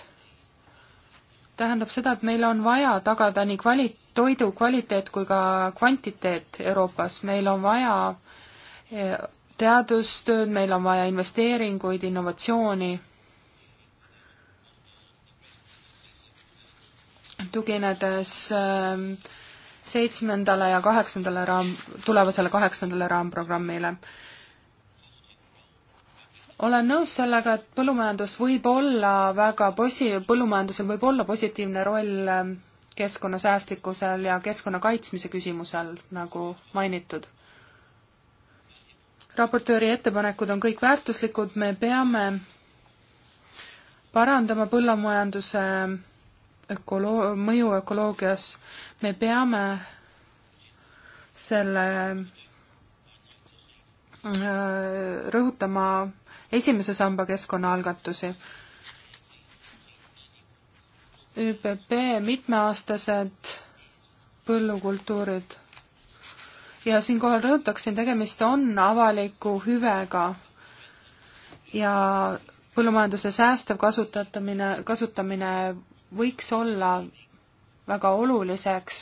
tähendab seda, et meil on vaja tagada nii kvali-, toidu kvaliteet kui ka kvantiteet Euroopas, meil on vaja eh, teadustööd, meil on vaja investeeringuid, innovatsiooni. tuginedes äh, seitsmendale ja kaheksandale raam, tulevasele kaheksandale raamprogrammile. olen nõus sellega, et põllumajandus võib olla väga posi-, põllumajandusel võib olla positiivne roll ähm, keskkonnasäästlikkusel ja keskkonna kaitsmise küsimusel, nagu mainitud. raportööri ettepanekud on kõik väärtuslikud, me peame parandama põllumajanduse ökolo-, mõju ökoloogias, me peame selle äh, rõhutama esimese samba keskkonnaalgatusi. ÜPP mitmeaastased põllukultuurid. ja siinkohal rõhutaksin, tegemist on avaliku hüvega ja põllumajanduse säästev kasutamine, kasutamine võiks olla väga oluliseks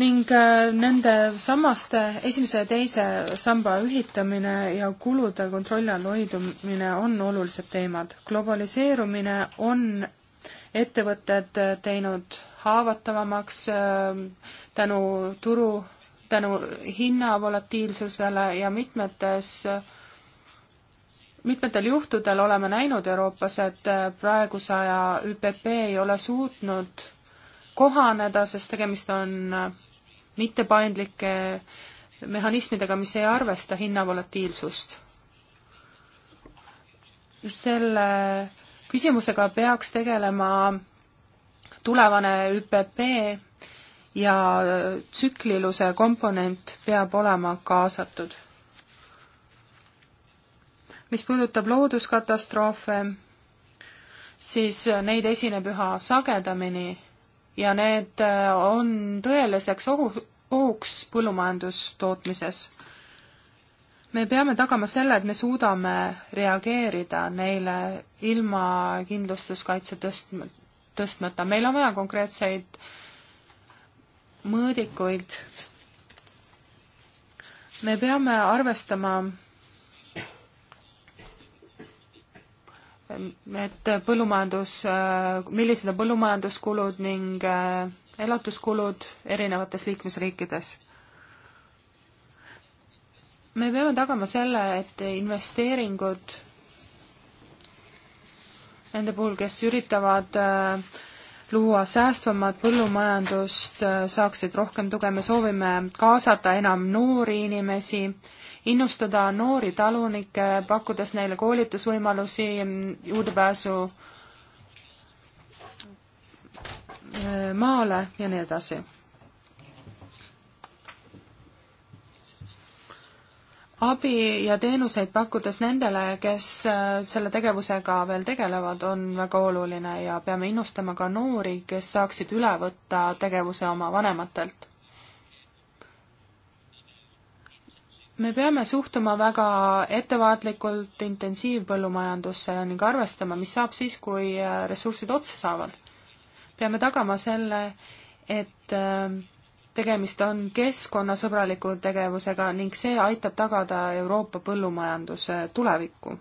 ning äh, nende sammaste esimese ja teise samba ühitamine ja kulude kontrolli all hoidumine on olulised teemad. globaliseerumine on ettevõtted teinud haavatavamaks äh, tänu turu tänu hinna volatiilsusele ja mitmetes, mitmetel juhtudel oleme näinud Euroopas, et praeguse aja ÜPP ei ole suutnud kohaneda, sest tegemist on mittepaindlike mehhanismidega, mis ei arvesta hinna volatiilsust. selle küsimusega peaks tegelema tulevane ÜPP ja tsükliluse komponent peab olema kaasatud. mis puudutab looduskatastroofe, siis neid esineb üha sagedamini ja need äh, on tõeliseks ohu, ohuks põllumajandustootmises. me peame tagama selle, et me suudame reageerida neile ilma kindlustuskaitse tõstm-, tõstmata, meil on vaja konkreetseid äh, mõõdikuid. me peame arvestama, et põllumajandus, millised on põllumajanduskulud ning äh, elatuskulud erinevates liikmesriikides. me peame tagama selle, et investeeringud nende puhul, kes üritavad äh, luua säästvamat põllumajandust, äh, saaksid rohkem tuge, me soovime kaasata enam noori inimesi, innustada noori talunikke, pakkudes neile koolitusvõimalusi, mm, juurdepääsu äh, maale ja nii edasi abi ja teenuseid pakkudes nendele, kes äh, selle tegevusega veel tegelevad, on väga oluline ja peame innustama ka noori, kes saaksid üle võtta tegevuse oma vanematelt. me peame suhtuma väga ettevaatlikult intensiivpõllumajandusse ning arvestama, mis saab siis, kui äh, ressursid otsa saavad. peame tagama selle, et äh, tegemist on keskkonnasõbraliku tegevusega ning see aitab tagada Euroopa põllumajanduse tulevikku.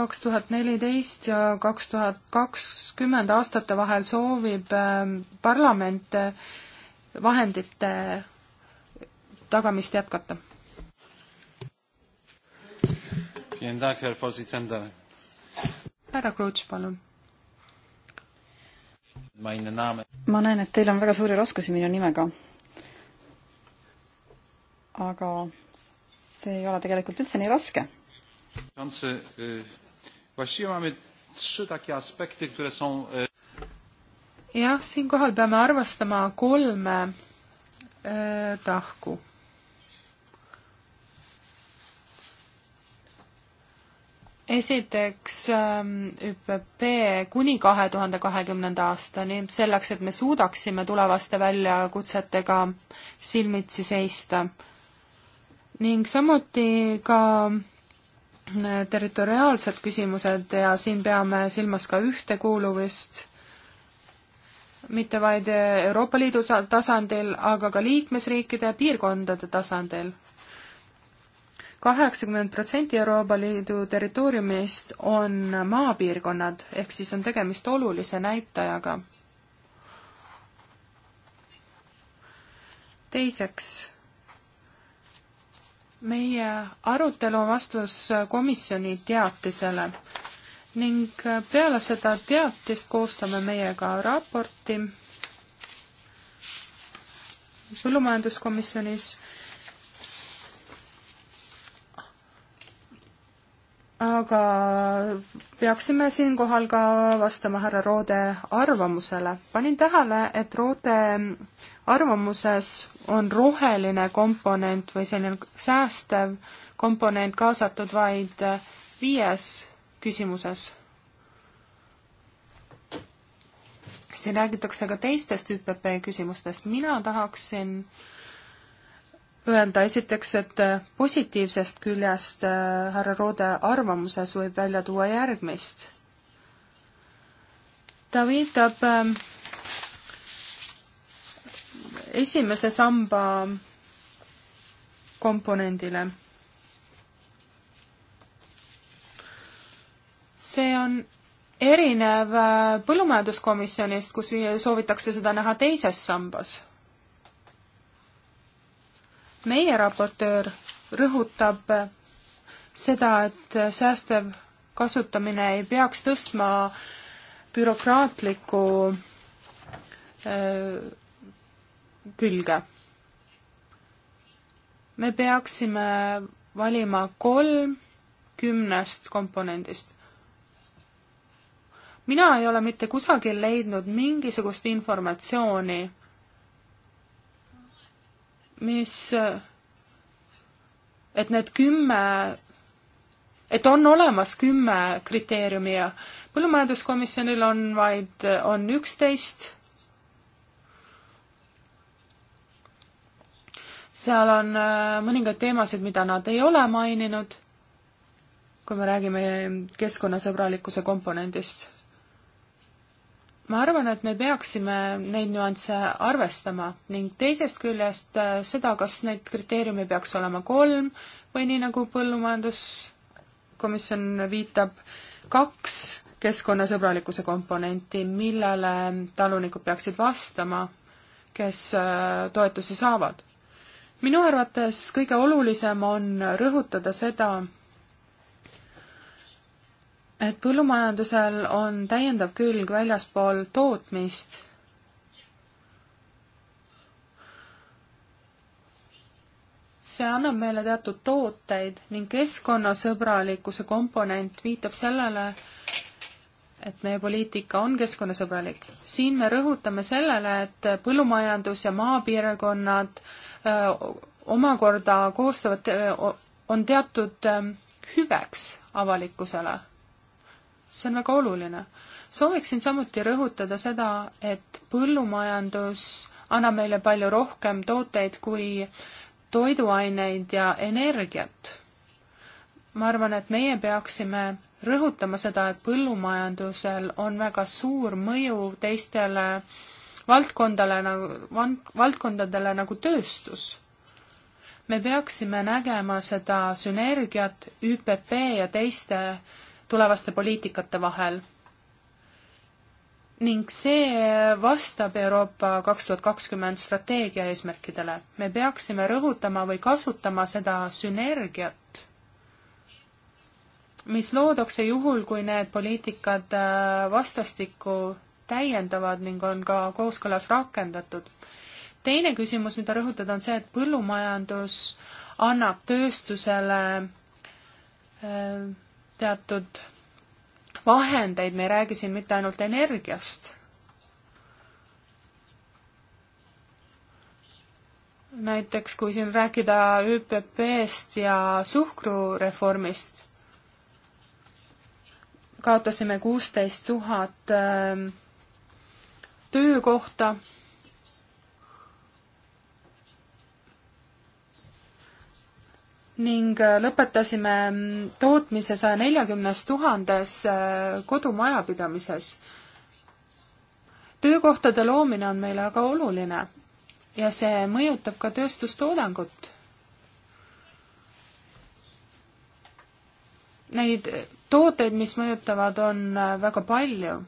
kaks tuhat neliteist ja kaks tuhat kakskümmend aastate vahel soovib ähm, parlament äh, vahendite tagamist jätkata. Vielen Dank, Herr Vorsitzender härra Crouch, palun. ma näen, et teil on väga suuri raskusi minu nimega. aga see ei ole tegelikult üldse nii raske. jah, siinkohal peame arvestama kolme äh, tahku esiteks ähm, ÜPP kuni kahe tuhande kahekümnenda aastani, selleks et me suudaksime tulevaste väljakutsetega silmitsi seista. ning samuti ka äh, territoriaalsed küsimused ja siin peame silmas ka ühtekuuluvust, mitte vaid Euroopa Liidu tasandil, aga ka liikmesriikide ja piirkondade tasandil kaheksakümmend protsenti Euroopa Liidu territooriumist on maapiirkonnad, ehk siis on tegemist olulise näitajaga. teiseks, meie arutelu on vastus komisjoni teatisele ning peale seda teatist koostame meie ka raporti põllumajanduskomisjonis aga peaksime siinkohal ka vastama härra Roode arvamusele. panin tähele, et Roode arvamuses on roheline komponent või selline säästev komponent kaasatud vaid viies küsimuses. siin räägitakse ka teistest ÜPP küsimustest, mina tahaksin äh, öelda esiteks, et äh, positiivsest küljest äh, härra Roode arvamuses võib välja tuua järgmist. ta viitab ähm, esimese samba komponendile. see on erinev äh, põllumajanduskomisjonist, kus soovitakse seda näha teises sambas meie raportöör rõhutab seda, et säästev kasutamine ei peaks tõstma bürokraatlikku äh, külge. me peaksime valima kolm kümnest komponendist. mina ei ole mitte kusagil leidnud mingisugust informatsiooni mis, et need kümme, et on olemas kümme kriteeriumi ja põllumajanduskomisjonil on vaid, on üksteist. seal on äh, mõningaid teemasid, mida nad ei ole maininud, kui me räägime keskkonnasõbralikkuse komponendist ma arvan, et me peaksime neid nüansse arvestama ning teisest küljest äh, seda, kas neid kriteeriume peaks olema kolm või nii, nagu põllumajanduskomisjon viitab, kaks keskkonnasõbralikkuse komponenti, millele talunikud peaksid vastama, kes äh, toetusi saavad. minu arvates kõige olulisem on rõhutada seda, et põllumajandusel on täiendav külg väljaspool tootmist. see annab meile teatud tooteid ning keskkonnasõbralikkuse komponent viitab sellele, et meie poliitika on keskkonnasõbralik. siin me rõhutame sellele, et põllumajandus ja maapiirkonnad öö, äh, omakorda koostavad, äh, on teatud öö, ähm, hüveks avalikkusele see on väga oluline. sooviksin samuti rõhutada seda, et põllumajandus annab meile palju rohkem tooteid kui toiduaineid ja energiat. ma arvan, et meie peaksime rõhutama seda, et põllumajandusel on väga suur mõju teistele valdkondale nagu, valdkondadele nagu tööstus. me peaksime nägema seda sünergiat ÜPP ja teiste tulevaste poliitikate vahel. ning see vastab Euroopa kaks tuhat kakskümmend strateegia eesmärkidele. me peaksime rõhutama või kasutama seda sünergiat, mis loodakse juhul, kui need poliitikad äh, vastastikku täiendavad ning on ka kooskõlas rakendatud. teine küsimus, mida rõhutada, on see, et põllumajandus annab tööstusele äh, teatud vahendeid, me ei räägi siin mitte ainult energiast. näiteks kui siin rääkida ÜPP-st ja suhkrureformist, kaotasime kuusteist tuhat ehm, töökohta ning äh, lõpetasime mm, tootmise saja neljakümnes tuhandes äh, kodumajapidamises. töökohtade loomine on meile aga oluline ja see mõjutab ka tööstustoodangut. Neid tooteid, mis mõjutavad, on äh, väga palju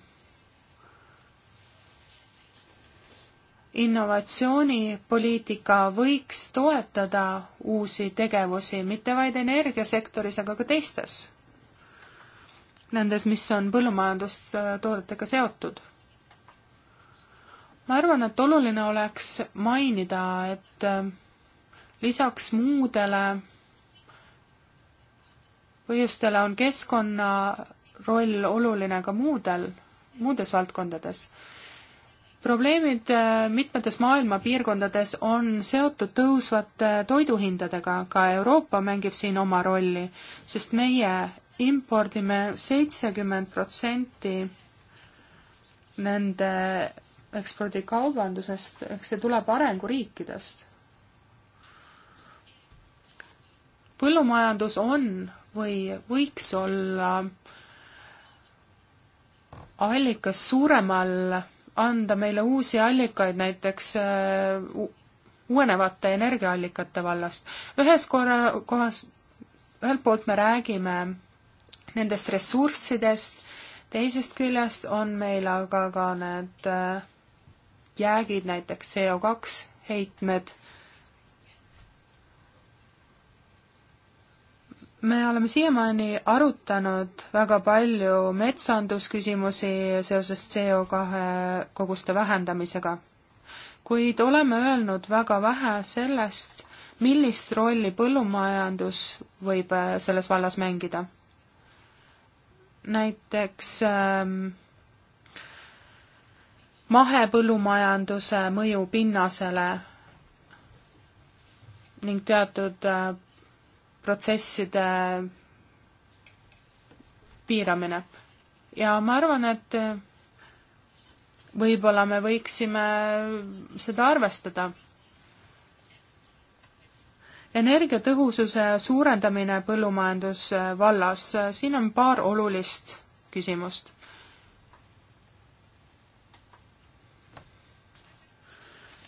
innovatsioonipoliitika võiks toetada uusi tegevusi, mitte vaid energiasektoris, aga ka teistes, nendes, mis on põllumajandustoodetega seotud. ma arvan, et oluline oleks mainida, et äh, lisaks muudele põhjustele on keskkonna roll oluline ka muudel, muudes valdkondades probleemid äh, mitmetes maailma piirkondades on seotud tõusvate toiduhindadega, ka Euroopa mängib siin oma rolli, sest meie impordime seitsekümmend protsenti nende ekspordikaubandusest, eks see tuleb arenguriikidest. põllumajandus on või võiks olla allikas suuremal anda meile uusi allikaid, näiteks äh, uuenevate energiaallikate vallast. ühes korra, kohas, ühelt poolt me räägime nendest ressurssidest, teisest küljest on meil aga ka need äh, jäägid, näiteks CO2 heitmed me oleme siiamaani arutanud väga palju metsandusküsimusi seoses CO2 koguste vähendamisega, kuid oleme öelnud väga vähe sellest, millist rolli põllumajandus võib äh, selles vallas mängida. näiteks ähm, mahepõllumajanduse mõju pinnasele ning teatud äh, protsesside piiramine. ja ma arvan, et võib-olla me võiksime seda arvestada. energiatõhususe suurendamine põllumajandusvallas, siin on paar olulist küsimust.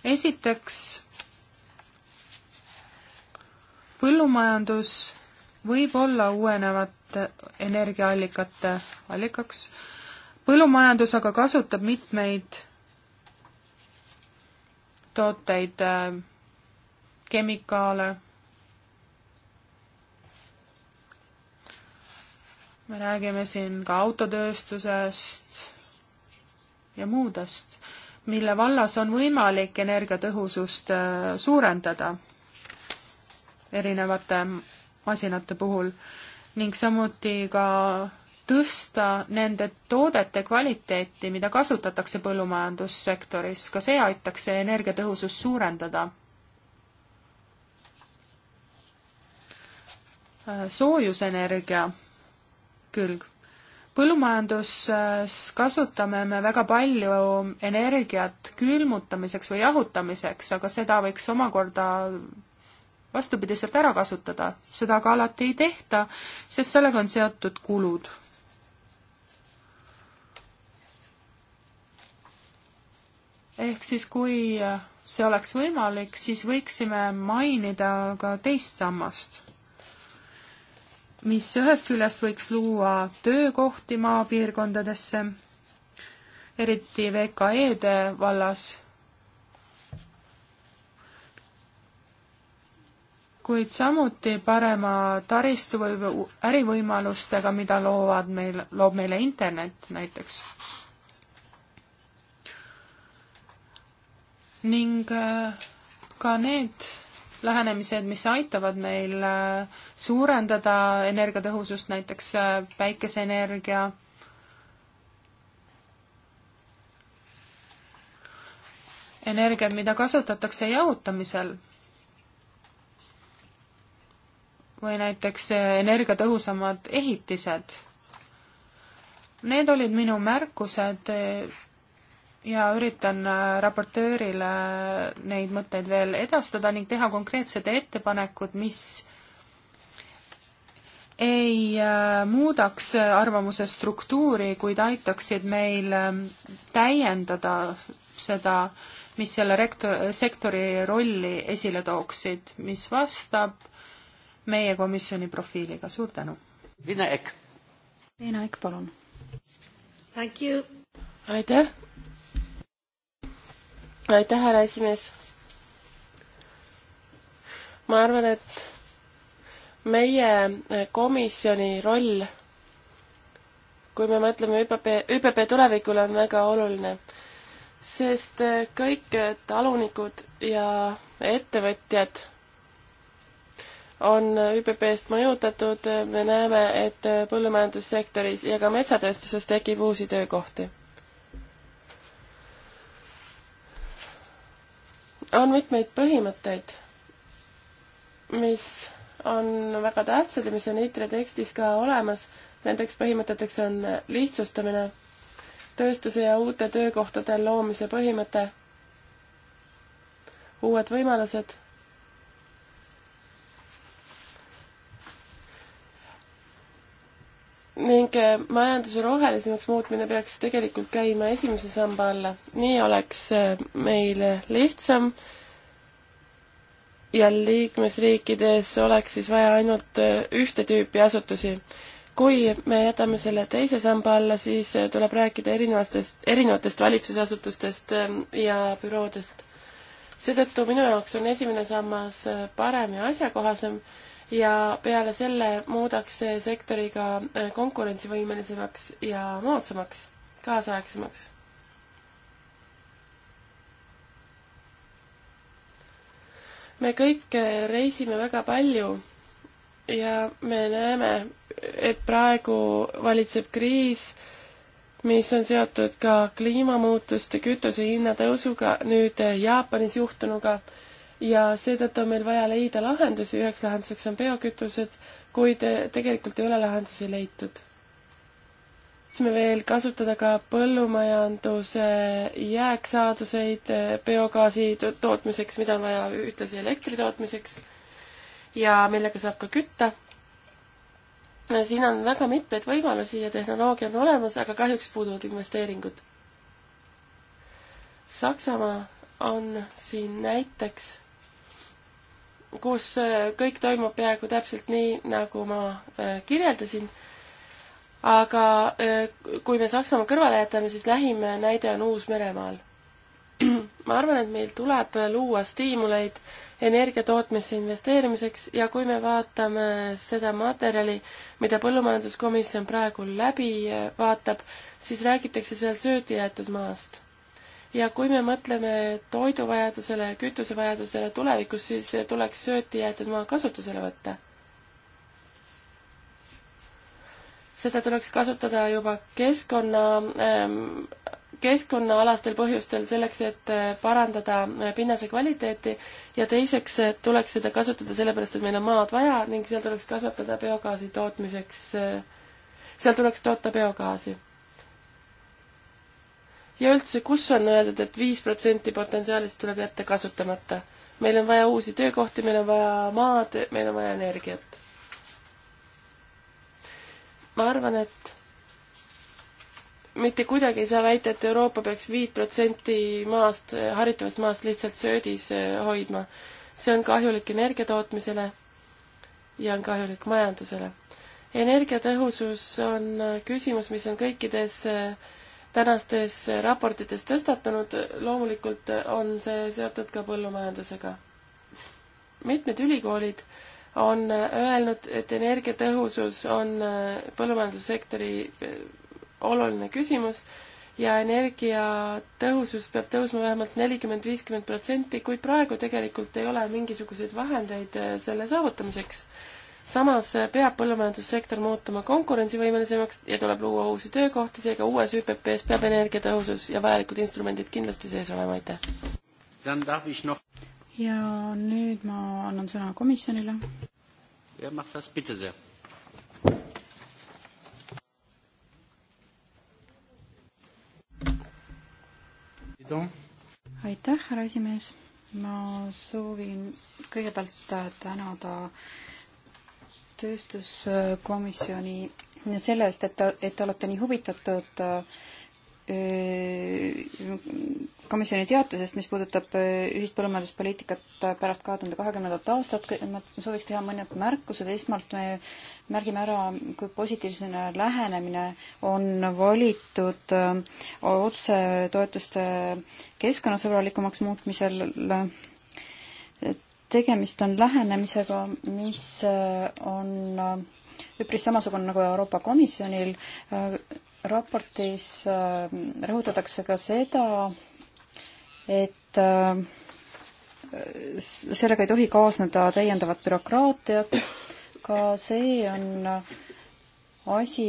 esiteks põllumajandus võib olla uuenevate energiaallikate allikaks, põllumajandus aga kasutab mitmeid tooteid, äh, kemikaale, me räägime siin ka autotööstusest ja muudest, mille vallas on võimalik energiatõhusust äh, suurendada erinevate masinate puhul ning samuti ka tõsta nende toodete kvaliteeti, mida kasutatakse põllumajandussektoris, ka see aitaks energiatõhusust suurendada. soojusenergia külg. põllumajanduses kasutame me väga palju energiat külmutamiseks või jahutamiseks, aga seda võiks omakorda vastupidiselt ära kasutada. seda aga alati ei tehta, sest sellega on seotud kulud. ehk siis, kui see oleks võimalik, siis võiksime mainida ka teist sammast, mis ühest küljest võiks luua töökohti maapiirkondadesse, eriti VKE-de vallas kuid samuti parema taristu või ärivõimalustega, mida loovad meil, loob meile internet näiteks. ning äh, ka need lähenemised, mis aitavad meil äh, suurendada energiatõhusust, näiteks äh, päikeseenergia, energiat, mida kasutatakse jahutamisel või näiteks eh, energiatõhusamad ehitised. Need olid minu märkused eh, ja üritan eh, raportöörile neid mõtteid veel edastada ning teha konkreetsed ettepanekud, mis ei muudaks arvamuse struktuuri, kuid aitaksid meil täiendada seda, mis selle rektor-, sektori rolli esile tooksid, mis vastab meie komisjoni profiiliga, suur tänu! Liina Ek. Liina Ek, palun! Thank you! aitäh! aitäh, härra esimees! ma arvan, et meie komisjoni roll, kui me mõtleme ÜPP, ÜPP tulevikule, on väga oluline, sest kõik talunikud ja ettevõtjad on ÜPP-st mõjutatud, me näeme, et põllumajandussektoris ja ka metsatööstuses tekib uusi töökohti. on mitmeid põhimõtteid, mis on väga tähtsad ja mis on ITRE tekstis ka olemas. Nendeks põhimõteteks on lihtsustamine, tööstuse ja uute töökohtade loomise põhimõte, uued võimalused ning äh, majanduse rohelisemaks muutmine peaks tegelikult käima esimese samba alla. nii oleks äh, meil lihtsam ja liikmesriikides oleks siis vaja ainult äh, ühte tüüpi asutusi. kui me jätame selle teise samba alla, siis tuleb rääkida erinevatest, erinevatest valitsusasutustest ja büroodest. seetõttu minu jaoks on esimene sammas parem ja asjakohasem ja peale selle muudaks see sektori ka äh, konkurentsivõimelisemaks ja moodsamaks, kaasaegsemaks. me kõik äh, reisime väga palju ja me näeme, et praegu valitseb kriis, mis on seotud ka kliimamuutuste, kütusehinna tõusuga, nüüd äh, Jaapanis juhtunuga ja seetõttu on meil vaja leida lahendusi, üheks lahenduseks on biokütused, kuid tegelikult ei ole lahendusi leitud. võiksime veel kasutada ka põllumajanduse jääksaaduseid biogaasi tootmiseks, mida on vaja ühtlasi elektri tootmiseks ja millega saab ka kütta. siin on väga mitmeid võimalusi ja tehnoloogia on olemas, aga kahjuks puuduvad investeeringud. Saksamaa on siin näiteks kus äh, kõik toimub peaaegu täpselt nii, nagu ma äh, kirjeldasin, aga äh, kui me Saksamaa kõrvale jätame, siis lähim näide on Uus-Meremaal. [CLEARS THROAT] ma arvan, et meil tuleb luua stiimuleid energia tootmisse investeerimiseks ja kui me vaatame seda materjali, mida Põllumajanduskomisjon praegu läbi vaatab, siis räägitakse seal sööti jäetud maast ja kui me mõtleme toiduvajadusele ja kütusevajadusele tulevikus, siis tuleks sööti jäetud maa kasutusele võtta. seda tuleks kasutada juba keskkonna, ähm, keskkonnaalastel põhjustel selleks, et äh, parandada äh, pinnase kvaliteeti ja teiseks äh, tuleks seda kasutada sellepärast, et meil on maad vaja ning seal tuleks kasvatada biogaasi tootmiseks, seal tuleks toota biogaasi ja üldse, kus on öeldud et, et viis protsenti potentsiaalist tuleb jätta kasutamata? meil on vaja uusi töökohti, meil on vaja maad, meil on vaja energiat. ma arvan, et mitte kuidagi ei saa väita, et Euroopa peaks viit protsenti maast, haritavast maast lihtsalt söödis eh, hoidma. see on kahjulik energia tootmisele ja on kahjulik majandusele. energiatõhusus on eh, küsimus, mis on kõikides äh, tänastes raportites tõstatunud, loomulikult on see seotud ka põllumajandusega. mitmed ülikoolid on öelnud, et energiatõhusus on põllumajandussektori eh, oluline küsimus ja energiatõhusus peab tõusma vähemalt nelikümmend, viiskümmend protsenti, kuid praegu tegelikult ei ole mingisuguseid vahendeid eh, selle saavutamiseks samas peab põllumajandussektor muutuma konkurentsivõimelisemaks ja tuleb luua uusi töökohti, seega uues ÜPP-s peab energiatõhusus ja vajalikud instrumendid kindlasti sees olema, aitäh! ja nüüd ma annan sõna komisjonile. aitäh, härra esimees, ma soovin kõigepealt tänada äh, tööstuskomisjoni selle eest, et, et te olete nii huvitatud äh, komisjoni teatisest, mis puudutab äh, ühist põllumajanduspoliitikat pärast kahe tuhande kahekümnendat aastat, ma sooviks teha mõned märkused, esmalt me märgime ära, kui positiivsena lähenemine on valitud äh, otsetoetuste keskkonnasõbralikumaks muutmisel tegemist on lähenemisega, mis äh, on äh, üpris samasugune nagu Euroopa Komisjonil. Äh, raportis rõhutatakse ka seda, et sellega ei tohi kaasneda täiendavat bürokraatiat, ka see on asi,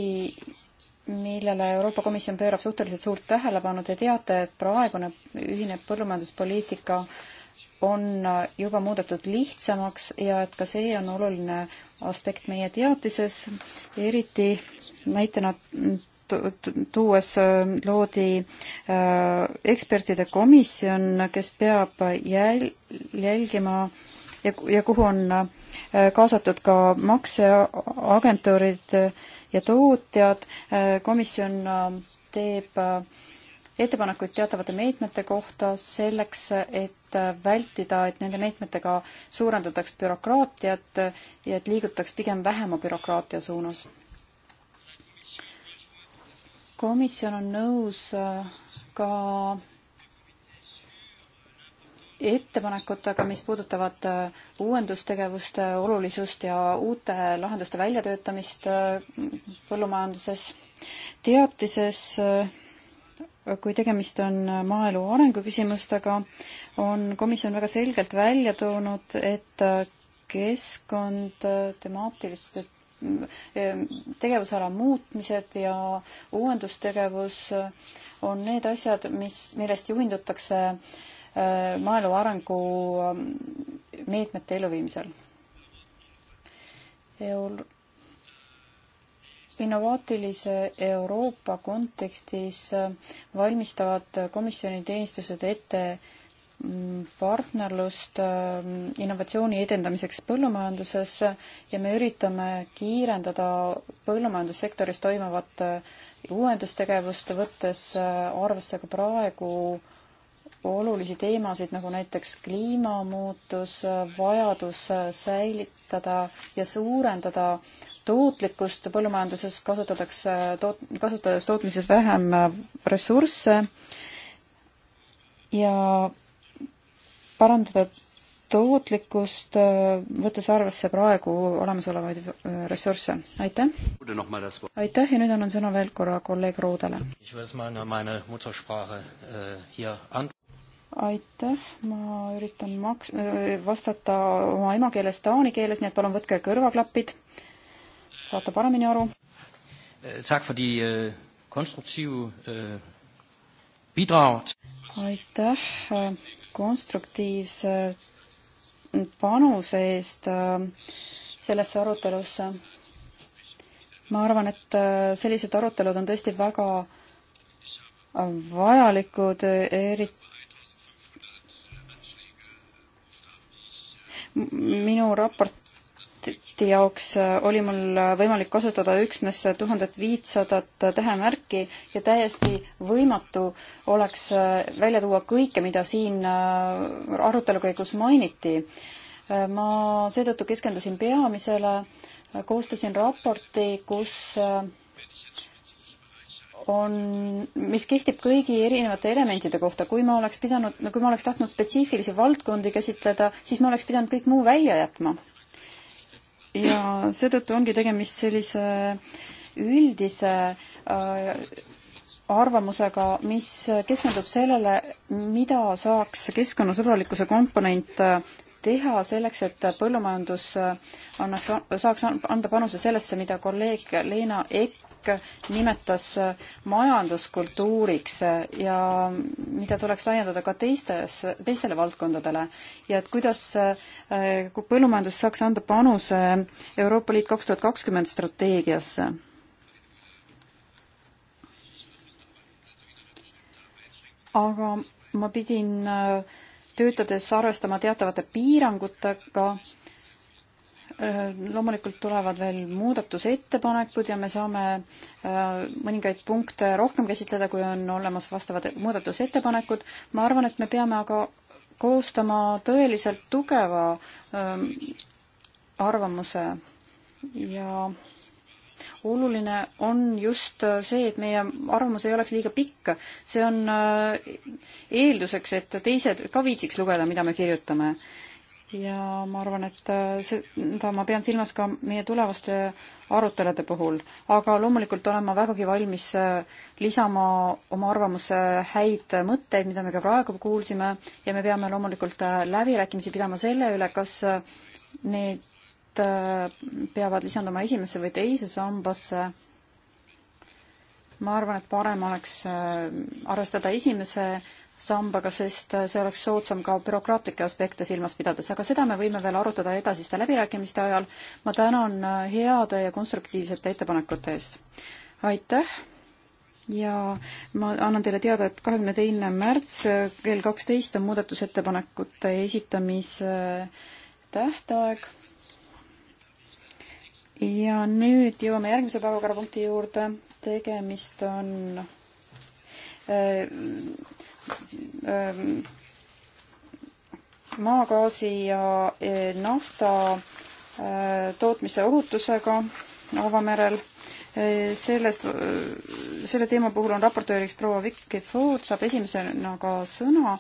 millele Euroopa Komisjon pöörab suhteliselt suurt tähelepanu, te teate, et praegune ühine põllumajanduspoliitika äh, on juba muudetud lihtsamaks ja et ka see on oluline aspekt meie teatises, eriti näitena tuues äh, loodi äh, ekspertide komisjon, kes peab jäl-, jälgima ja, ja kuhu on äh, kaasatud ka makseagentuurid ja tootjad, komisjon teeb ettepanekuid teatavate meetmete kohta selleks, et et vältida, et nende meetmetega suurendataks bürokraatiat ja et liigutaks pigem vähema bürokraatia suunas. komisjon on nõus äh, ka ettepanekutega, mis puudutavad äh, uuendustegevuste olulisust ja uute lahenduste väljatöötamist äh, põllumajanduses. teatises kui tegemist on maaelu arenguküsimustega, on komisjon väga selgelt välja toonud, et keskkond, temaatilised tegevusala muutmised ja uuendustegevus on need asjad, mis, millest juhindutakse äh, maaelu arengu ähm, meetmete elluviimisel Euro innovaatilise Euroopa kontekstis valmistavad komisjoni teenistused ette mm, partnerlust ähm, innovatsiooni edendamiseks põllumajanduses ja me üritame kiirendada põllumajandussektoris toimuvat äh, uuendustegevust, võttes äh, arvesse ka praegu olulisi teemasid, nagu näiteks kliimamuutus, äh, vajadus säilitada ja suurendada tootlikkust, põllumajanduses kasutatakse toot-, kasutades tootmises vähem äh, ressursse ja parandada tootlikkust, äh, võttes arvesse praegu olemasolevaid äh, ressursse. aitäh! aitäh ja nüüd annan sõna veel korra kolleeg Roodele. aitäh, ma üritan maks-, vastata oma emakeeles taani keeles, nii et palun võtke kõrvaklapid saate paremini aru. Eh, eh, eh, aitäh konstruktiivse mm, panuse eest sellesse arutelusse. ma arvan, et sellised arutelud on tõesti väga vajalikud, eriti minu raport projekti jaoks äh, oli mul äh, võimalik kasutada üksnes tuhandet viitsadat äh, tähemärki ja täiesti võimatu oleks välja tuua kõike, mida siin arutelu käigus mainiti. ma seetõttu keskendusin peamisele, koostasin raporti, kus on, mis kehtib kõigi erinevate elementide kohta, kui ma oleks pidanud, kui ma oleks tahtnud spetsiifilisi valdkondi käsitleda, siis ma oleks pidanud kõik muu välja jätma ja seetõttu ongi tegemist sellise üldise äh, arvamusega, mis keskendub sellele, mida saaks keskkonnasõbralikkuse komponent äh, teha selleks, et põllumajandus äh, annaks, saaks anda panuse sellesse, mida kolleeg Leena Ekk Buzek nimetas majanduskultuuriks ja mida tuleks laiendada ka teistes, teistele valdkondadele ja et kuidas eh, kui põllumajandus saaks anda panuse Euroopa Liit kaks tuhat kakskümmend strateegiasse aga ma pidin eh, töötades arvestama teatavate piirangutega loomulikult tulevad veel muudatusettepanekud ja me saame mõningaid punkte rohkem käsitleda, kui on olemas vastavad muudatusettepanekud. ma arvan, et me peame aga koostama tõeliselt tugeva arvamuse ja oluline on just see, et meie arvamus ei oleks liiga pikk. see on eelduseks, et teised ka viitsiks lugeda, mida me kirjutame ja ma arvan, et äh, seda ma pean silmas ka meie tulevaste arutelude puhul. aga loomulikult olen ma vägagi valmis äh, lisama oma arvamusse häid mõtteid, mida me ka praegu kuulsime, ja me peame loomulikult äh, läbirääkimisi pidama selle üle, kas need peavad lisanduma esimesse või teise sambasse. ma arvan, et parem oleks arvestada esimese sambaga, sest see oleks soodsam ka bürokraatlikke aspekte silmas pidades, aga seda me võime veel arutada edasiste läbirääkimiste ajal. ma tänan heade ja konstruktiivsete ettepanekute eest. aitäh ja ma annan teile teada, et kahekümne teine märts kell kaksteist on muudatusettepanekute esitamise tähtaeg. ja nüüd jõuame järgmise päevakorrapunkti juurde, tegemist on äh, maagaasi ja e, nafta tootmise ohutusega avamerel. E, sellest, selle teema puhul on raportööriks proua Vicky Ford, saab esimesena ka sõna.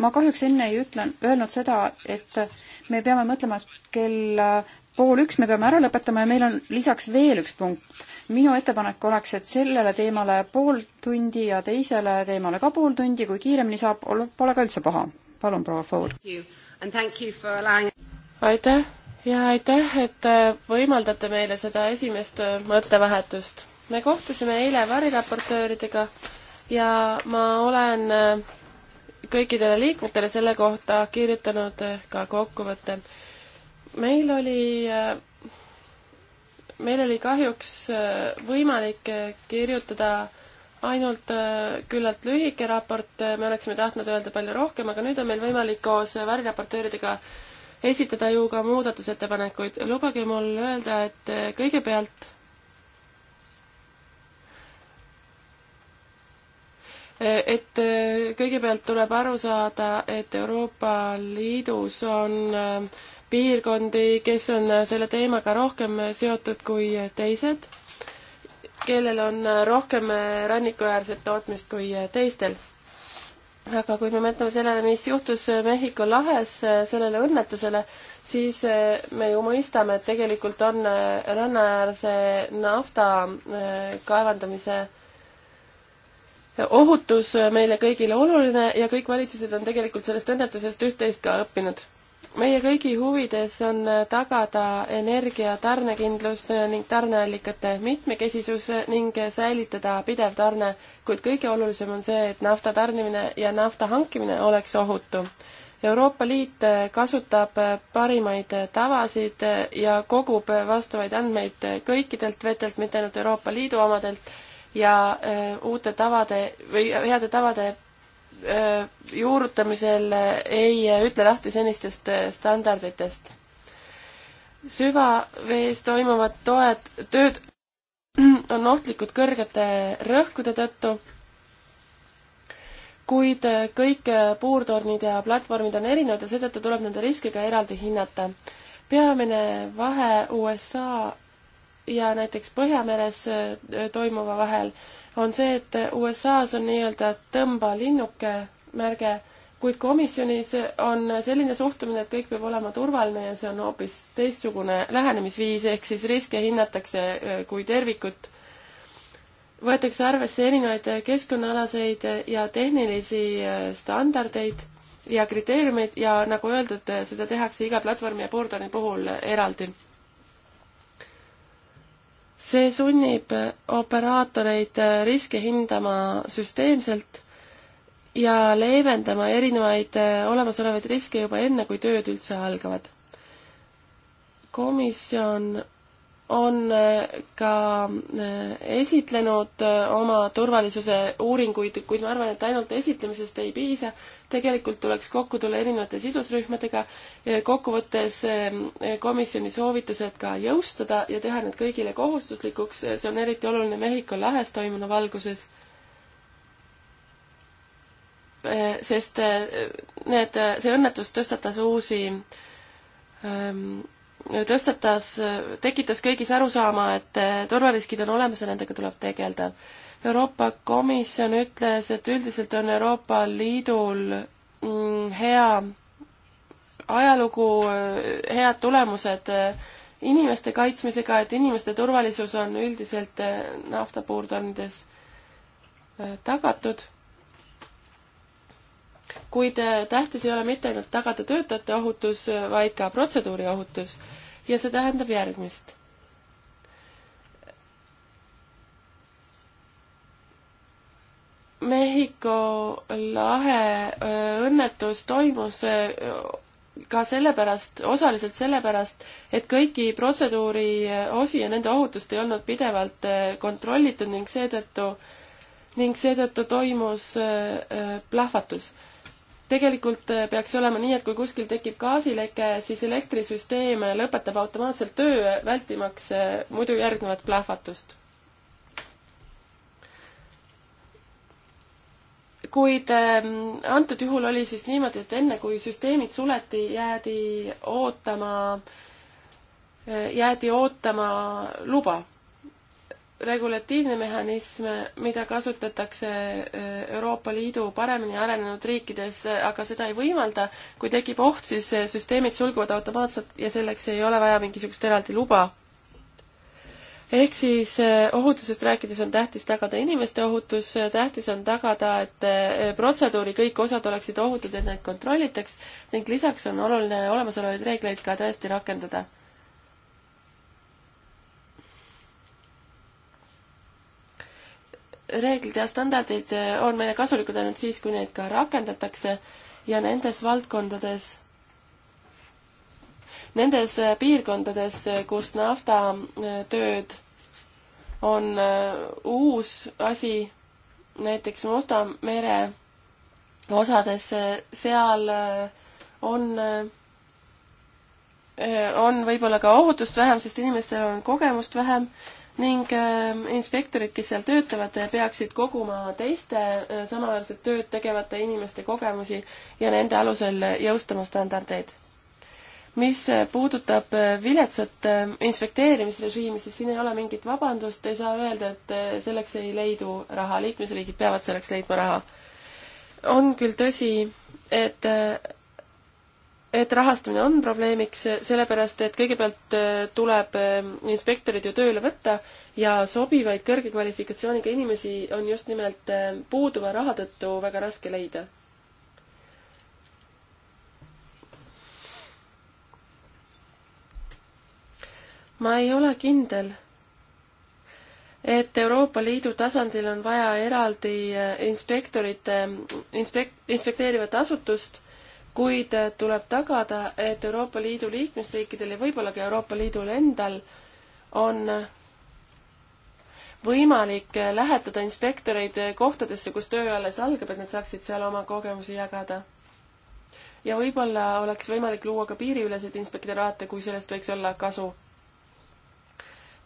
ma kahjuks enne ei ütle, öelnud seda, et me peame mõtlema, et kell pool üks me peame ära lõpetama ja meil on lisaks veel üks punkt minu ettepanek oleks, et sellele teemale pool tundi ja teisele teemale ka pool tundi, kui kiiremini saab, pole ka üldse paha. palun, proua Ford. aitäh ja aitäh, et äh, võimaldate meile seda esimest äh, mõttevahetust. me kohtusime eile variraportööridega ja ma olen äh, kõikidele liikmetele selle kohta kirjutanud ka kokkuvõtte. meil oli meil oli kahjuks äh, võimalik äh, kirjutada ainult äh, küllalt lühike raport, me oleksime tahtnud öelda palju rohkem, aga nüüd on meil võimalik koos variraportööridega esitada ju ka muudatusettepanekuid. lubage mul öelda, et kõigepealt et kõigepealt tuleb aru saada, et Euroopa Liidus on äh, piirkondi, kes on selle teemaga rohkem seotud kui teised, kellel on rohkem rannikuäärset tootmist kui teistel. aga kui me mõtleme sellele, mis juhtus Mehhiko lahes, sellele õnnetusele, siis me ju mõistame, et tegelikult on rannaäärse nafta äh, kaevandamise ohutus meile kõigile oluline ja kõik valitsused on tegelikult sellest õnnetusest üht-teist ka õppinud meie kõigi huvides on äh, tagada energia tarnekindlus äh, ning tarneallikate mitmekesisus äh, ning säilitada pidev tarne, kuid kõige olulisem on see, et nafta tarnimine ja nafta hankimine oleks ohutu. Euroopa Liit kasutab parimaid tavasid ja kogub vastavaid andmeid kõikidelt vetelt, mitte ainult Euroopa Liidu omadelt, ja uute tavade või heade tavade Äh, juurutamisel ei äh, ütle lahti senistest äh, standarditest. süvavees toimuvad toed, tööd [CLEARS THROAT] on ohtlikud kõrgete rõhkude tõttu, kuid kõik puurtornid ja platvormid on erinevad ja seetõttu tuleb nende riske ka eraldi hinnata. peamine vahe USA ja näiteks Põhjameres äh, toimuva vahel, on see, et USA-s on nii-öelda tõmbalinnuke märge, kuid komisjonis on selline suhtumine, et kõik peab olema turvaline ja see on hoopis teistsugune lähenemisviis, ehk siis riske hinnatakse äh, kui tervikut. võetakse arvesse erinevaid keskkonnaalaseid ja tehnilisi äh, standardeid ja kriteeriumeid ja nagu öeldud, seda tehakse iga platvormi ja portali puhul eraldi see sunnib operaatoreid riske hindama süsteemselt ja leevendama erinevaid olemasolevaid riske juba enne, kui tööd üldse algavad. komisjon on äh, ka äh, esitlenud äh, oma turvalisuse uuringuid, kuid ma arvan, et ainult esitlemisest ei piisa. tegelikult tuleks kokku tulla erinevate sidusrühmadega, kokkuvõttes komisjoni soovitused ka jõustada ja teha need kõigile kohustuslikuks, see on eriti oluline Mehhiko lahes toimunu valguses sest need, see õnnetus tõstatas uusi ähm, tõstatas, tekitas kõigis arusaama, et eh, turvariskid on olemas ja nendega tuleb tegeleda. Euroopa Komisjon ütles, et üldiselt on Euroopa Liidul mm, hea ajalugu, eh, head tulemused eh, inimeste kaitsmisega, et inimeste turvalisus on üldiselt naftapuurtornides tagatud kuid äh, tähtis ei ole mitte ainult tagada töötajate ohutus, äh, vaid ka protseduuri ohutus. ja see tähendab järgmist. Mehhiko lahe äh, õnnetus toimus ka sellepärast, osaliselt sellepärast, et kõiki protseduuri osi ja nende ohutust ei olnud pidevalt kontrollitud ning seetõttu, ning seetõttu toimus plahvatus äh, tegelikult äh, peaks olema nii, et kui kuskil tekib gaasileke, siis elektrisüsteem äh, lõpetab automaatselt töö, äh, vältimaks muidu järgnevat plahvatust. kuid ähm, antud juhul oli siis niimoodi, et enne kui süsteemid suleti, jäädi ootama, jäädi ootama luba regulatiivne mehhanism, mida kasutatakse äh, Euroopa Liidu paremini arenenud riikides, äh, aga seda ei võimalda, kui tekib oht, siis äh, süsteemid sulguvad automaatselt ja selleks ei ole vaja mingisugust eraldi luba. ehk siis ohutusest rääkides on tähtis tagada inimeste ohutus, tähtis on tagada, et protseduuri kõik osad oleksid ohutud, et neid kontrollitaks ning lisaks on oluline olemasolevaid reegleid ka tõesti rakendada reeglid ja standardid äh, on meile kasulikud ainult siis, kui neid ka rakendatakse ja nendes valdkondades, nendes äh, piirkondades, äh, kus naftatööd on uus asi, näiteks Musta mere osades, seal on, on võib-olla ka ohutust vähem, sest inimestel on kogemust vähem ning ähm, inspektorid, kes seal töötavad, peaksid koguma teiste äh, samaväärset tööd tegevate inimeste kogemusi ja nende alusel jõustama standardeid. mis äh, puudutab äh, viletsat ähm, inspekteerimisrežiimi, siis siin ei ole mingit vabandust, ei saa öelda, et selleks ei leidu raha, liikmesriigid peavad selleks leidma raha. on küll tõsi, et et rahastamine on probleemiks, sellepärast et kõigepealt äh, tuleb äh, inspektorid ju tööle võtta ja sobivaid kõrge kvalifikatsiooniga inimesi on just nimelt äh, puuduva raha tõttu väga raske leida. ma ei ole kindel, et Euroopa Liidu tasandil on vaja eraldi inspektorite, inspek-, inspekteerivat asutust kuid äh, tuleb tagada, et Euroopa Liidu liikmesriikidel ja võib-olla ka Euroopa Liidul endal on võimalik äh, lähetada inspektoreid äh, kohtadesse, kus töö alles algab, et nad saaksid seal oma kogemusi jagada. ja võib-olla oleks võimalik luua ka piiriüleseid inspektoraate, kui sellest võiks olla kasu.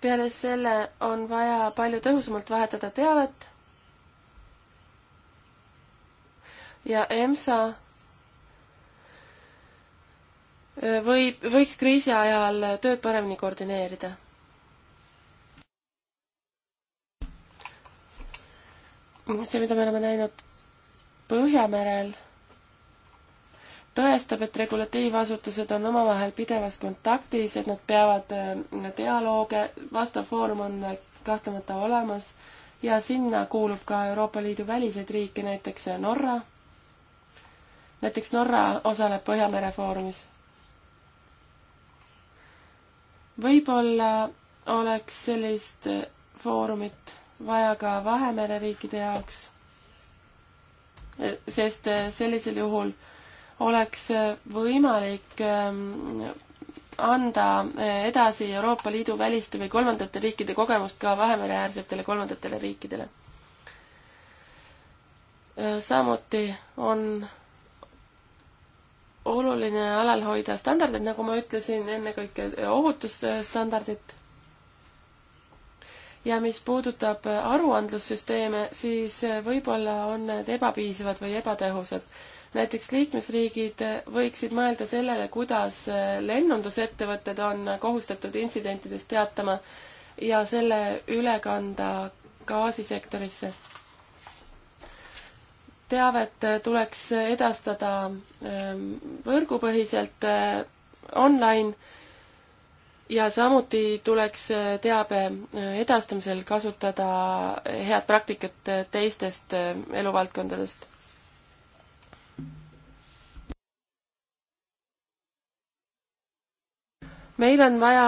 peale selle on vaja palju tõhusamalt vahetada teavet ja EMSA võib, võiks kriisi ajal tööd paremini koordineerida? see, mida me oleme näinud Põhjamerel, tõestab, et regulatiivasutused on omavahel pidevas kontaktis, et nad peavad äh, dialoog, vastav foorum on äh, kahtlemata olemas ja sinna kuulub ka Euroopa Liidu väliseid riike, näiteks Norra. näiteks Norra osaleb Põhjamere Foorumis võib-olla oleks sellist foorumit vaja ka Vahemere riikide jaoks, sest sellisel juhul oleks võimalik ähm, anda edasi Euroopa Liidu väliste või kolmandate riikide kogemust ka Vahemereäärsetele kolmandatele riikidele. Äh, samuti on oluline alal hoida standardid, nagu ma ütlesin, ennekõike ohutusstandardid. ja mis puudutab aruandlussüsteeme, siis võib-olla on need ebapiisavad või ebatõhusad. näiteks liikmesriigid võiksid mõelda sellele, kuidas lennundusettevõtted on kohustatud intsidentidest teatama ja selle üle kanda gaasisektorisse teavet tuleks edastada ehm, võrgupõhiselt eh, online ja samuti tuleks eh, teabe eh, edastamisel kasutada head praktikat teistest eluvaldkondadest. meil on vaja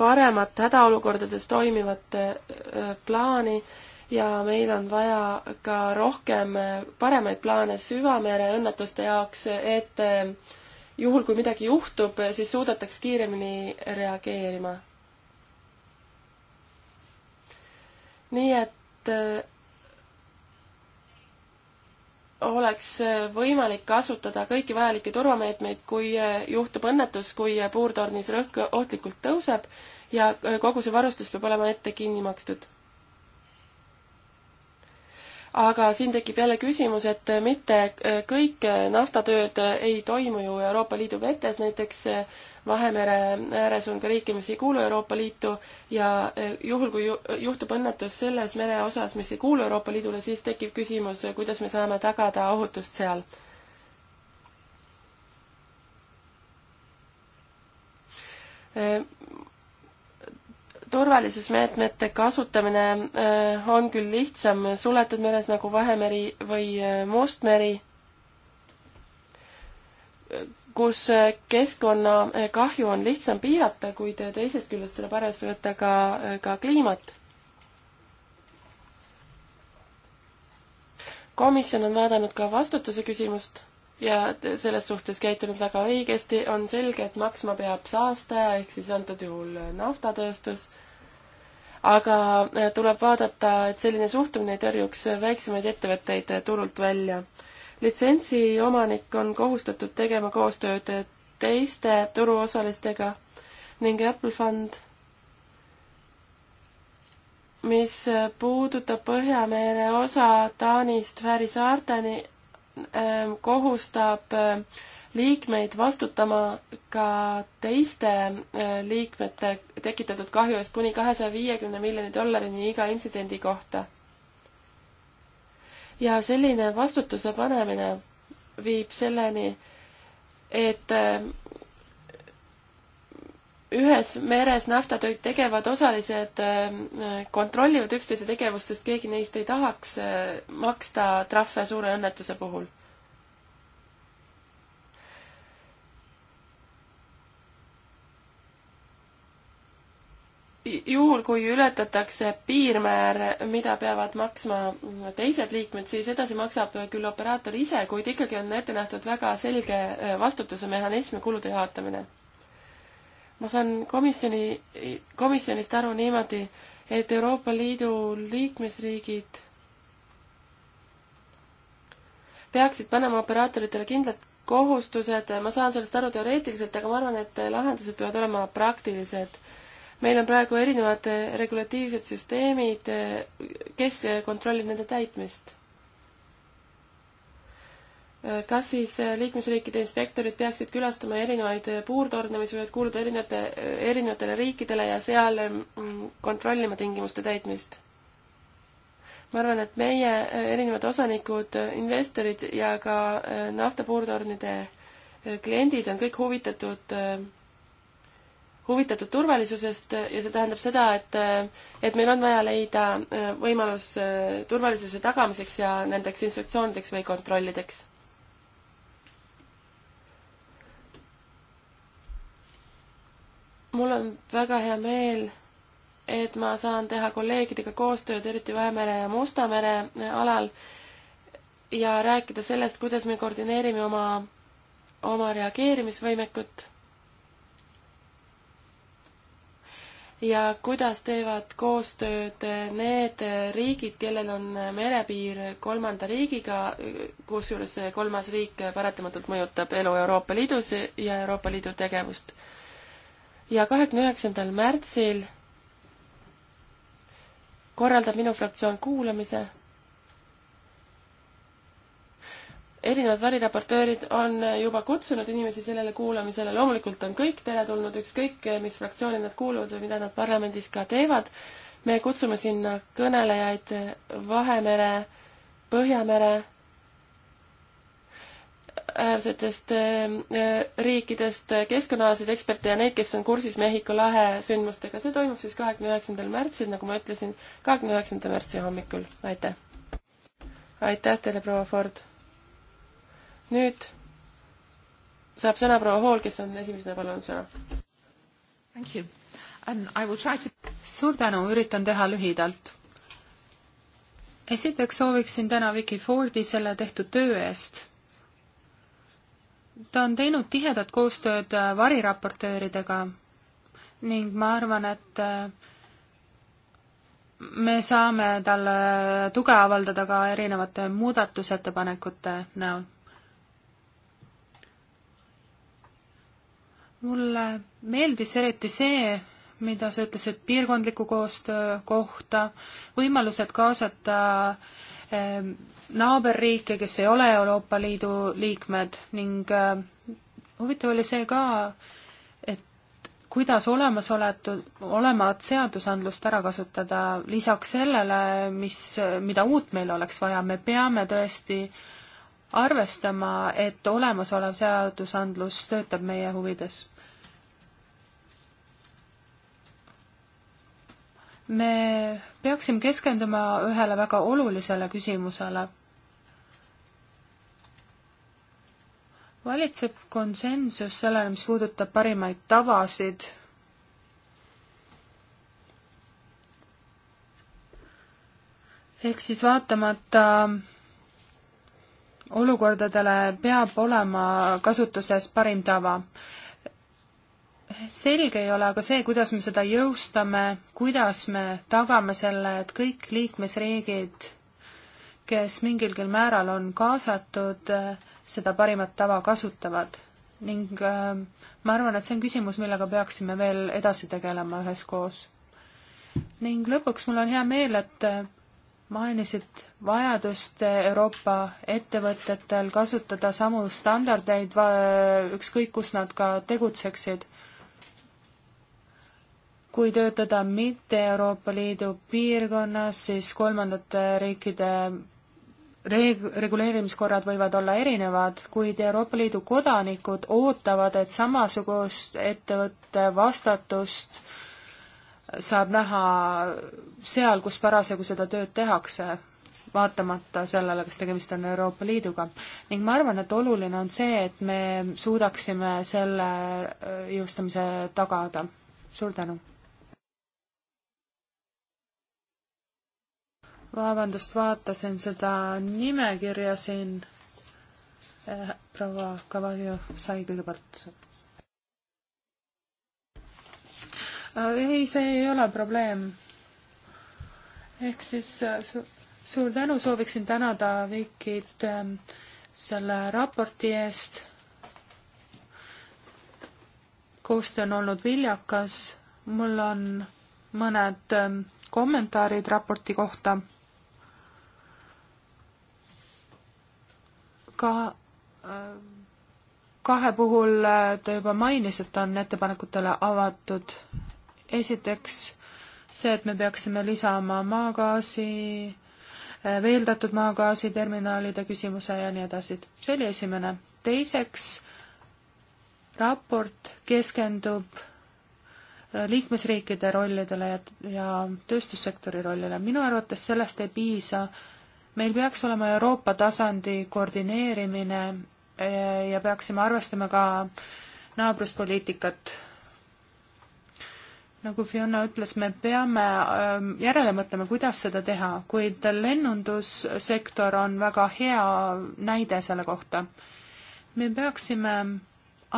paremat hädaolukordades toimivat plaani ja meil on vaja ka rohkem paremaid plaane süvamere õnnetuste jaoks, et eh, juhul, kui midagi juhtub, siis suudetaks kiiremini reageerima. nii et eh, oleks võimalik kasutada kõiki vajalikke turvameetmeid, kui eh, juhtub õnnetus, kui puurtornis rõhk ohtlikult tõuseb ja kogu see varustus peab olema ette kinni makstud aga siin tekib jälle küsimus, et mitte kõik naftatööd ei toimu ju Euroopa Liidu vetes, näiteks Vahemere ääres on ka riike, mis ei kuulu Euroopa Liitu ja juhul, kui juhtub õnnetus selles mereosas, mis ei kuulu Euroopa Liidule, siis tekib küsimus, kuidas me saame tagada ohutust seal turvalisusmeetmete kasutamine äh, on küll lihtsam suletud meres nagu Vahemeri või äh, Mustmeri, kus äh, keskkonnakahju on lihtsam piirata, kuid teisest küljest tuleb arvesse võtta ka, ka kliimat. komisjon on vaadanud ka vastutuse küsimust ja selles suhtes käitunud väga õigesti, on selge, et maksma peab saastaja, ehk siis antud juhul naftatööstus aga äh, tuleb vaadata, et selline suhtumine ei tõrjuks äh, väiksemaid ettevõtteid äh, turult välja. litsentsi omanik on kohustatud tegema koostööd teiste turuosalistega ning Apple Fund mis puudutab Põhjamere osa Taanist Färi saarteni, kohustab liikmeid vastutama ka teiste äh, liikmete tekitatud kahju eest kuni kahesaja viiekümne miljoni dollarini iga intsidendi kohta. ja selline vastutuse panemine viib selleni, et äh, ühes meres naftatöid tegevad osalised äh, kontrollivad üksteise tegevust, sest keegi neist ei tahaks maksta trahve suure õnnetuse puhul. juhul, kui ületatakse piirmäär, mida peavad maksma teised liikmed, siis edasi maksab küll operaator ise, kuid ikkagi on ette nähtud väga selge äh, vastutuse mehhanism ja kulude jaotamine. ma saan komisjoni, komisjonist aru niimoodi, et Euroopa Liidu liikmesriigid peaksid panema operaatoritele kindlad kohustused, ma saan sellest aru teoreetiliselt, aga ma arvan, et lahendused peavad olema praktilised meil on praegu erinevad eh, regulatiivsed süsteemid, eh, kes eh, kontrollib nende täitmist? kas siis liikmesriikide inspektorid peaksid külastama erinevaid puurtorne, mis võivad kuuluda erinevate, erinevatele riikidele ja seal mm, kontrollima tingimuste täitmist? ma arvan, et meie erinevad osanikud, investorid ja ka naftapuurtornide kliendid on kõik huvitatud huvitatud turvalisusest ja see tähendab seda, et, et meil on vaja leida äh, võimalus äh, turvalisuse tagamiseks ja nendeks instruktsioonideks või kontrollideks. mul on väga hea meel, et ma saan teha kolleegidega koostööd, eriti Vahemere ja Musta mere äh, alal ja rääkida sellest, kuidas me koordineerime oma, oma reageerimisvõimekut ja kuidas teevad koostööd need riigid, kellel on merepiir kolmanda riigiga, kusjuures see kolmas riik paratamatult mõjutab elu Euroopa Liidus ja Euroopa Liidu tegevust. ja kahekümne üheksandal märtsil korraldab minu fraktsioon kuulamise erinevad variraportöörid on juba kutsunud inimesi sellele kuulamisele, loomulikult on kõik teretulnud, ükskõik mis fraktsiooni nad kuuluvad või mida nad parlamendis ka teevad. me kutsume sinna kõnelejaid Vahemere, Põhjamere äärsetest äh, riikidest, keskkonnaalaseid eksperte ja neid, kes on kursis Mehhiko lahe sündmustega. see toimub siis kahekümne üheksandal märtsil, nagu ma ütlesin, kahekümne üheksanda märtsi hommikul. aitäh! aitäh teile, proua Ford! nüüd saab sõna proua Hool, kes on esimesena palunud sõna. To... suur tänu, üritan teha lühidalt. esiteks sooviksin täna Vicky Fordi selle tehtud töö eest. ta on teinud tihedat koostööd äh, variraportööridega ning ma arvan, et äh, me saame talle äh, tuge avaldada ka erinevate muudatusettepanekute näol mulle meeldis eriti see, mida sa ütlesid piirkondliku koostöö kohta, võimalused kaasata ähm, naaberriike, kes ei ole Euroopa Liidu liikmed ning äh, huvitav oli see ka, et kuidas olemasoletud, olevat seadusandlust ära kasutada lisaks sellele, mis, mida uut meil oleks vaja, me peame tõesti äh, arvestama, et olemasolev seadusandlus töötab meie huvides. me peaksime keskenduma ühele väga olulisele küsimusele. valitseb konsensus sellele, mis puudutab parimaid tavasid ehk siis vaatamata äh, olukordadele peab olema kasutuses parim tava. selge ei ole aga see, kuidas me seda jõustame, kuidas me tagame selle, et kõik liikmesriigid, kes mingilgi määral on kaasatud, seda parimat tava kasutavad ning äh, ma arvan, et see on küsimus, millega peaksime veel edasi tegelema üheskoos. ning lõpuks mul on hea meel, et mainisid vajadust Euroopa ettevõtetel kasutada samu standardeid, ükskõik kus nad ka tegutseksid. kui töötada mitte Euroopa Liidu piirkonnas, siis kolmandate riikide reeg-, reguleerimiskorrad võivad olla erinevad, kuid Euroopa Liidu kodanikud ootavad, et samasugust ettevõtte vastatust saab näha seal, kus parasjagu seda tööd tehakse, vaatamata sellele, kas tegemist on Euroopa Liiduga. ning ma arvan, et oluline on see, et me suudaksime selle äh, jõustamise tagada. suur tänu! vabandust, vaatasin seda nimekirja siin. Äh, proua Kavajo sai kõigepealt Äh, ei, see ei ole probleem. ehk siis äh, su suur tänu, sooviksin tänada Vikit ähm, selle raporti eest. koostöö on olnud viljakas, mul on mõned ähm, kommentaarid raporti kohta. ka äh, kahe puhul te juba mainisite, on ettepanekutele avatud esiteks see, et me peaksime lisama maagaasi, eh, veeldatud maagaasi terminalide küsimuse ja nii edasi. see oli esimene. teiseks, raport keskendub eh, liikmesriikide rollidele ja, ja tööstussektori rollile. minu arvates sellest ei piisa. meil peaks olema Euroopa tasandi koordineerimine eh, ja peaksime arvestama ka naabruspoliitikat nagu Fiona ütles, me peame ähm, järele mõtlema, kuidas seda teha, kuid lennundussektor on väga hea näide selle kohta. me peaksime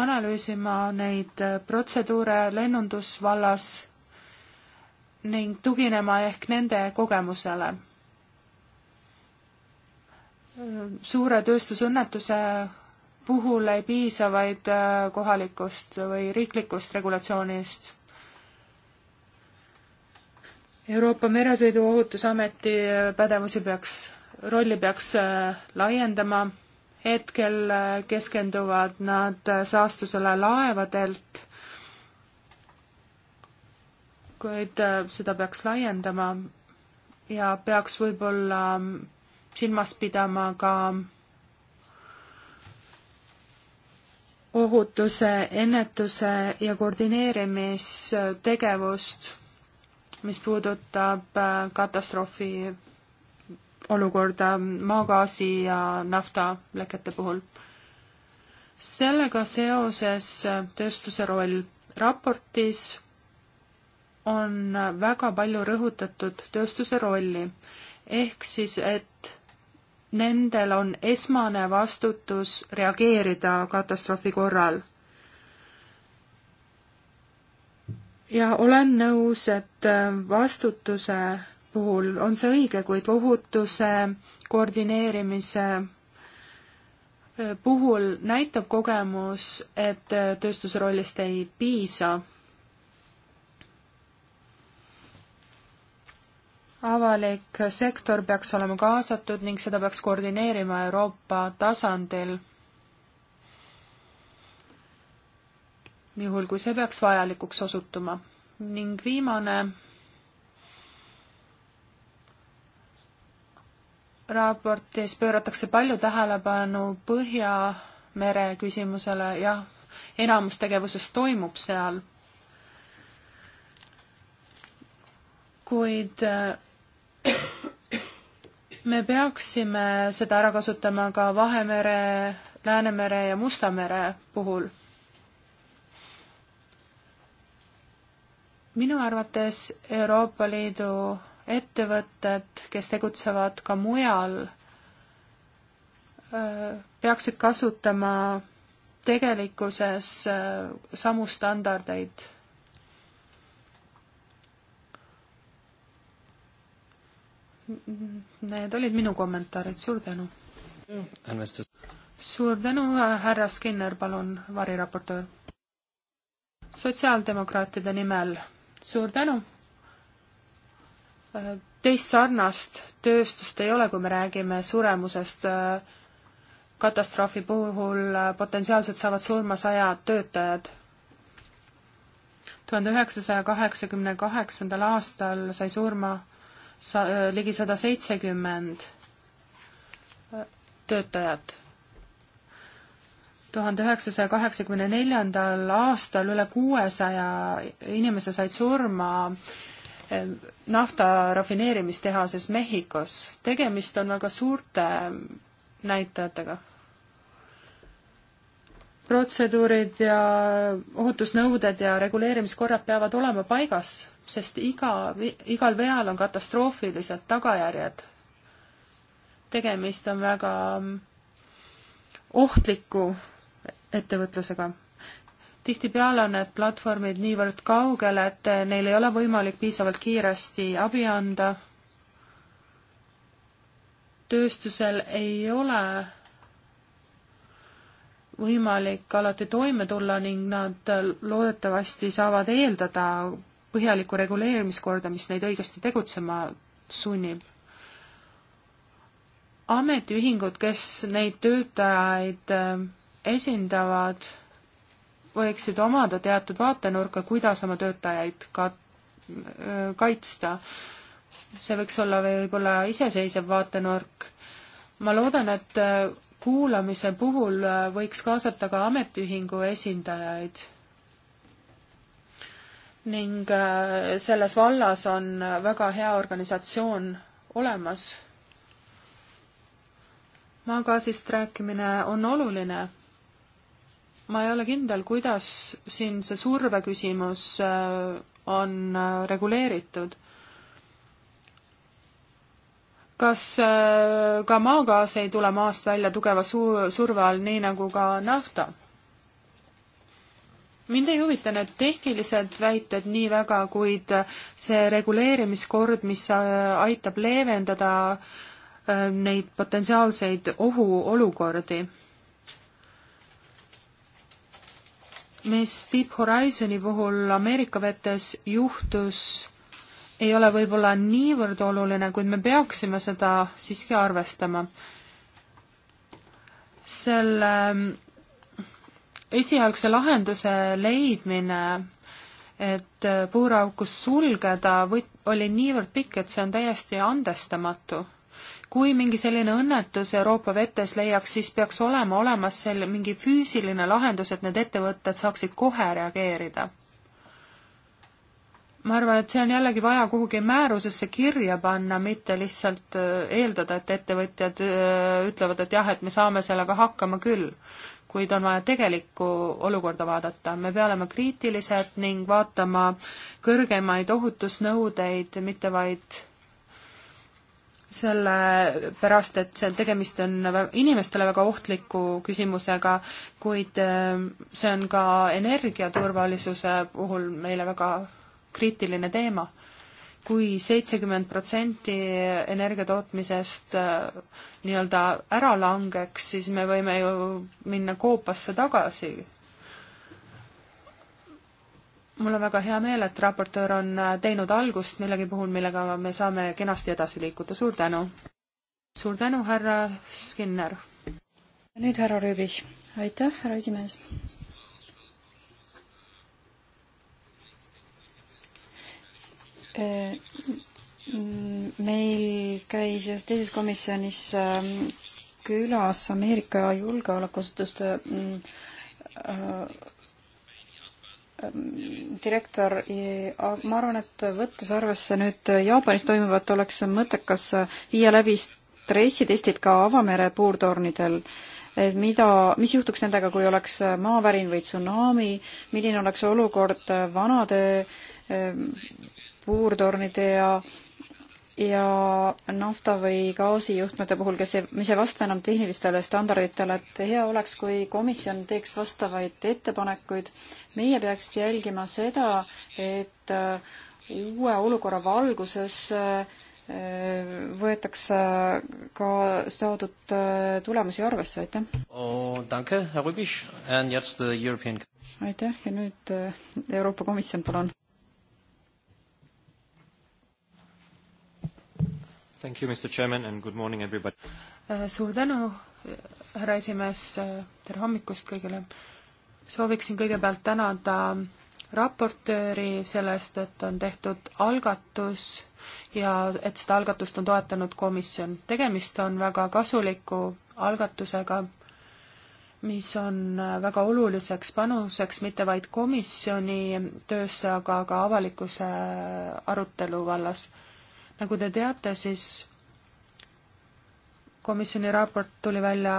analüüsima neid äh, protseduure lennundusvallas ning tuginema ehk nende kogemusele. suure tööstusõnnetuse puhul ei piisa vaid äh, kohalikust või riiklikust regulatsioonist Euroopa Meresõiduohutusameti äh, pädevusi peaks, rolli peaks äh, laiendama, hetkel äh, keskenduvad nad saastusele laevadelt, kuid seda peaks laiendama ja peaks võib-olla mm, silmas pidama ka ohutuse, ennetuse ja koordineerimistegevust mis puudutab äh, katastroofi olukorda maagaasi ja naftalekete puhul. sellega seoses äh, tööstuse roll raportis on väga palju rõhutatud tööstuse rolli, ehk siis, et nendel on esmane vastutus reageerida katastroofi korral. ja olen nõus, et äh, vastutuse puhul on see õige, kuid ohutuse koordineerimise äh, puhul näitab kogemus, et äh, tööstusrollist ei piisa. avalik sektor peaks olema kaasatud ning seda peaks koordineerima Euroopa tasandil juhul kui see peaks vajalikuks osutuma. ning viimane raportis pööratakse palju tähelepanu Põhjamere küsimusele, jah, enamus tegevusest toimub seal. kuid äh, me peaksime seda ära kasutama ka Vahemere, Läänemere ja Musta mere puhul. minu arvates Euroopa Liidu ettevõtted, kes tegutsevad ka mujal, peaksid kasutama tegelikkuses samu standardeid. Need olid minu kommentaarid, suur tänu. suur tänu, härra Skinner, palun, variraportöör. sotsiaaldemokraatide nimel suur tänu! Äh, teist sarnast tööstust ei ole, kui me räägime suremusest. Äh, katastroofi puhul äh, potentsiaalselt saavad surma sajad töötajad. tuhande üheksasaja kaheksakümne kaheksandal aastal sai surma sa-, ligi sada seitsekümmend töötajat tuhande üheksasaja kaheksakümne neljandal aastal üle kuuesaja inimese said surma eh, nafta rafineerimistehases Mehhikos. tegemist on väga suurte näitajatega. protseduurid ja ohutusnõuded ja reguleerimiskorrad peavad olema paigas, sest iga, igal veal on katastroofilised tagajärjed. tegemist on väga ohtliku ettevõtlusega. tihtipeale on need platvormid niivõrd kaugel, et neil ei ole võimalik piisavalt kiiresti abi anda. tööstusel ei ole võimalik alati toime tulla ning nad loodetavasti saavad eeldada põhjalikku reguleerimiskorda, mis neid õigesti tegutsema sunnib. ametiühingud, kes neid töötajaid esindavad võiksid omada teatud vaatenurka, kuidas oma töötajaid ka-, kaitsta. see võiks olla võib-olla iseseisev vaatenurk. ma loodan, et kuulamise puhul võiks kaasata ka ametiühingu esindajaid. ning äh, selles vallas on väga hea organisatsioon olemas. maagaasist rääkimine on oluline ma ei ole kindel, kuidas siin see surveküsimus äh, on äh, reguleeritud. kas äh, ka maagaas ei tule maast välja tugeva suu-, surve all, nii nagu ka nafta? mind ei huvita need tehnilised väited nii väga, kuid see reguleerimiskord, mis aitab leevendada neid potentsiaalseid ohuolukordi mis Deep Horizoni puhul Ameerika vetes juhtus, ei ole võib-olla niivõrd oluline, kuid me peaksime seda siiski arvestama. selle mm, esialgse lahenduse leidmine, et äh, puuraukus sulgeda, või oli niivõrd pikk, et see on täiesti andestamatu kui mingi selline õnnetus Euroopa vetes leiaks, siis peaks olema olemas seal mingi füüsiline lahendus, et need ettevõtted saaksid kohe reageerida. ma arvan, et see on jällegi vaja kuhugi määrusesse kirja panna, mitte lihtsalt äh, eeldada, et ettevõtjad äh, ütlevad, et jah, et me saame sellega hakkama küll kuid on vaja tegelikku olukorda vaadata. me peame olema kriitilised ning vaatama kõrgemaid ohutusnõudeid, mitte vaid selle pärast, et see tegemist on väga, inimestele väga ohtliku küsimusega, kuid ähm, see on ka energiaturvalisuse puhul meile väga kriitiline teema kui. kui seitsekümmend protsenti energiatootmisest äh, nii-öelda ära langeks, siis me võime ju minna koopasse tagasi mul on väga hea meel, et raportöör on äh, teinud algust millegi puhul, millega me saame kenasti edasi liikuda, suur tänu! suur tänu, härra Skinner! nüüd härra Rüübich. aitäh, härra esimees! Äh, meil käis just teises komisjonis ähm, külas Ameerika julgeolekuasutuste mm, äh, Ähm, direktor, ma arvan, et võttes arvesse nüüd Jaapanis toimuvat, oleks mõttekas viia läbi stressitestid ka avamere puurtornidel, et mida, mis juhtuks nendega, kui oleks maavärin või tsunami, milline oleks olukord vanade ähm, puurtornide ja ja nafta või gaasijuhtmete puhul, kes ei, mis ei vasta enam tehnilistele standarditele, et hea oleks, kui komisjon teeks vastavaid ettepanekuid. meie peaks jälgima seda, et äh, uue olukorra valguses äh, võetakse ka saadud äh, tulemusi arvesse, aitäh oh,! aitäh ja nüüd Euroopa Komisjon, palun! Thank you, Mr Chairman and good morning everybody. Äh, suur tänu, härra esimees, tere hommikust kõigile. sooviksin kõigepealt tänada raportööri sellest, et on tehtud algatus ja et seda algatust on toetanud komisjon. tegemist on väga kasuliku algatusega, mis on väga oluliseks panuseks mitte vaid komisjoni töösse, aga ka avalikkuse arutelu vallas nagu te teate, siis komisjoni raport tuli välja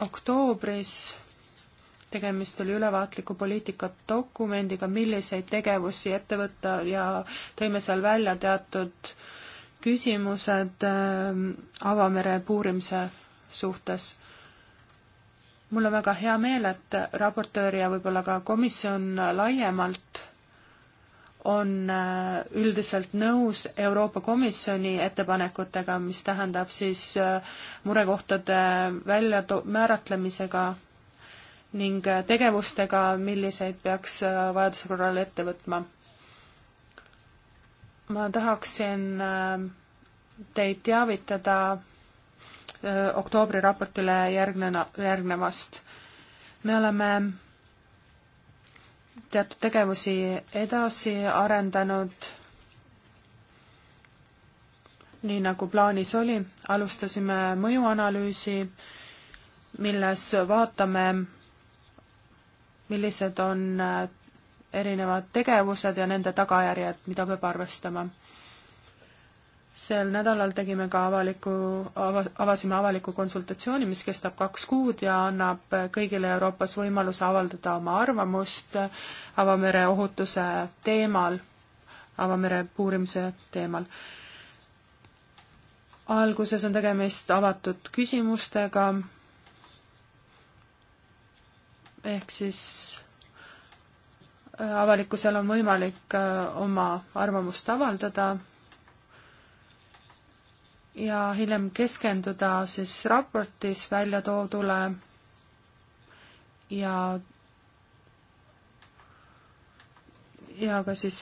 oktoobris, tegemist oli ülevaatliku poliitika dokumendiga, milliseid tegevusi ette võtta ja tõime seal välja teatud küsimused ähm, avamere puurimise suhtes. mul on väga hea meel, et raportöör ja võib-olla ka komisjon laiemalt on äh, üldiselt nõus Euroopa Komisjoni ettepanekutega, mis tähendab siis äh, murekohtade välja määratlemisega ning äh, tegevustega, milliseid peaks vajaduse korral ette võtma. ma tahaksin teid teavitada oktoobri raportile järgnena, järgnevast. me oleme teatud tegevusi edasi arendanud, nii nagu plaanis oli, alustasime mõjuanalüüsi, milles vaatame, millised on äh, erinevad tegevused ja nende tagajärjed, mida peab arvestama sel nädalal tegime ka avaliku, ava-, avasime avaliku konsultatsiooni, mis kestab kaks kuud ja annab kõigile Euroopas võimaluse avaldada oma arvamust avamere ohutuse teemal, avamere puurimise teemal. alguses on tegemist avatud küsimustega, ehk siis äh, avalikkusel on võimalik äh, oma arvamust avaldada ja hiljem keskenduda siis raportis välja toodule ja ja ka siis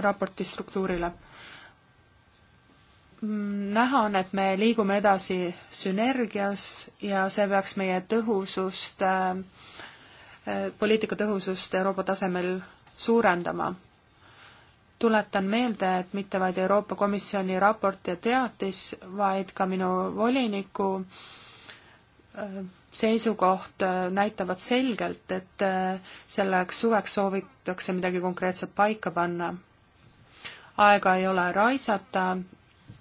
raporti struktuurile. näha on, et me liigume edasi sünergias ja see peaks meie tõhusust, äh, poliitika tõhusust Euroopa tasemel suurendama tuletan meelde, et mitte vaid Euroopa Komisjoni raport ja teatis, vaid ka minu voliniku äh, seisukoht äh, näitavad selgelt, et äh, selleks suveks soovitakse midagi konkreetset paika panna. aega ei ole raisata,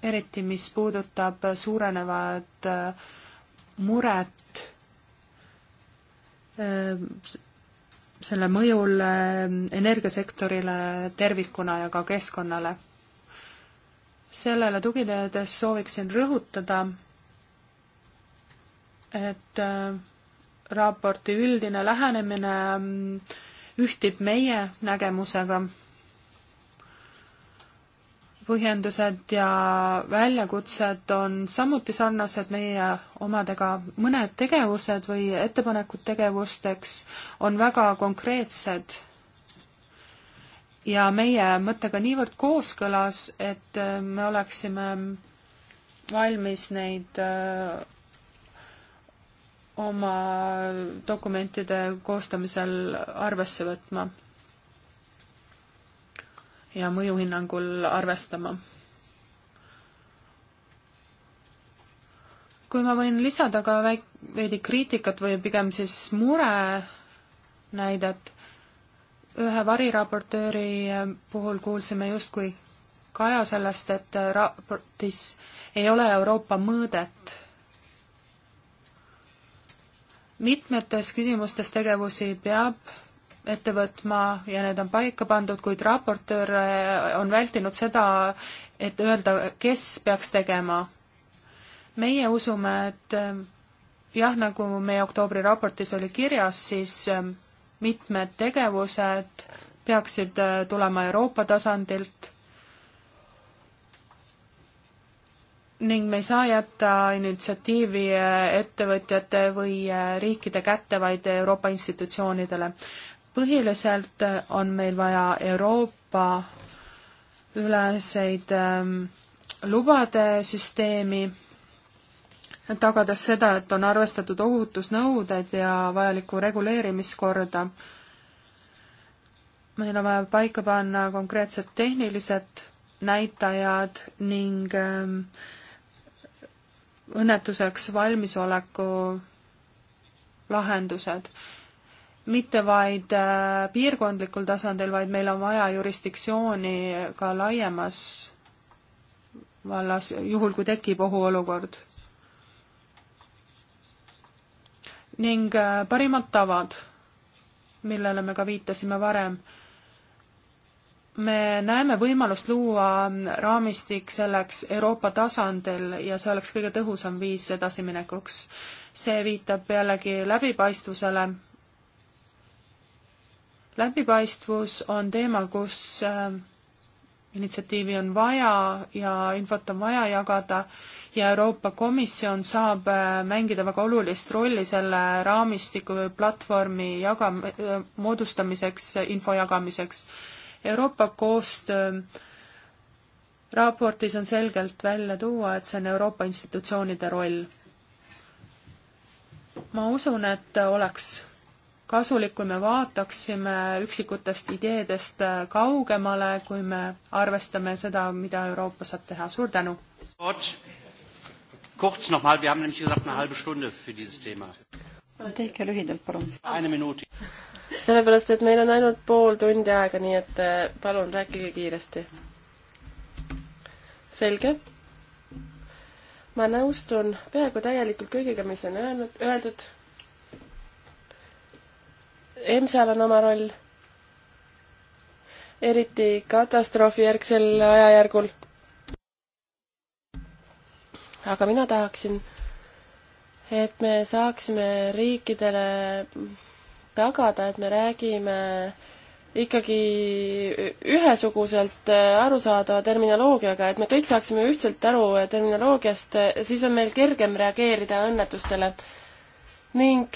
eriti mis puudutab suurenevat muret selle mõjul ehm, energiasektorile tervikuna ja ka keskkonnale. sellele tuginedes sooviksin rõhutada, et ehm, raporti üldine lähenemine ehm, ühtib meie nägemusega põhjendused ja väljakutsed on samuti sarnased meie omadega. mõned tegevused või ettepanekud tegevusteks on väga konkreetsed ja meie mõttega niivõrd kooskõlas, et äh, me oleksime valmis neid äh, oma dokumentide koostamisel arvesse võtma ja mõjuhinnangul arvestama. kui ma võin lisada ka väik-, veidi kriitikat või pigem siis mure näidet, ühe variraportööri puhul kuulsime justkui Kaja sellest, et raportis ei ole Euroopa mõõdet. mitmetes küsimustes tegevusi peab ette võtma ja need on paika pandud, kuid raportöör äh, on vältinud seda, et öelda, kes peaks tegema. meie usume, et äh, jah, nagu meie oktoobri raportis oli kirjas, siis äh, mitmed tegevused peaksid tulema Euroopa tasandilt ning me ei saa jätta initsiatiivi ettevõtjate või riikide kätte, vaid Euroopa institutsioonidele põhiliselt äh, on meil vaja Euroopa üleseid ähm, lubade süsteemi, tagades seda, et on arvestatud ohutusnõuded ja vajalikku reguleerimiskorda. meil on vaja paika panna konkreetsed tehnilised näitajad ning ähm, õnnetuseks valmisoleku lahendused mitte vaid äh, piirkondlikul tasandil, vaid meil on vaja jurisdiktsiooni ka laiemas vallas, juhul kui tekib ohuolukord. ning äh, parimad tavad, millele me ka viitasime varem me näeme võimalust luua raamistik selleks Euroopa tasandil ja see oleks kõige tõhusam viis edasiminekuks. see viitab jällegi läbipaistvusele läbipaistvus on teema, kus äh, initsiatiivi on vaja ja infot on vaja jagada ja Euroopa Komisjon saab äh, mängida väga olulist rolli selle raamistiku või platvormi jaga-, äh, moodustamiseks, info jagamiseks. Euroopa koostöö raportis on selgelt välja tuua, et see on Euroopa institutsioonide roll. ma usun, et oleks kasulik, kui me vaataksime üksikutest ideedest äh, kaugemale, kui me arvestame seda, mida Euroopa saab teha. suur tänu! Kurz nochmal, wir haben nämlich gesagt eine halbe Stunde für dieses Thema. tehke lühidalt, palun. eine minuti. sellepärast, et meil on ainult pool tundi aega, nii et äh, palun rääkige kiiresti. selge ma nõustun peaaegu täielikult kõigega, mis on öelnud, öeldud EMSA-l on oma roll, eriti katastroofijärgsel ajajärgul. aga mina tahaksin, et me saaksime riikidele tagada, et me räägime ikkagi ühesuguselt arusaadava terminoloogiaga, et me kõik saaksime ühtselt aru terminoloogiast, siis on meil kergem reageerida õnnetustele. ning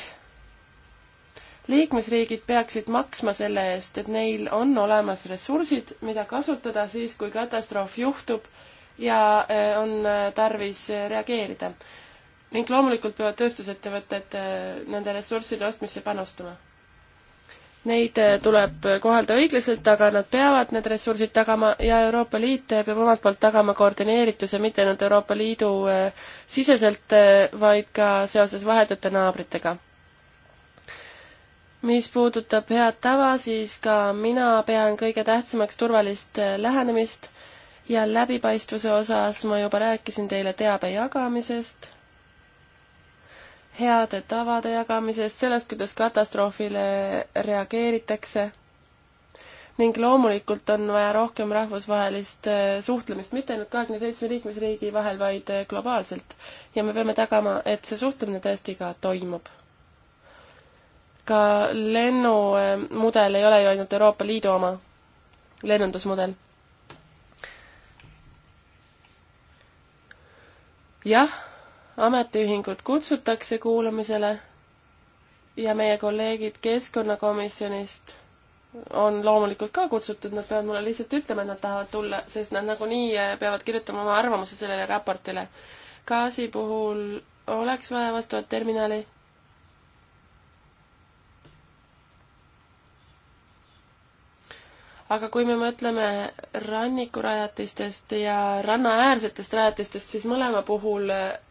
liikmesriigid peaksid maksma selle eest, et neil on olemas ressursid, mida kasutada siis, kui katastroof juhtub ja eh, on eh, tarvis eh, reageerida. ning loomulikult peavad tööstusettevõtted nende ressursside ostmisse panustama. Neid tuleb kohelda õiglaselt, aga nad peavad need ressursid tagama ja Euroopa Liit peab omalt poolt tagama koordineerituse mitte ainult Euroopa Liidu siseselt, vaid ka seoses vahetute naabritega mis puudutab head tava, siis ka mina pean kõige tähtsamaks turvalist äh, lähenemist ja läbipaistvuse osas ma juba rääkisin teile teabe jagamisest, heade tavade jagamisest, sellest, kuidas katastroofile reageeritakse ning loomulikult on vaja rohkem rahvusvahelist äh, suhtlemist, mitte ainult kahekümne seitsme liikmesriigi vahel, vaid äh, globaalselt. ja me peame tagama, et see suhtlemine tõesti ka toimub ka lennumudel ei ole ju ainult Euroopa Liidu oma, lennundusmudel. jah, ametiühingud kutsutakse kuulamisele ja meie kolleegid Keskkonnakomisjonist on loomulikult ka kutsutud, nad peavad mulle lihtsalt ütlema, et nad tahavad tulla, sest nad nagunii äh, peavad kirjutama oma arvamuse sellele raportile. gaasi puhul oleks vaja vastavat terminali aga kui me mõtleme rannikurajatistest ja rannaäärsetest rajatistest, siis mõlema puhul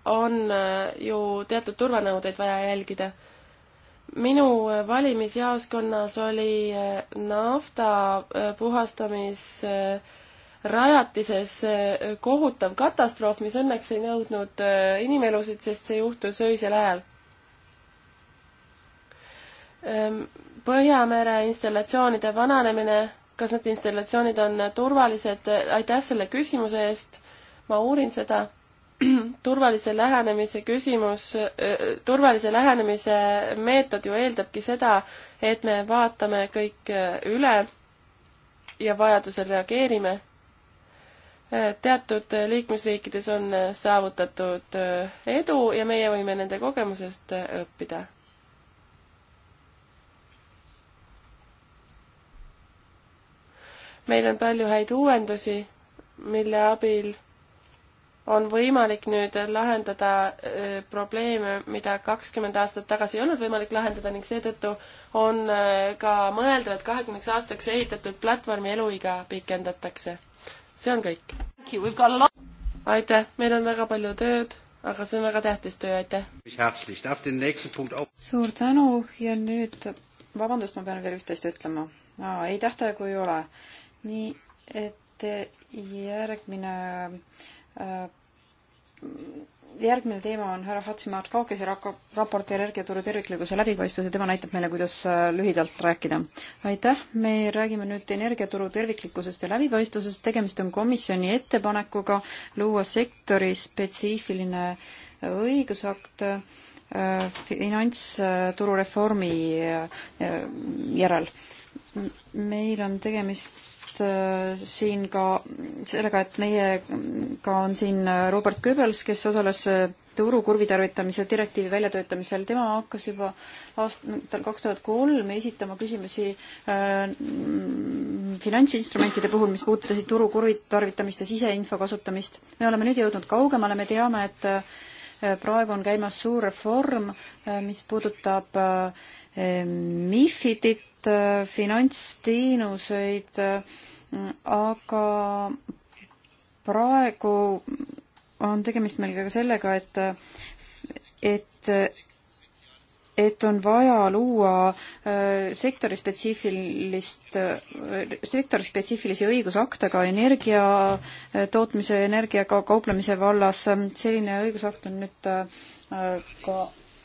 on äh, ju teatud turvanõudeid vaja jälgida. minu äh, valimisjaoskonnas oli äh, nafta puhastamisrajatises kohutav katastroof, mis õnneks ei nõudnud inimelusid, sest see juhtus öisel ajal ehm, Põhjamere installatsioonide vananemine kas need installatsioonid on turvalised, aitäh selle küsimuse eest, ma uurin seda. [CLEARS THROAT] turvalise lähenemise küsimus, turvalise lähenemise meetod ju eeldabki seda, et me vaatame kõik üle ja vajadusel reageerime. teatud liikmesriikides on saavutatud edu ja meie võime nende kogemusest õppida meil on palju häid uuendusi, mille abil on võimalik nüüd lahendada äh, probleeme, mida kakskümmend aastat tagasi ei olnud võimalik lahendada ning seetõttu on äh, ka mõeldav, et kahekümneks aastaks ehitatud platvormi eluiga pikendatakse. see on kõik. aitäh, meil on väga palju tööd, aga see on väga tähtis töö, aitäh! suur tänu ja nüüd, vabandust, ma pean veel üht-teist ütlema. ei, tähtaegu ei ole nii et järgmine äh, järgmine teema on härra Hatsimaart Kaukese raport energiaturu terviklikkuse läbipaistvus ja tema näitab meile, kuidas äh, lühidalt rääkida. aitäh, me räägime nüüd energiaturu terviklikkusest ja läbipaistvusest, tegemist on komisjoni ettepanekuga luua sektori spetsiifiline õigusakt äh, finantsturu reformi järel. meil on tegemist Äh, siin ka sellega, et meiega on siin äh, Robert Goebbels, kes osales äh, turu kurvitarvitamise direktiivi väljatöötamisel, tema hakkas juba aastal kaks tuhat kolm esitama küsimusi äh, finantsinstrumentide puhul, mis puudutasid turu kurvitarvitamist ja siseinfo kasutamist. me oleme nüüd jõudnud kaugemale, me teame, et äh, praegu on käimas suur reform äh,, mis puudutab äh, MIFIDit, et äh, finantsteenuseid, äh, aga praegu on tegemist meil ka sellega, et, et et on vaja luua sektorispetsiifilist, äh, sektorispetsiifilisi õigusakte ka energia tootmise, energiaga kauplemise vallas. selline õigusakt on nüüd ka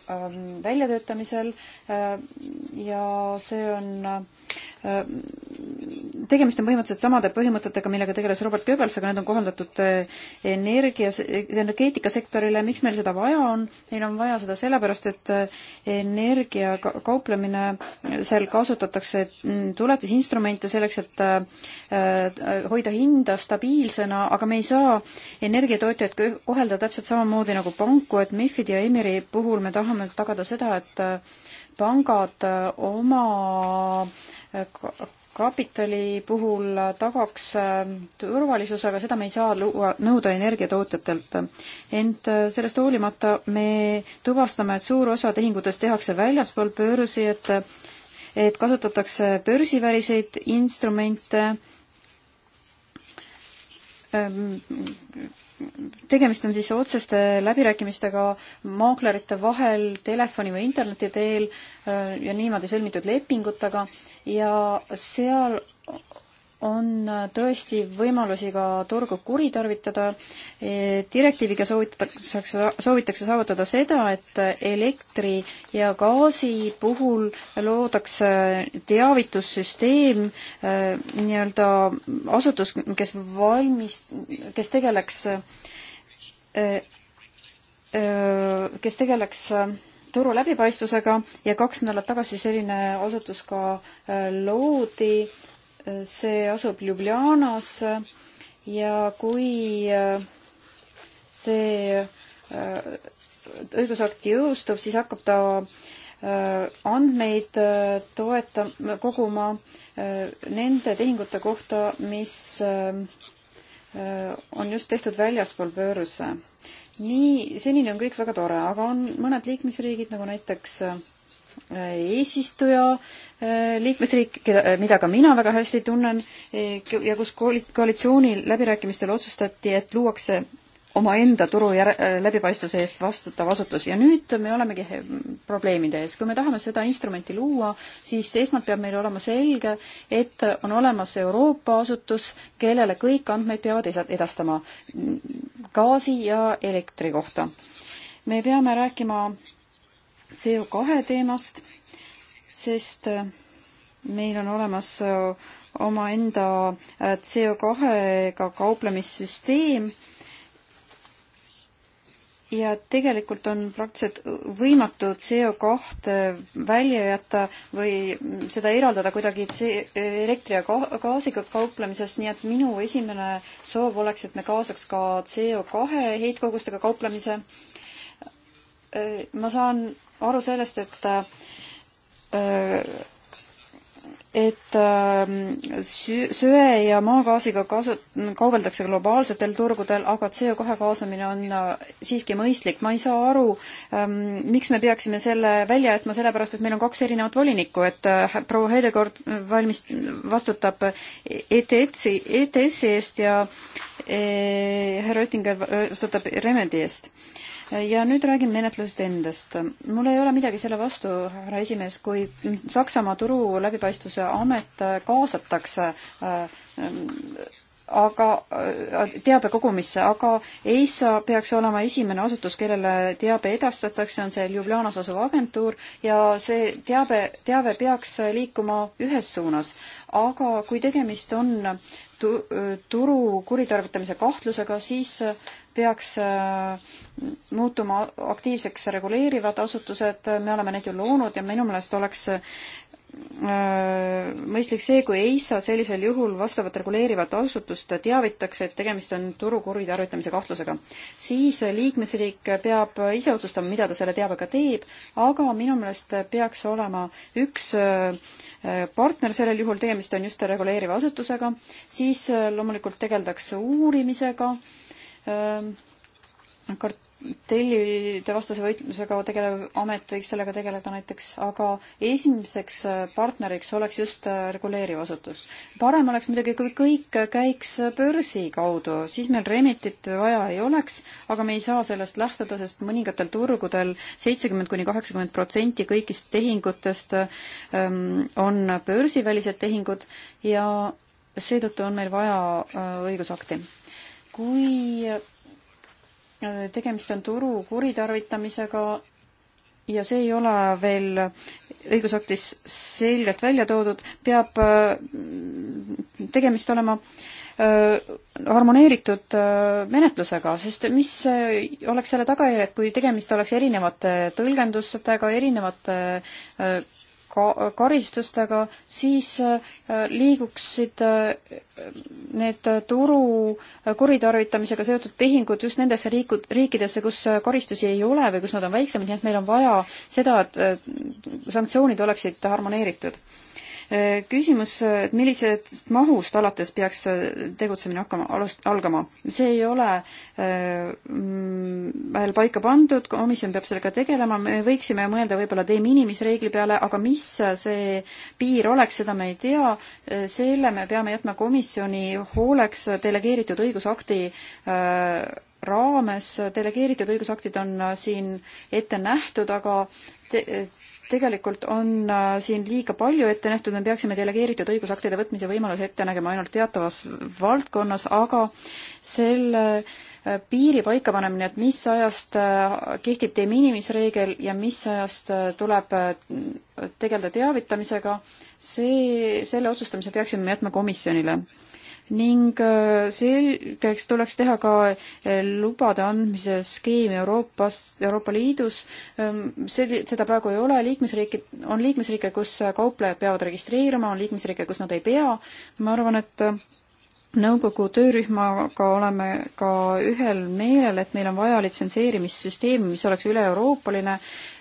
Ähm, väljatöötamisel äh, ja see on äh, Äh, tegemist on põhimõtteliselt samade põhimõtetega, millega tegeles Robert Goebbels, aga need on kohaldatud äh, energias, äh, energeetikasektorile, miks meil seda vaja on? meil on vaja seda sellepärast, et energia kauplemine, seal kasutatakse mm, tuletisinstrumente selleks, et hoida hinda stabiilsena, aga me ei saa energiatootjaid kohelda täpselt samamoodi nagu panku, et MIFID ja EMIRi puhul me tahame tagada seda, et pangad oma kapitali puhul tagaks äh, turvalisuse, aga seda me ei saa luua, nõuda energiatootjatelt. ent äh, sellest hoolimata me tuvastame, et suur osa tehingutest tehakse väljaspool börsi, et et kasutatakse börsiväliseid instrumente, ähm, tegemist on siis otseste läbirääkimistega maaklerite vahel telefoni või interneti teel äh, ja niimoodi sõlmitud lepingutega ja seal on tõesti võimalusi ka turgu kuritarvitada. E, direktiiviga soovitatakse, soovitakse saavutada seda, et elektri ja gaasi puhul loodakse teavitussüsteem e, nii-öelda asutus, kes valmis, kes tegeleks, e, kes tegeleks turu läbipaistvusega ja kaks nädalat tagasi selline asutus ka loodi see asub Ljubljanas ja kui äh, see äh, õigusakt jõustub, siis hakkab ta äh, andmeid toeta-, koguma nende tehingute kohta, mis on just tehtud väljaspool börse. nii, senini on kõik väga tore, aga on mõned liikmesriigid, nagu näiteks eesistuja eh, liikmesriik, keda, eh, mida ka mina väga hästi tunnen eh, ja kus koalitsiooni läbirääkimistel otsustati, et luuakse omaenda turu jär-, läbipaistvuse eest vastutav asutus ja nüüd me olemegi probleemide ees. kui me tahame seda instrumenti luua, siis esmalt peab meil olema selge, et on olemas Euroopa asutus, kellele kõik andmeid peavad edastama gaasi ja elektri kohta. me peame rääkima CO2 teemast, sest äh, meil on olemas äh, omaenda äh, CO2-ga kauplemissüsteem ja tegelikult on praktiliselt võimatu CO2 välja jätta või seda eraldada kuidagi elektri ja gaasiga kauplemisest, nii et minu esimene soov oleks, et me kaasaks ka CO2 heitkogustega kauplemise. ma saan aru sellest, et äh, et ähm, söe ja maagaasiga kasu-, kaubeldakse globaalsetel turgudel, aga CO2 kaasamine on äh, siiski mõistlik. ma ei saa aru, ähm, miks me peaksime selle välja jätma, sellepärast et meil on kaks erinevat volinikku, et äh, proua Heidekord valmis, vastutab ETS-i, ETS-i eest ja härra Oettinger vastutab Remedi eest. E ja nüüd räägin menetlusest endast. mul ei ole midagi selle vastu, härra esimees, kui Saksamaa turu läbipaistvuse amet kaasatakse äh, aga äh, teabe kogumisse, aga EISA peaks olema esimene asutus, kellele teabe edastatakse, on see Ljubljanas asuv agentuur ja see teabe, teave peaks liikuma ühes suunas. aga kui tegemist on tu-, turu kuritarvitamise kahtlusega, siis peaks äh, muutuma aktiivseks reguleerivad asutused, me oleme neid ju loonud ja minu meelest oleks Äh, mõistlik see, kui EISA sellisel juhul vastavat reguleerivat asutust teavitakse, et tegemist on turu kuritarvitamise kahtlusega. siis liikmesriik peab ise otsustama, mida ta selle teabega teeb, aga minu meelest peaks olema üks äh, partner sellel juhul, tegemist on just reguleeriva asutusega, siis äh, loomulikult tegeldakse uurimisega, kart-, tellide vastase võitlusega tegelev amet võiks sellega tegeleda näiteks, aga esimeseks äh, partneriks oleks just äh, reguleeriv asutus. parem oleks muidugi, kui kõik käiks äh, börsi kaudu, siis meil remitit vaja ei oleks, aga me ei saa sellest lähtuda, sest mõningatel turgudel seitsekümmend kuni kaheksakümmend protsenti kõigist tehingutest ähm, on börsivälised tehingud ja seetõttu on meil vaja õigusakti. kui tegemist on turu kuritarvitamisega ja see ei ole veel õigusaktis selgelt välja toodud, peab mm, tegemist olema äh, harmoneeritud äh, menetlusega, sest mis äh, oleks selle tagajärjed, kui tegemist oleks erinevate tõlgendustega, erinevate ka karistustega, siis äh, liiguksid äh, need turu äh, kuritarvitamisega seotud tehingud just nendesse riikud, riikidesse, kus karistusi ei ole või kus nad on väiksemad, nii et meil on vaja seda, et sanktsioonid oleksid harmoneeritud küsimus, et millisest mahust alates peaks tegutsemine hakkama, alust-, algama? see ei ole mm, veel paika pandud, komisjon peab sellega tegelema, me võiksime mõelda võib-olla de minimis reegli peale, aga mis see piir oleks, seda me ei tea, selle me peame jätma komisjoni hooleks delegeeritud õigusakti äh, raames, delegeeritud õigusaktid on äh, siin ette nähtud, aga te, tegelikult on äh, siin liiga palju ette nähtud, me peaksime delegeeritud õigusaktide võtmise võimaluse ette nägema ainult teatavas valdkonnas, aga selle äh, piiri paikapanemine, et mis ajast äh, kehtib de minimis reegel ja mis ajast tuleb tegeleda teavitamisega, see, selle otsustamise peaksime jätma komisjonile ning äh, selgeks tuleks teha ka äh, lubade andmise skeem Euroopas, Euroopa Liidus. Ähm, see, seda praegu ei ole, liikmesriigid, on liikmesriike, kus äh, kauplejad peavad registreerima, on liikmesriike, kus nad ei pea. ma arvan, et nõukogu töörühmaga oleme ka ühel meelel, et meil on vaja litsenseerimissüsteemi, mis oleks üle-euroopaline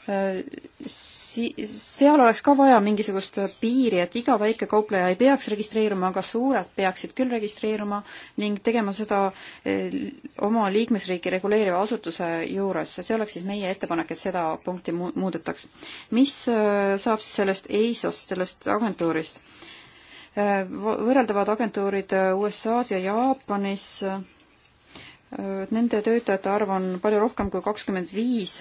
Äh, si-, seal oleks ka vaja mingisugust piiri, et iga väikekaupleja ei peaks registreeruma, aga suured peaksid küll registreeruma ning tegema seda äh, oma liikmesriiki reguleeriva asutuse juures. see oleks siis meie ettepanek, et seda punkti mu-, muudetaks. mis äh, saab siis sellest EISA-st, sellest agentuurist? Võrreldavad agentuurid USA-s ja Jaapanis Nende töötajate arv on palju rohkem kui kakskümmend viis,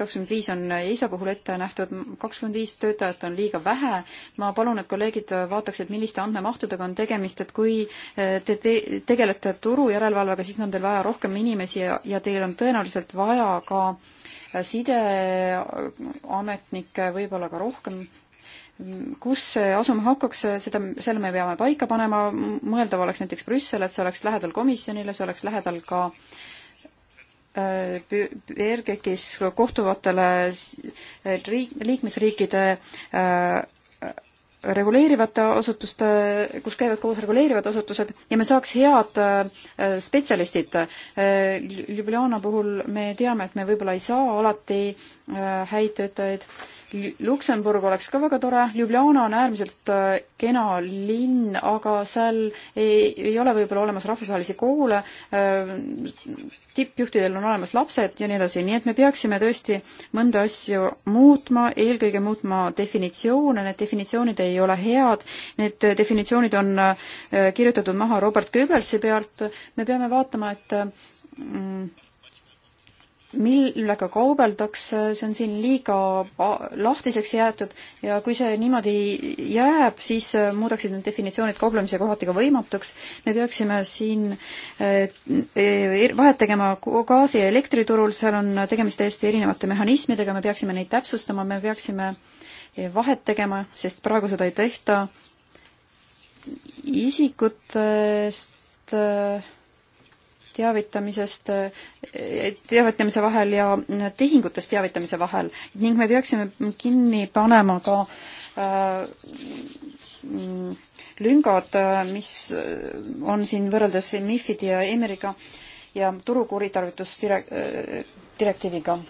kakskümmend viis on EISA puhul ette nähtud, kakskümmend viis töötajat on liiga vähe. ma palun, et kolleegid vaataksid, milliste andmemahtudega on tegemist, et kui eh, te, te tegelete turujärelevalvega, siis on teil vaja rohkem inimesi ja, ja teil on tõenäoliselt vaja ka sideametnikke, võib-olla ka rohkem kus see asuma hakkaks, seda, selle me peame paika panema, mõeldav oleks näiteks Brüssel, et see oleks lähedal komisjonile, see oleks lähedal ka äh, ERGEKis kohtuvatele riik, liikmesriikide äh, reguleerivate asutuste, kus käivad koos reguleerivad asutused ja me saaks head äh, spetsialistid. Ljubljana puhul me teame, et me võib-olla ei saa alati häid töötajaid Luksemburg oleks ka väga tore, Ljubljana on äärmiselt äh, kena linn, aga seal ei, ei ole võib-olla olemas rahvusvahelisi koole, äh, tippjuhtidel on olemas lapsed ja nii edasi, nii et me peaksime tõesti mõnda asju muutma, eelkõige muutma definitsioone, need definitsioonid ei ole head, need definitsioonid on äh, kirjutatud maha Robert Goebbelsi pealt, me peame vaatama, et mm, millega kaubeldakse, see on siin liiga lahtiseks jäetud ja kui see niimoodi jääb, siis äh, muudaksid need definitsioonid kauplemise kohati ka võimatuks. me peaksime siin äh, äh, er-, vahet tegema gaasi- ja elektriturul, seal on tegemist täiesti erinevate mehhanismidega, me peaksime neid täpsustama, me peaksime vahet tegema, sest praegu seda ei tehta isikutest äh, teavitamisest, teavitamise vahel ja tehingutest teavitamise vahel ning me peaksime kinni panema ka äh, lüngad, äh, mis on siin võrreldes MIFID ja EMERiga ja turu kuritarvitusdirektiiviga. Äh, Direk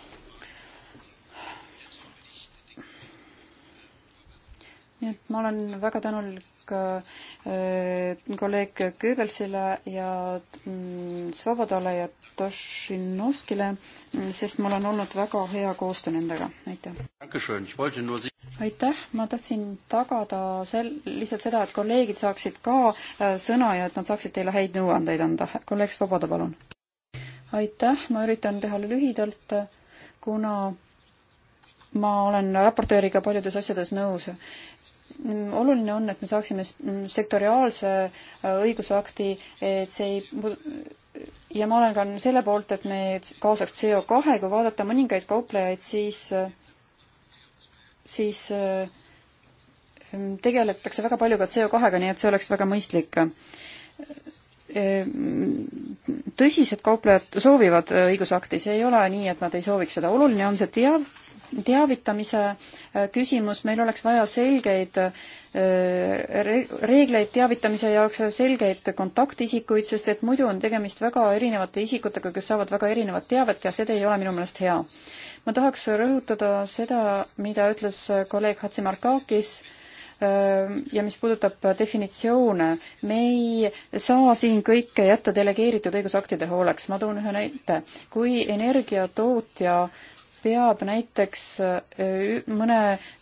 nii et ma olen väga tänulik äh, kolleeg Goebbelsile ja mm, Svobodale ja Tošinovskile, mm, sest mul on olnud väga hea koostöö nendega, aitäh. aitäh, ma tahtsin tagada sel-, lihtsalt seda, et kolleegid saaksid ka äh, sõna ja et nad saaksid teile häid nõuandeid anda. kolleeg Svoboda, palun. aitäh, ma üritan teha lühidalt, kuna ma olen raportööriga paljudes asjades nõus oluline on, et me saaksime mm, sektoriaalse äh, õigusakti, et see ei ja ma olen ka selle poolt, et me kaasaks CO2, kui vaadata mõningaid kauplejaid, siis, äh, siis äh, mm, tegeletakse väga palju ka CO2-ga, nii et see oleks väga mõistlik mm, tõsised kauplejad soovivad õigusakti, see ei ole nii, et nad ei sooviks seda, oluline on see teav-, teavitamise äh, küsimus, meil oleks vaja selgeid äh, reegleid teavitamise jaoks ja selgeid kontaktisikuid, sest et muidu on tegemist väga erinevate isikutega, kes saavad väga erinevat teavet ja see ei ole minu meelest hea. ma tahaks rõhutada seda, mida ütles kolleeg Hatsimarkakis, äh, ja mis puudutab definitsioone, me ei saa siin kõike jätta delegeeritud õigusaktide hooleks, ma toon ühe näite. kui energiatootja peab näiteks äh, mõne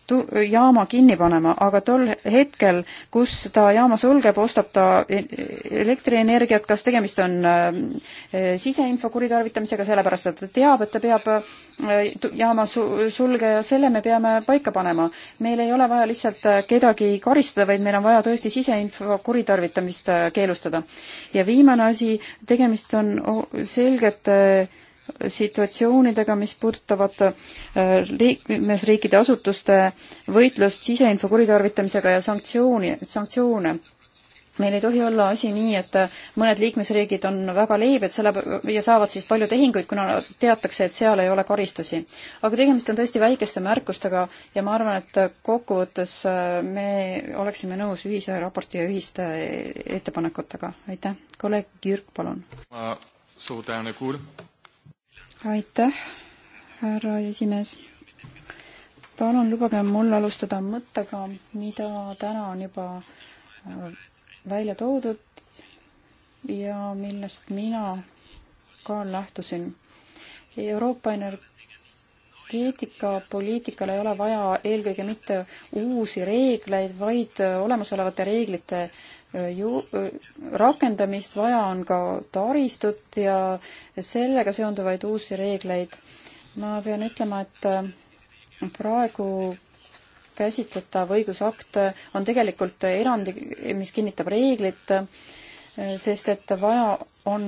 tu-, jaama kinni panema, aga tol hetkel, kus ta jaama sulgeb, ostab ta e-, elektrienergiat, kas tegemist on äh, e-, siseinfo kuritarvitamisega, sellepärast et ta teab, et ta peab äh, jaama su-, sulgeja, selle me peame paika panema. meil ei ole vaja lihtsalt kedagi karistada, vaid meil on vaja tõesti siseinfo kuritarvitamist keelustada. ja viimane asi, tegemist on selgete situatsioonidega, mis puudutavad äh, liikmesriikide asutuste võitlust siseinfo kuritarvitamisega ja sanktsiooni, sanktsioone meil ei tohi olla asi nii, et äh, mõned liikmesriigid on väga leebed selle ja saavad siis palju tehinguid, kuna teatakse, et seal ei ole karistusi. aga tegemist on tõesti väikeste märkustega ja ma arvan, et äh, kokkuvõttes me oleksime nõus ühise raporti ja ühiste e-, ettepanekutega. aitäh. kolleeg Jürk, palun. suur tänu, Kuul aitäh, härra esimees. palun lubage mul alustada mõttega, mida täna on juba äh, välja toodud ja millest mina ka lähtusin. Euroopa energeetikapoliitikal ei ole vaja eelkõige mitte uusi reegleid, vaid äh, olemasolevate reeglite ju rakendamist, vaja on ka taristut ja sellega seonduvaid uusi reegleid. ma pean ütlema, et äh, praegu käsitletav õigusakt äh, on tegelikult erandi, mis kinnitab reeglit, äh, sest et vaja on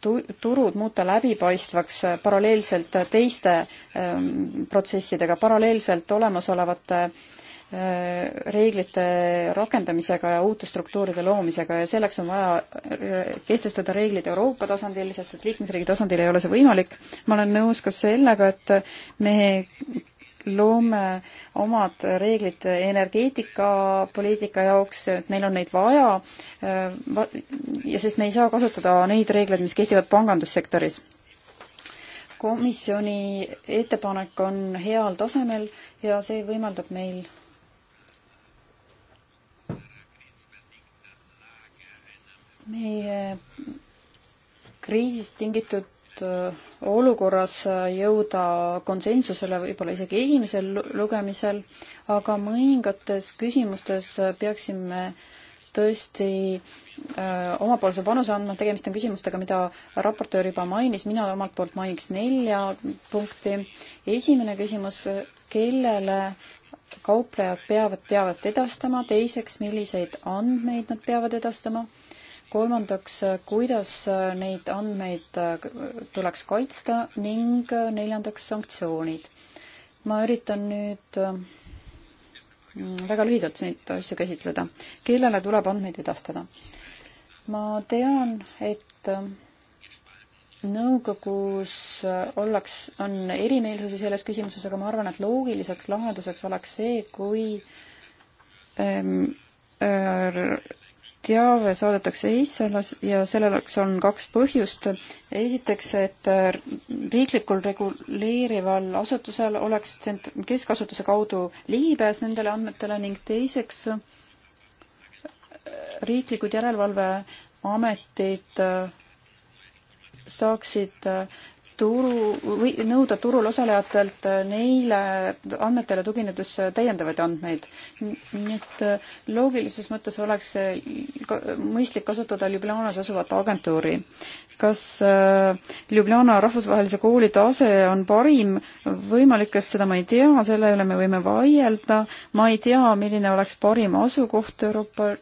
tu-, turud muuta läbipaistvaks paralleelselt teiste ähm, protsessidega, paralleelselt olemasolevate äh, Äh, reeglite rakendamisega ja uute struktuuride loomisega ja selleks on vaja äh, kehtestada reeglid Euroopa tasandil, sest et liikmesriigi tasandil ei ole see võimalik. ma olen nõus ka sellega, et me loome omad reeglid energeetikapoliitika jaoks, et meil on neid vaja äh, ja sest me ei saa kasutada neid reegleid, mis kehtivad pangandussektoris. komisjoni ettepanek on heal tasemel ja see võimaldab meil meie kriisist tingitud äh, olukorras äh, jõuda konsensusele võib-olla isegi esimesel lugemisel, aga mõningates küsimustes äh, peaksime tõesti öö, omapoolse panuse andma, tegemist on küsimustega, mida raportöör juba mainis, mina omalt poolt mainiks nelja punkti. esimene küsimus, kellele kauplejad peavad teavet edastama, teiseks, milliseid andmeid nad peavad edastama kolmandaks, kuidas äh, neid andmeid äh, tuleks kaitsta ning äh, neljandaks, sanktsioonid. ma üritan nüüd mm, väga lühidalt neid asju käsitleda. kellele tuleb andmeid edastada? ma tean, et nõukogus ollaks, on erimeelsusi selles küsimuses, aga ma arvan, et loogiliseks lahenduseks oleks see, kui ähm, äh, teave saadetakse Islandas ja selleks on kaks põhjust. esiteks, et äh, riiklikul reguleerival asutusel oleks keskasutuse kaudu ligipääs nendele andmetele ning teiseks äh, riiklikud järelevalveametid äh, saaksid turu või nõuda turul osalejatelt äh, neile andmetele tuginedes äh, täiendavaid andmeid. nii et äh, loogilises mõttes oleks mõistlik kasutada Ljubljanas asuvat agentuuri. kas Ljubljana rahvusvahelise kooli tase on parim võimalik, kas seda ma ei tea, selle üle me võime vaielda, ma ei tea, milline oleks parim asukoht Euroopa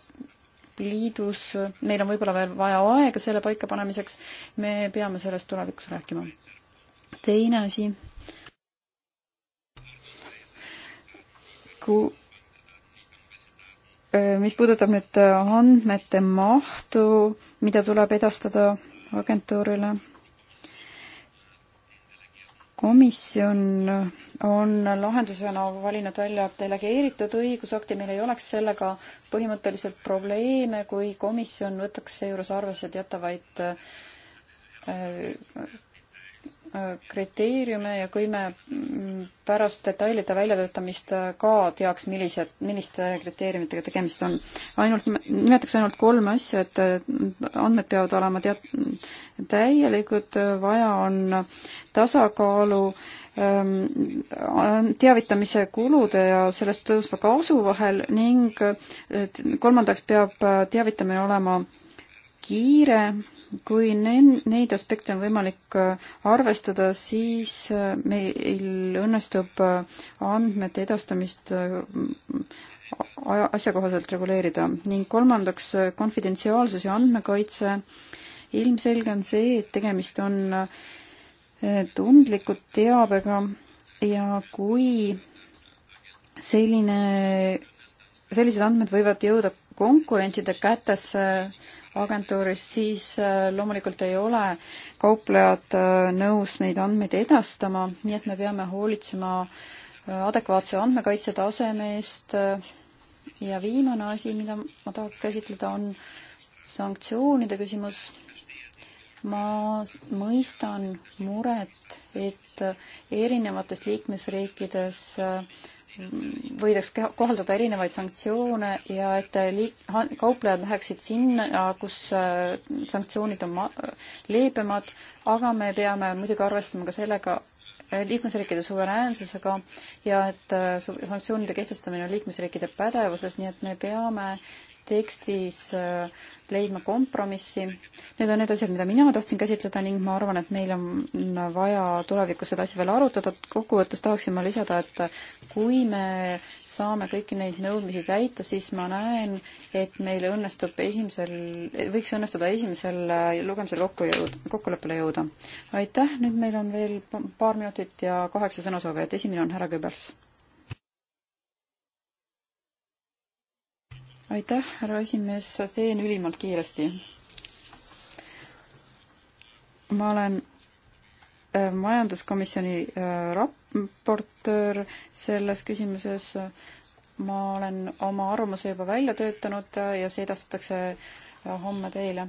liidus, meil on võib-olla veel vaja aega selle paikapanemiseks, me peame sellest tulevikus rääkima teine asi. kui mis puudutab nüüd andmete mahtu, mida tuleb edastada agentuurile, komisjon on lahendusena valinud välja delegeeritud õigusakti, meil ei oleks sellega põhimõtteliselt probleeme, kui komisjon võtaks seejuures arvesse teatavaid Äh, kriteeriume ja kui me mm, pärast detailide väljatöötamist äh, ka teaks, millised, milliste kriteeriumitega tegemist on. ainult, nimetaks ainult kolme asja, et äh, andmed peavad olema teat-, täielikud, vaja on tasakaalu ähm, teavitamise kulude ja sellest tõusva kasu vahel ning kolmandaks peab teavitamine olema kiire kui ne-, neid aspekte on võimalik äh, arvestada, siis äh, meil õnnestub äh, andmete edastamist asjakohaselt reguleerida ning kolmandaks, konfidentsiaalsus ja andmekaitse. ilmselge on see, et tegemist on tundliku teabega ja kui selline, sellised andmed võivad jõuda konkurentide kätesse agentuurist, siis äh, loomulikult ei ole kauplejad äh, nõus neid andmeid edastama, nii et me peame hoolitsema äh, adekvaatse andmekaitse taseme eest. ja viimane asi, mida ma tahaks käsitleda, on sanktsioonide küsimus. ma mõistan muret, et erinevates liikmesriikides äh, võidaks kohaldada erinevaid sanktsioone ja et liik-, kauplejad läheksid sinna, kus äh, sanktsioonid on ma-, leebemad, aga me peame muidugi arvestama ka sellega, äh, liikmesriikide suveräänsusega ja et äh, sanktsioonide kehtestamine on liikmesriikide pädevuses, nii et me peame tekstis äh, leidma kompromissi. Need on need asjad, mida mina tahtsin käsitleda ning ma arvan, et meil on vaja tulevikus seda asja veel arutada. kokkuvõttes tahaksin ma lisada, et kui me saame kõiki neid nõudmisi täita, siis ma näen, et meil õnnestub esimesel, võiks õnnestuda esimesel äh, lugemisel kokku jõud-, kokkuleppele jõuda. aitäh, nüüd meil on veel paar minutit ja kaheksa sõnasoovijat. esimene on härra Kübers aitäh, härra esimees, teen ülimalt kiiresti. ma olen äh, majanduskomisjoni äh, raportöör selles küsimuses. ma olen oma arvamuse juba välja töötanud ja see edastatakse äh, homme teile.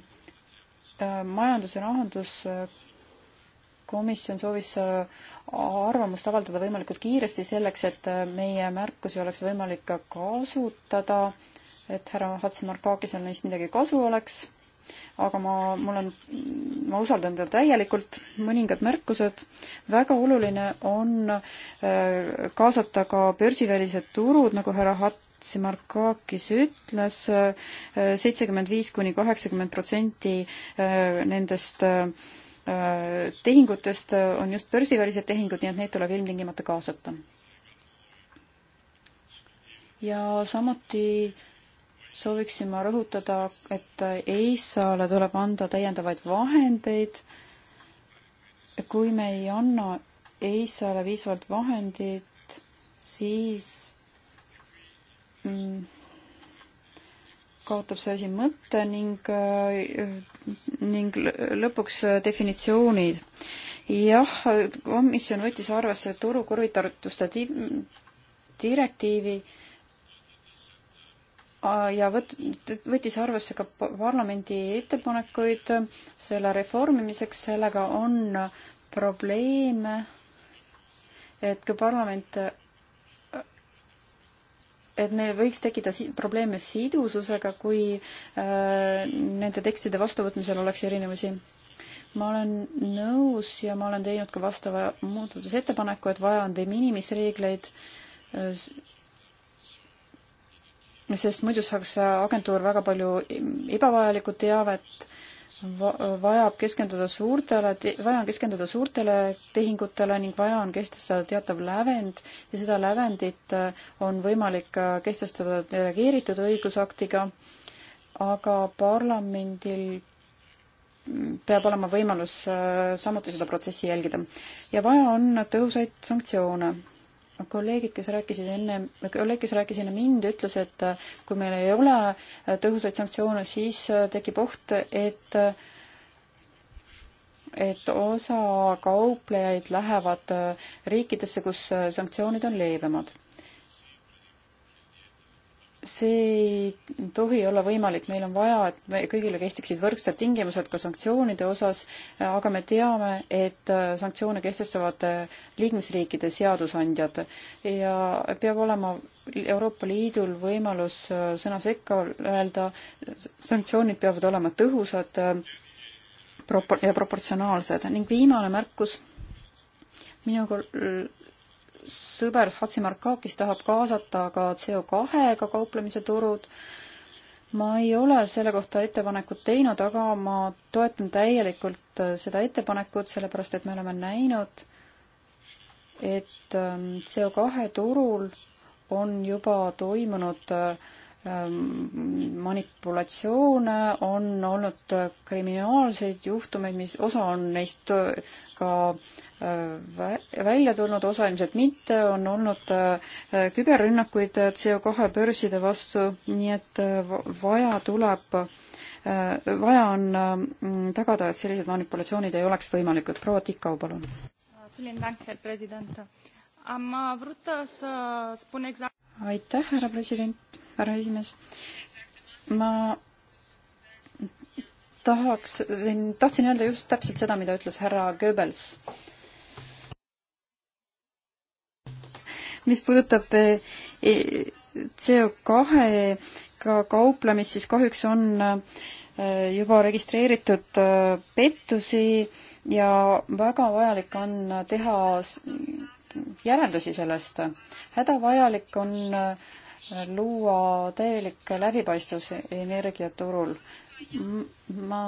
majandus- ja rahanduskomisjon soovis arvamust avaldada võimalikult kiiresti selleks, et meie märkusi oleks võimalik ka kasutada äh, et härra Hatsimarkakisel neist midagi kasu oleks, aga ma, mul on, ma usaldan teda täielikult, mõningad märkused. väga oluline on äh, kaasata ka börsivälised turud, nagu härra Hatsimarkakis ütles, äh, seitsekümmend viis kuni kaheksakümmend protsenti äh, nendest tehingutest on just börsivälised tehingud, nii et neid tuleb ilmtingimata kaasata ja samuti sooviksin ma rõhutada, et EISA-le tuleb anda täiendavaid vahendeid. kui me ei anna EISA-le piisavalt vahendit, siis mm, kaotab see asi mõtte ning, ning lõpuks definitsioonid. jah, komisjon võttis arvesse turu kuritarvituste direktiivi ja võt-, võttis arvesse ka parlamendi ettepanekuid selle reformimiseks, sellega on probleeme, et kui parlament, et meil võiks tekkida si-, probleeme sidususega, kui äh, nende tekstide vastuvõtmisel oleks erinevusi ma olen nõus ja ma olen teinud ka vastava muudatusettepaneku, et vaja on de minimis reegleid sest muidu saaks agentuur väga palju ebavajalikku teavet va, vajab keskenduda suurtele, vaja on keskenduda suurtele tehingutele ning vaja on kehtestada teatav lävend ja seda lävendit äh, on võimalik äh, kehtestada delegeeritud õigusaktiga, aga parlamendil mm, peab olema võimalus äh, samuti seda protsessi jälgida. ja vaja on tõhusaid sanktsioone kolleegid, kes rääkisid enne, kolleeg, kes rääkis enne mind, ütles, et äh, kui meil ei ole äh, tõhusaid sanktsioone, siis äh, tekib oht, et et osa kauplejaid lähevad riikidesse, kus sanktsioonid on leebemad see ei tohi olla võimalik, meil on vaja, et me kõigile kehtiksid võrdsed tingimused ka sanktsioonide osas, aga me teame, et äh, sanktsioone kehtestavad äh, liikmesriikide seadusandjad ja peab olema Euroopa Liidul võimalus äh, sõna sekka öelda, sanktsioonid peavad olema tõhusad propo- ja proportsionaalsed ning viimane märkus minu kol-, sõber Hatsimarkakis tahab kaasata ka CO2-ga kauplemise turud. ma ei ole selle kohta ettepanekut teinud, aga ma toetan täielikult seda ettepanekut, sellepärast et me oleme näinud, et ähm, CO2 turul on juba toimunud ähm, manipulatsioone, on olnud kriminaalseid juhtumeid, mis osa on neist äh, ka äh, välja tulnud, osa ilmselt mitte, on olnud äh, küberrünnakuid äh, CO2 börside vastu, nii et äh, vaja tuleb, vaja on tagada, et sellised manipulatsioonid ei oleks võimalikud. proua Tikau, palun. aitäh, härra president, härra esimees. ma tahaks, tahtsin öelda just täpselt seda, mida ütles härra Goebbels mis puudutab eh, CO kahega kauplemist, siis kahjuks on eh, juba registreeritud eh, pettusi ja väga vajalik on teha järeldusi sellest. hädavajalik on luua täielik läbipaistvus e-, energiaturul. ma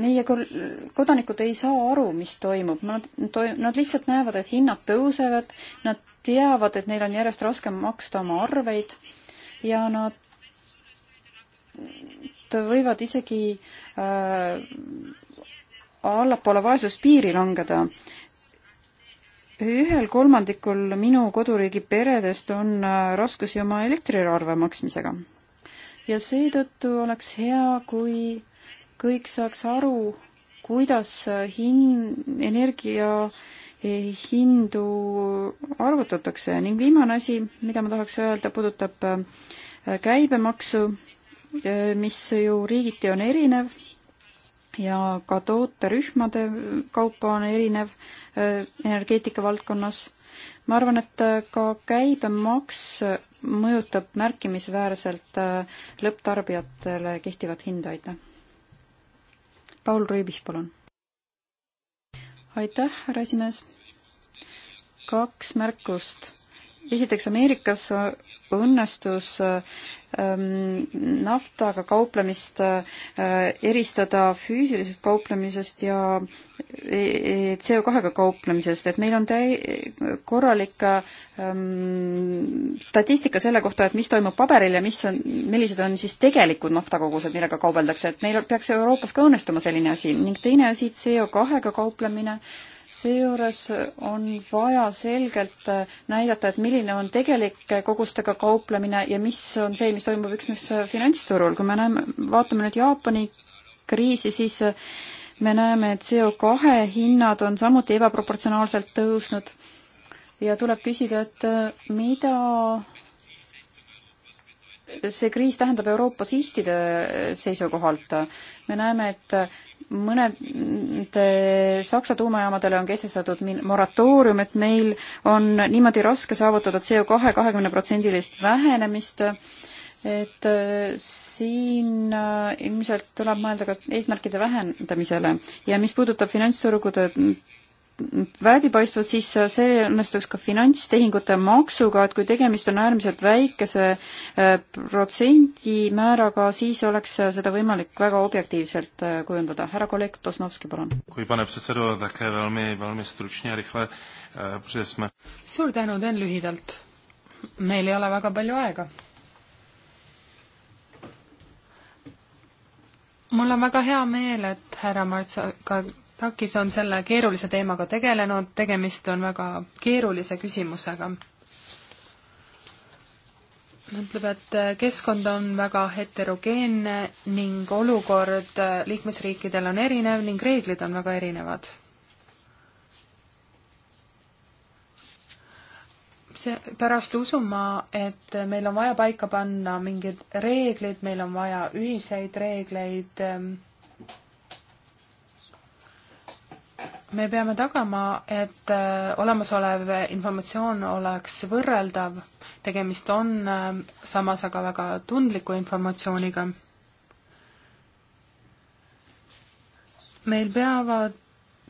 meie kodanikud ei saa aru, mis toimub, nad to-, nad lihtsalt näevad, et hinnad tõusevad, nad teavad, et neil on järjest raskem maksta oma arveid ja nad võivad isegi äh, allapoole vaesuspiiri langeda. ühel kolmandikul minu koduriigi peredest on äh, raskusi oma elektriarve maksmisega. ja seetõttu oleks hea, kui äh, kõik saaks aru, kuidas hin-, energia hindu arvutatakse ning viimane asi, mida ma tahaks öelda, puudutab äh, käibemaksu, äh, mis ju riigiti on erinev ja ka tooterühmade kaupa on erinev äh, energeetika valdkonnas. ma arvan, et ka käibemaks mõjutab märkimisväärselt lõpptarbijatele kehtivat hinda, aitäh. Paul Rüübih, palun. aitäh, härra esimees. kaks märkust. esiteks, Ameerikas õnnestus ähm, naftaga kauplemist äh, eristada füüsilisest kauplemisest ja e, e, CO2-ga kauplemisest, et meil on täi-, korralik ähm, statistika selle kohta, et mis toimub paberil ja mis on, millised on siis tegelikud naftakogused, millega kaubeldakse, et meil peaks Euroopas ka õnnestuma selline asi ning teine asi, CO2-ga kauplemine seejuures on vaja selgelt näidata, et milline on tegelik kogustega kauplemine ja mis on see, mis toimub üksnes finantsturul. kui me näeme, vaatame nüüd Jaapani kriisi, siis me näeme, et CO2 hinnad on samuti ebaproportsionaalselt tõusnud ja tuleb küsida, et mida see kriis tähendab Euroopa sihtide seisukohalt. me näeme, et mõned Saksa tuumajaamadele on kehtestatud moratoorium, et meil on niimoodi raske saavutada CO2 kahekümne protsendilist vähenemist, et äh, siin äh, ilmselt tuleb mõelda ka eesmärkide vähendamisele ja mis puudutab finantsturgude välipaistvad, siis see õnnestuks ka finantstehingute maksuga, et kui tegemist on äärmiselt väikese äh, protsendimääraga, siis oleks seda võimalik väga objektiivselt äh, kujundada. härra kolleeg Tosnovski, palun. kui paneb see sõdu, äkki valmi, valmis trutšni äh, ja rihva, siis me suur tänu, teen lühidalt. meil ei ole väga palju aega. mul on väga hea meel, et härra Mart, sa ka TAKis on selle keerulise teemaga tegelenud, tegemist on väga keerulise küsimusega. ütleb, et keskkond on väga heterogeenne ning olukord liikmesriikidel on erinev ning reeglid on väga erinevad. see, pärast usun ma, et meil on vaja paika panna mingid reeglid, meil on vaja ühiseid reegleid ähm, me peame tagama, et äh, olemasolev informatsioon oleks võrreldav, tegemist on äh, samas aga väga tundliku informatsiooniga. meil peavad,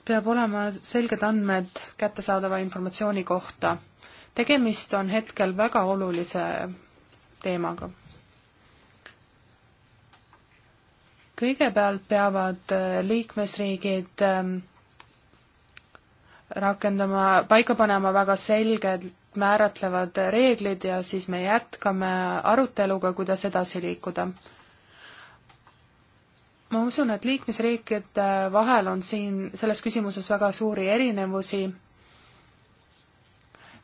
peab olema selged andmed kättesaadava informatsiooni kohta. tegemist on hetkel väga olulise teemaga kõigepealt peavad äh, liikmesriigid ähm, rakendama, paika panema väga selged määratlevad reeglid ja siis me jätkame aruteluga, kuidas edasi liikuda. ma usun, et liikmesriikide vahel on siin selles küsimuses väga suuri erinevusi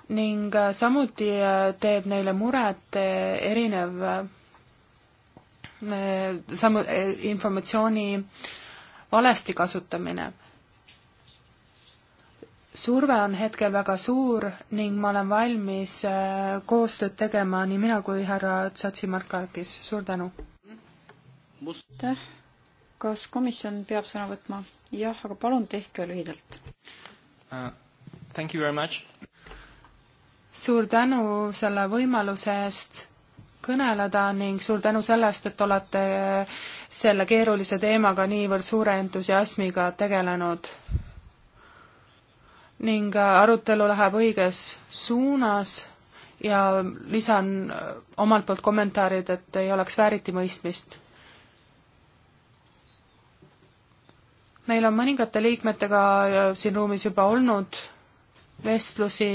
ning samuti teeb neile muret erinev eh, samu-, eh, informatsiooni valesti kasutamine surve on hetkel väga suur ning ma olen valmis äh, koostööd tegema nii mina kui härra Tsatsimarkakis, suur tänu! aitäh! kas komisjon peab sõna võtma? jah, aga palun tehke lühidalt uh,. Thank you very much! suur tänu selle võimaluse eest kõneleda ning suur tänu sellest, et olete selle keerulise teemaga niivõrd suure entusiasmiga tegelenud ning äh, arutelu läheb õiges suunas ja lisan äh, omalt poolt kommentaarid, et ei oleks vääritimõistmist. meil on mõningate liikmetega äh, siin ruumis juba olnud vestlusi,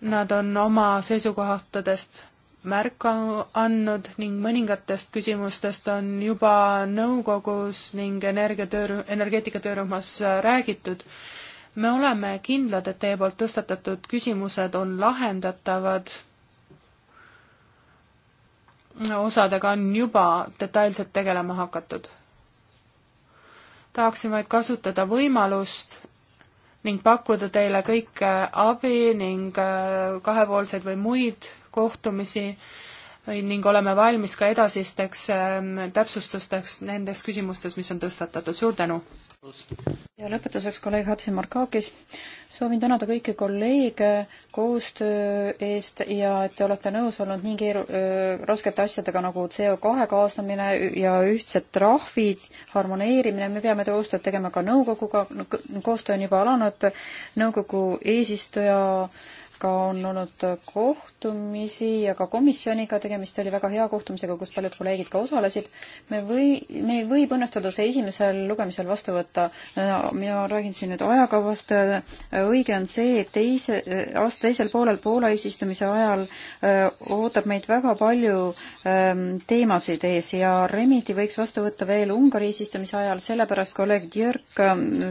nad on oma seisukohtadest märku andnud ning mõningatest küsimustest on juba nõukogus ning energiatöörühm, energeetika töörühmas räägitud. me oleme kindlad, et teie poolt tõstatatud küsimused on lahendatavad. osadega on juba detailselt tegelema hakatud. tahaksin vaid kasutada võimalust, ning pakkuda teile kõike abi ning äh, kahepoolseid või muid kohtumisi ning oleme valmis ka edasisteks ähm, täpsustusteks nendes küsimustes, mis on tõstatatud, suur tänu! ja lõpetuseks kolleeg Hatsi Markakis. soovin tänada kõiki kolleege koostöö eest ja et te olete nõus olnud nii keeru-, äh, raskete asjadega nagu CO2 kaasamine ja ühtsed trahvid, harmoneerimine, me peame koostööd tegema ka nõukoguga, koostöö on juba alanud, nõukogu eesistuja äh, ka on olnud kohtumisi ja ka komisjoniga tegemist oli väga hea kohtumisega, kus paljud kolleegid ka osalesid. me või, meil võib õnnestuda see esimesel lugemisel vastu võtta. mina räägin siin nüüd ajakavast. õige on see, et teise, aasta teisel poolel Poola eesistumise ajal öö, ootab meid väga palju öö, teemasid ees ja Remiti võiks vastu võtta veel Ungari eesistumise ajal, sellepärast kolleeg Jörg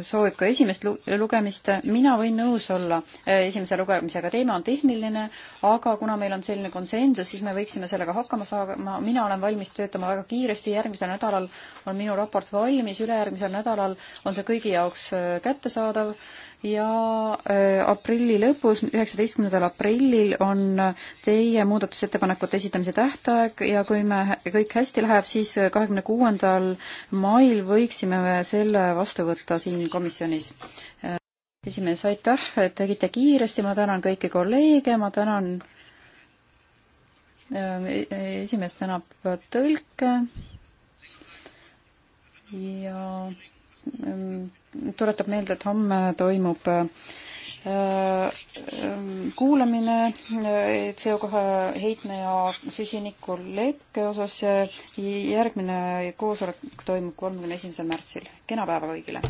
soovib ka esimest lugemist. mina võin nõus olla esimese lugemisega teema on tehniline, aga kuna meil on selline konsensus, siis me võiksime sellega hakkama saama, mina olen valmis töötama väga kiiresti, järgmisel nädalal on minu raport valmis, ülejärgmisel nädalal on see kõigi jaoks äh, kättesaadav ja äh, aprilli lõpus, üheksateistkümnendal aprillil on äh, teie muudatusettepanekute esitamise tähtaeg ja kui me, kõik hästi läheb, siis kahekümne kuuendal mail võiksime selle vastu võtta siin komisjonis esimees, aitäh, et tegite kiiresti, ma tänan kõiki kolleege, ma tänan, ähm, e-, e-, esimees tänab tõlke ja ähm, tuletab meelde, et homme toimub äh, ähm, kuulamine äh, CO2 heitme ja süsiniku lekke osas. järgmine koosolek toimub kolmekümne esimesel märtsil. kena päeva kõigile!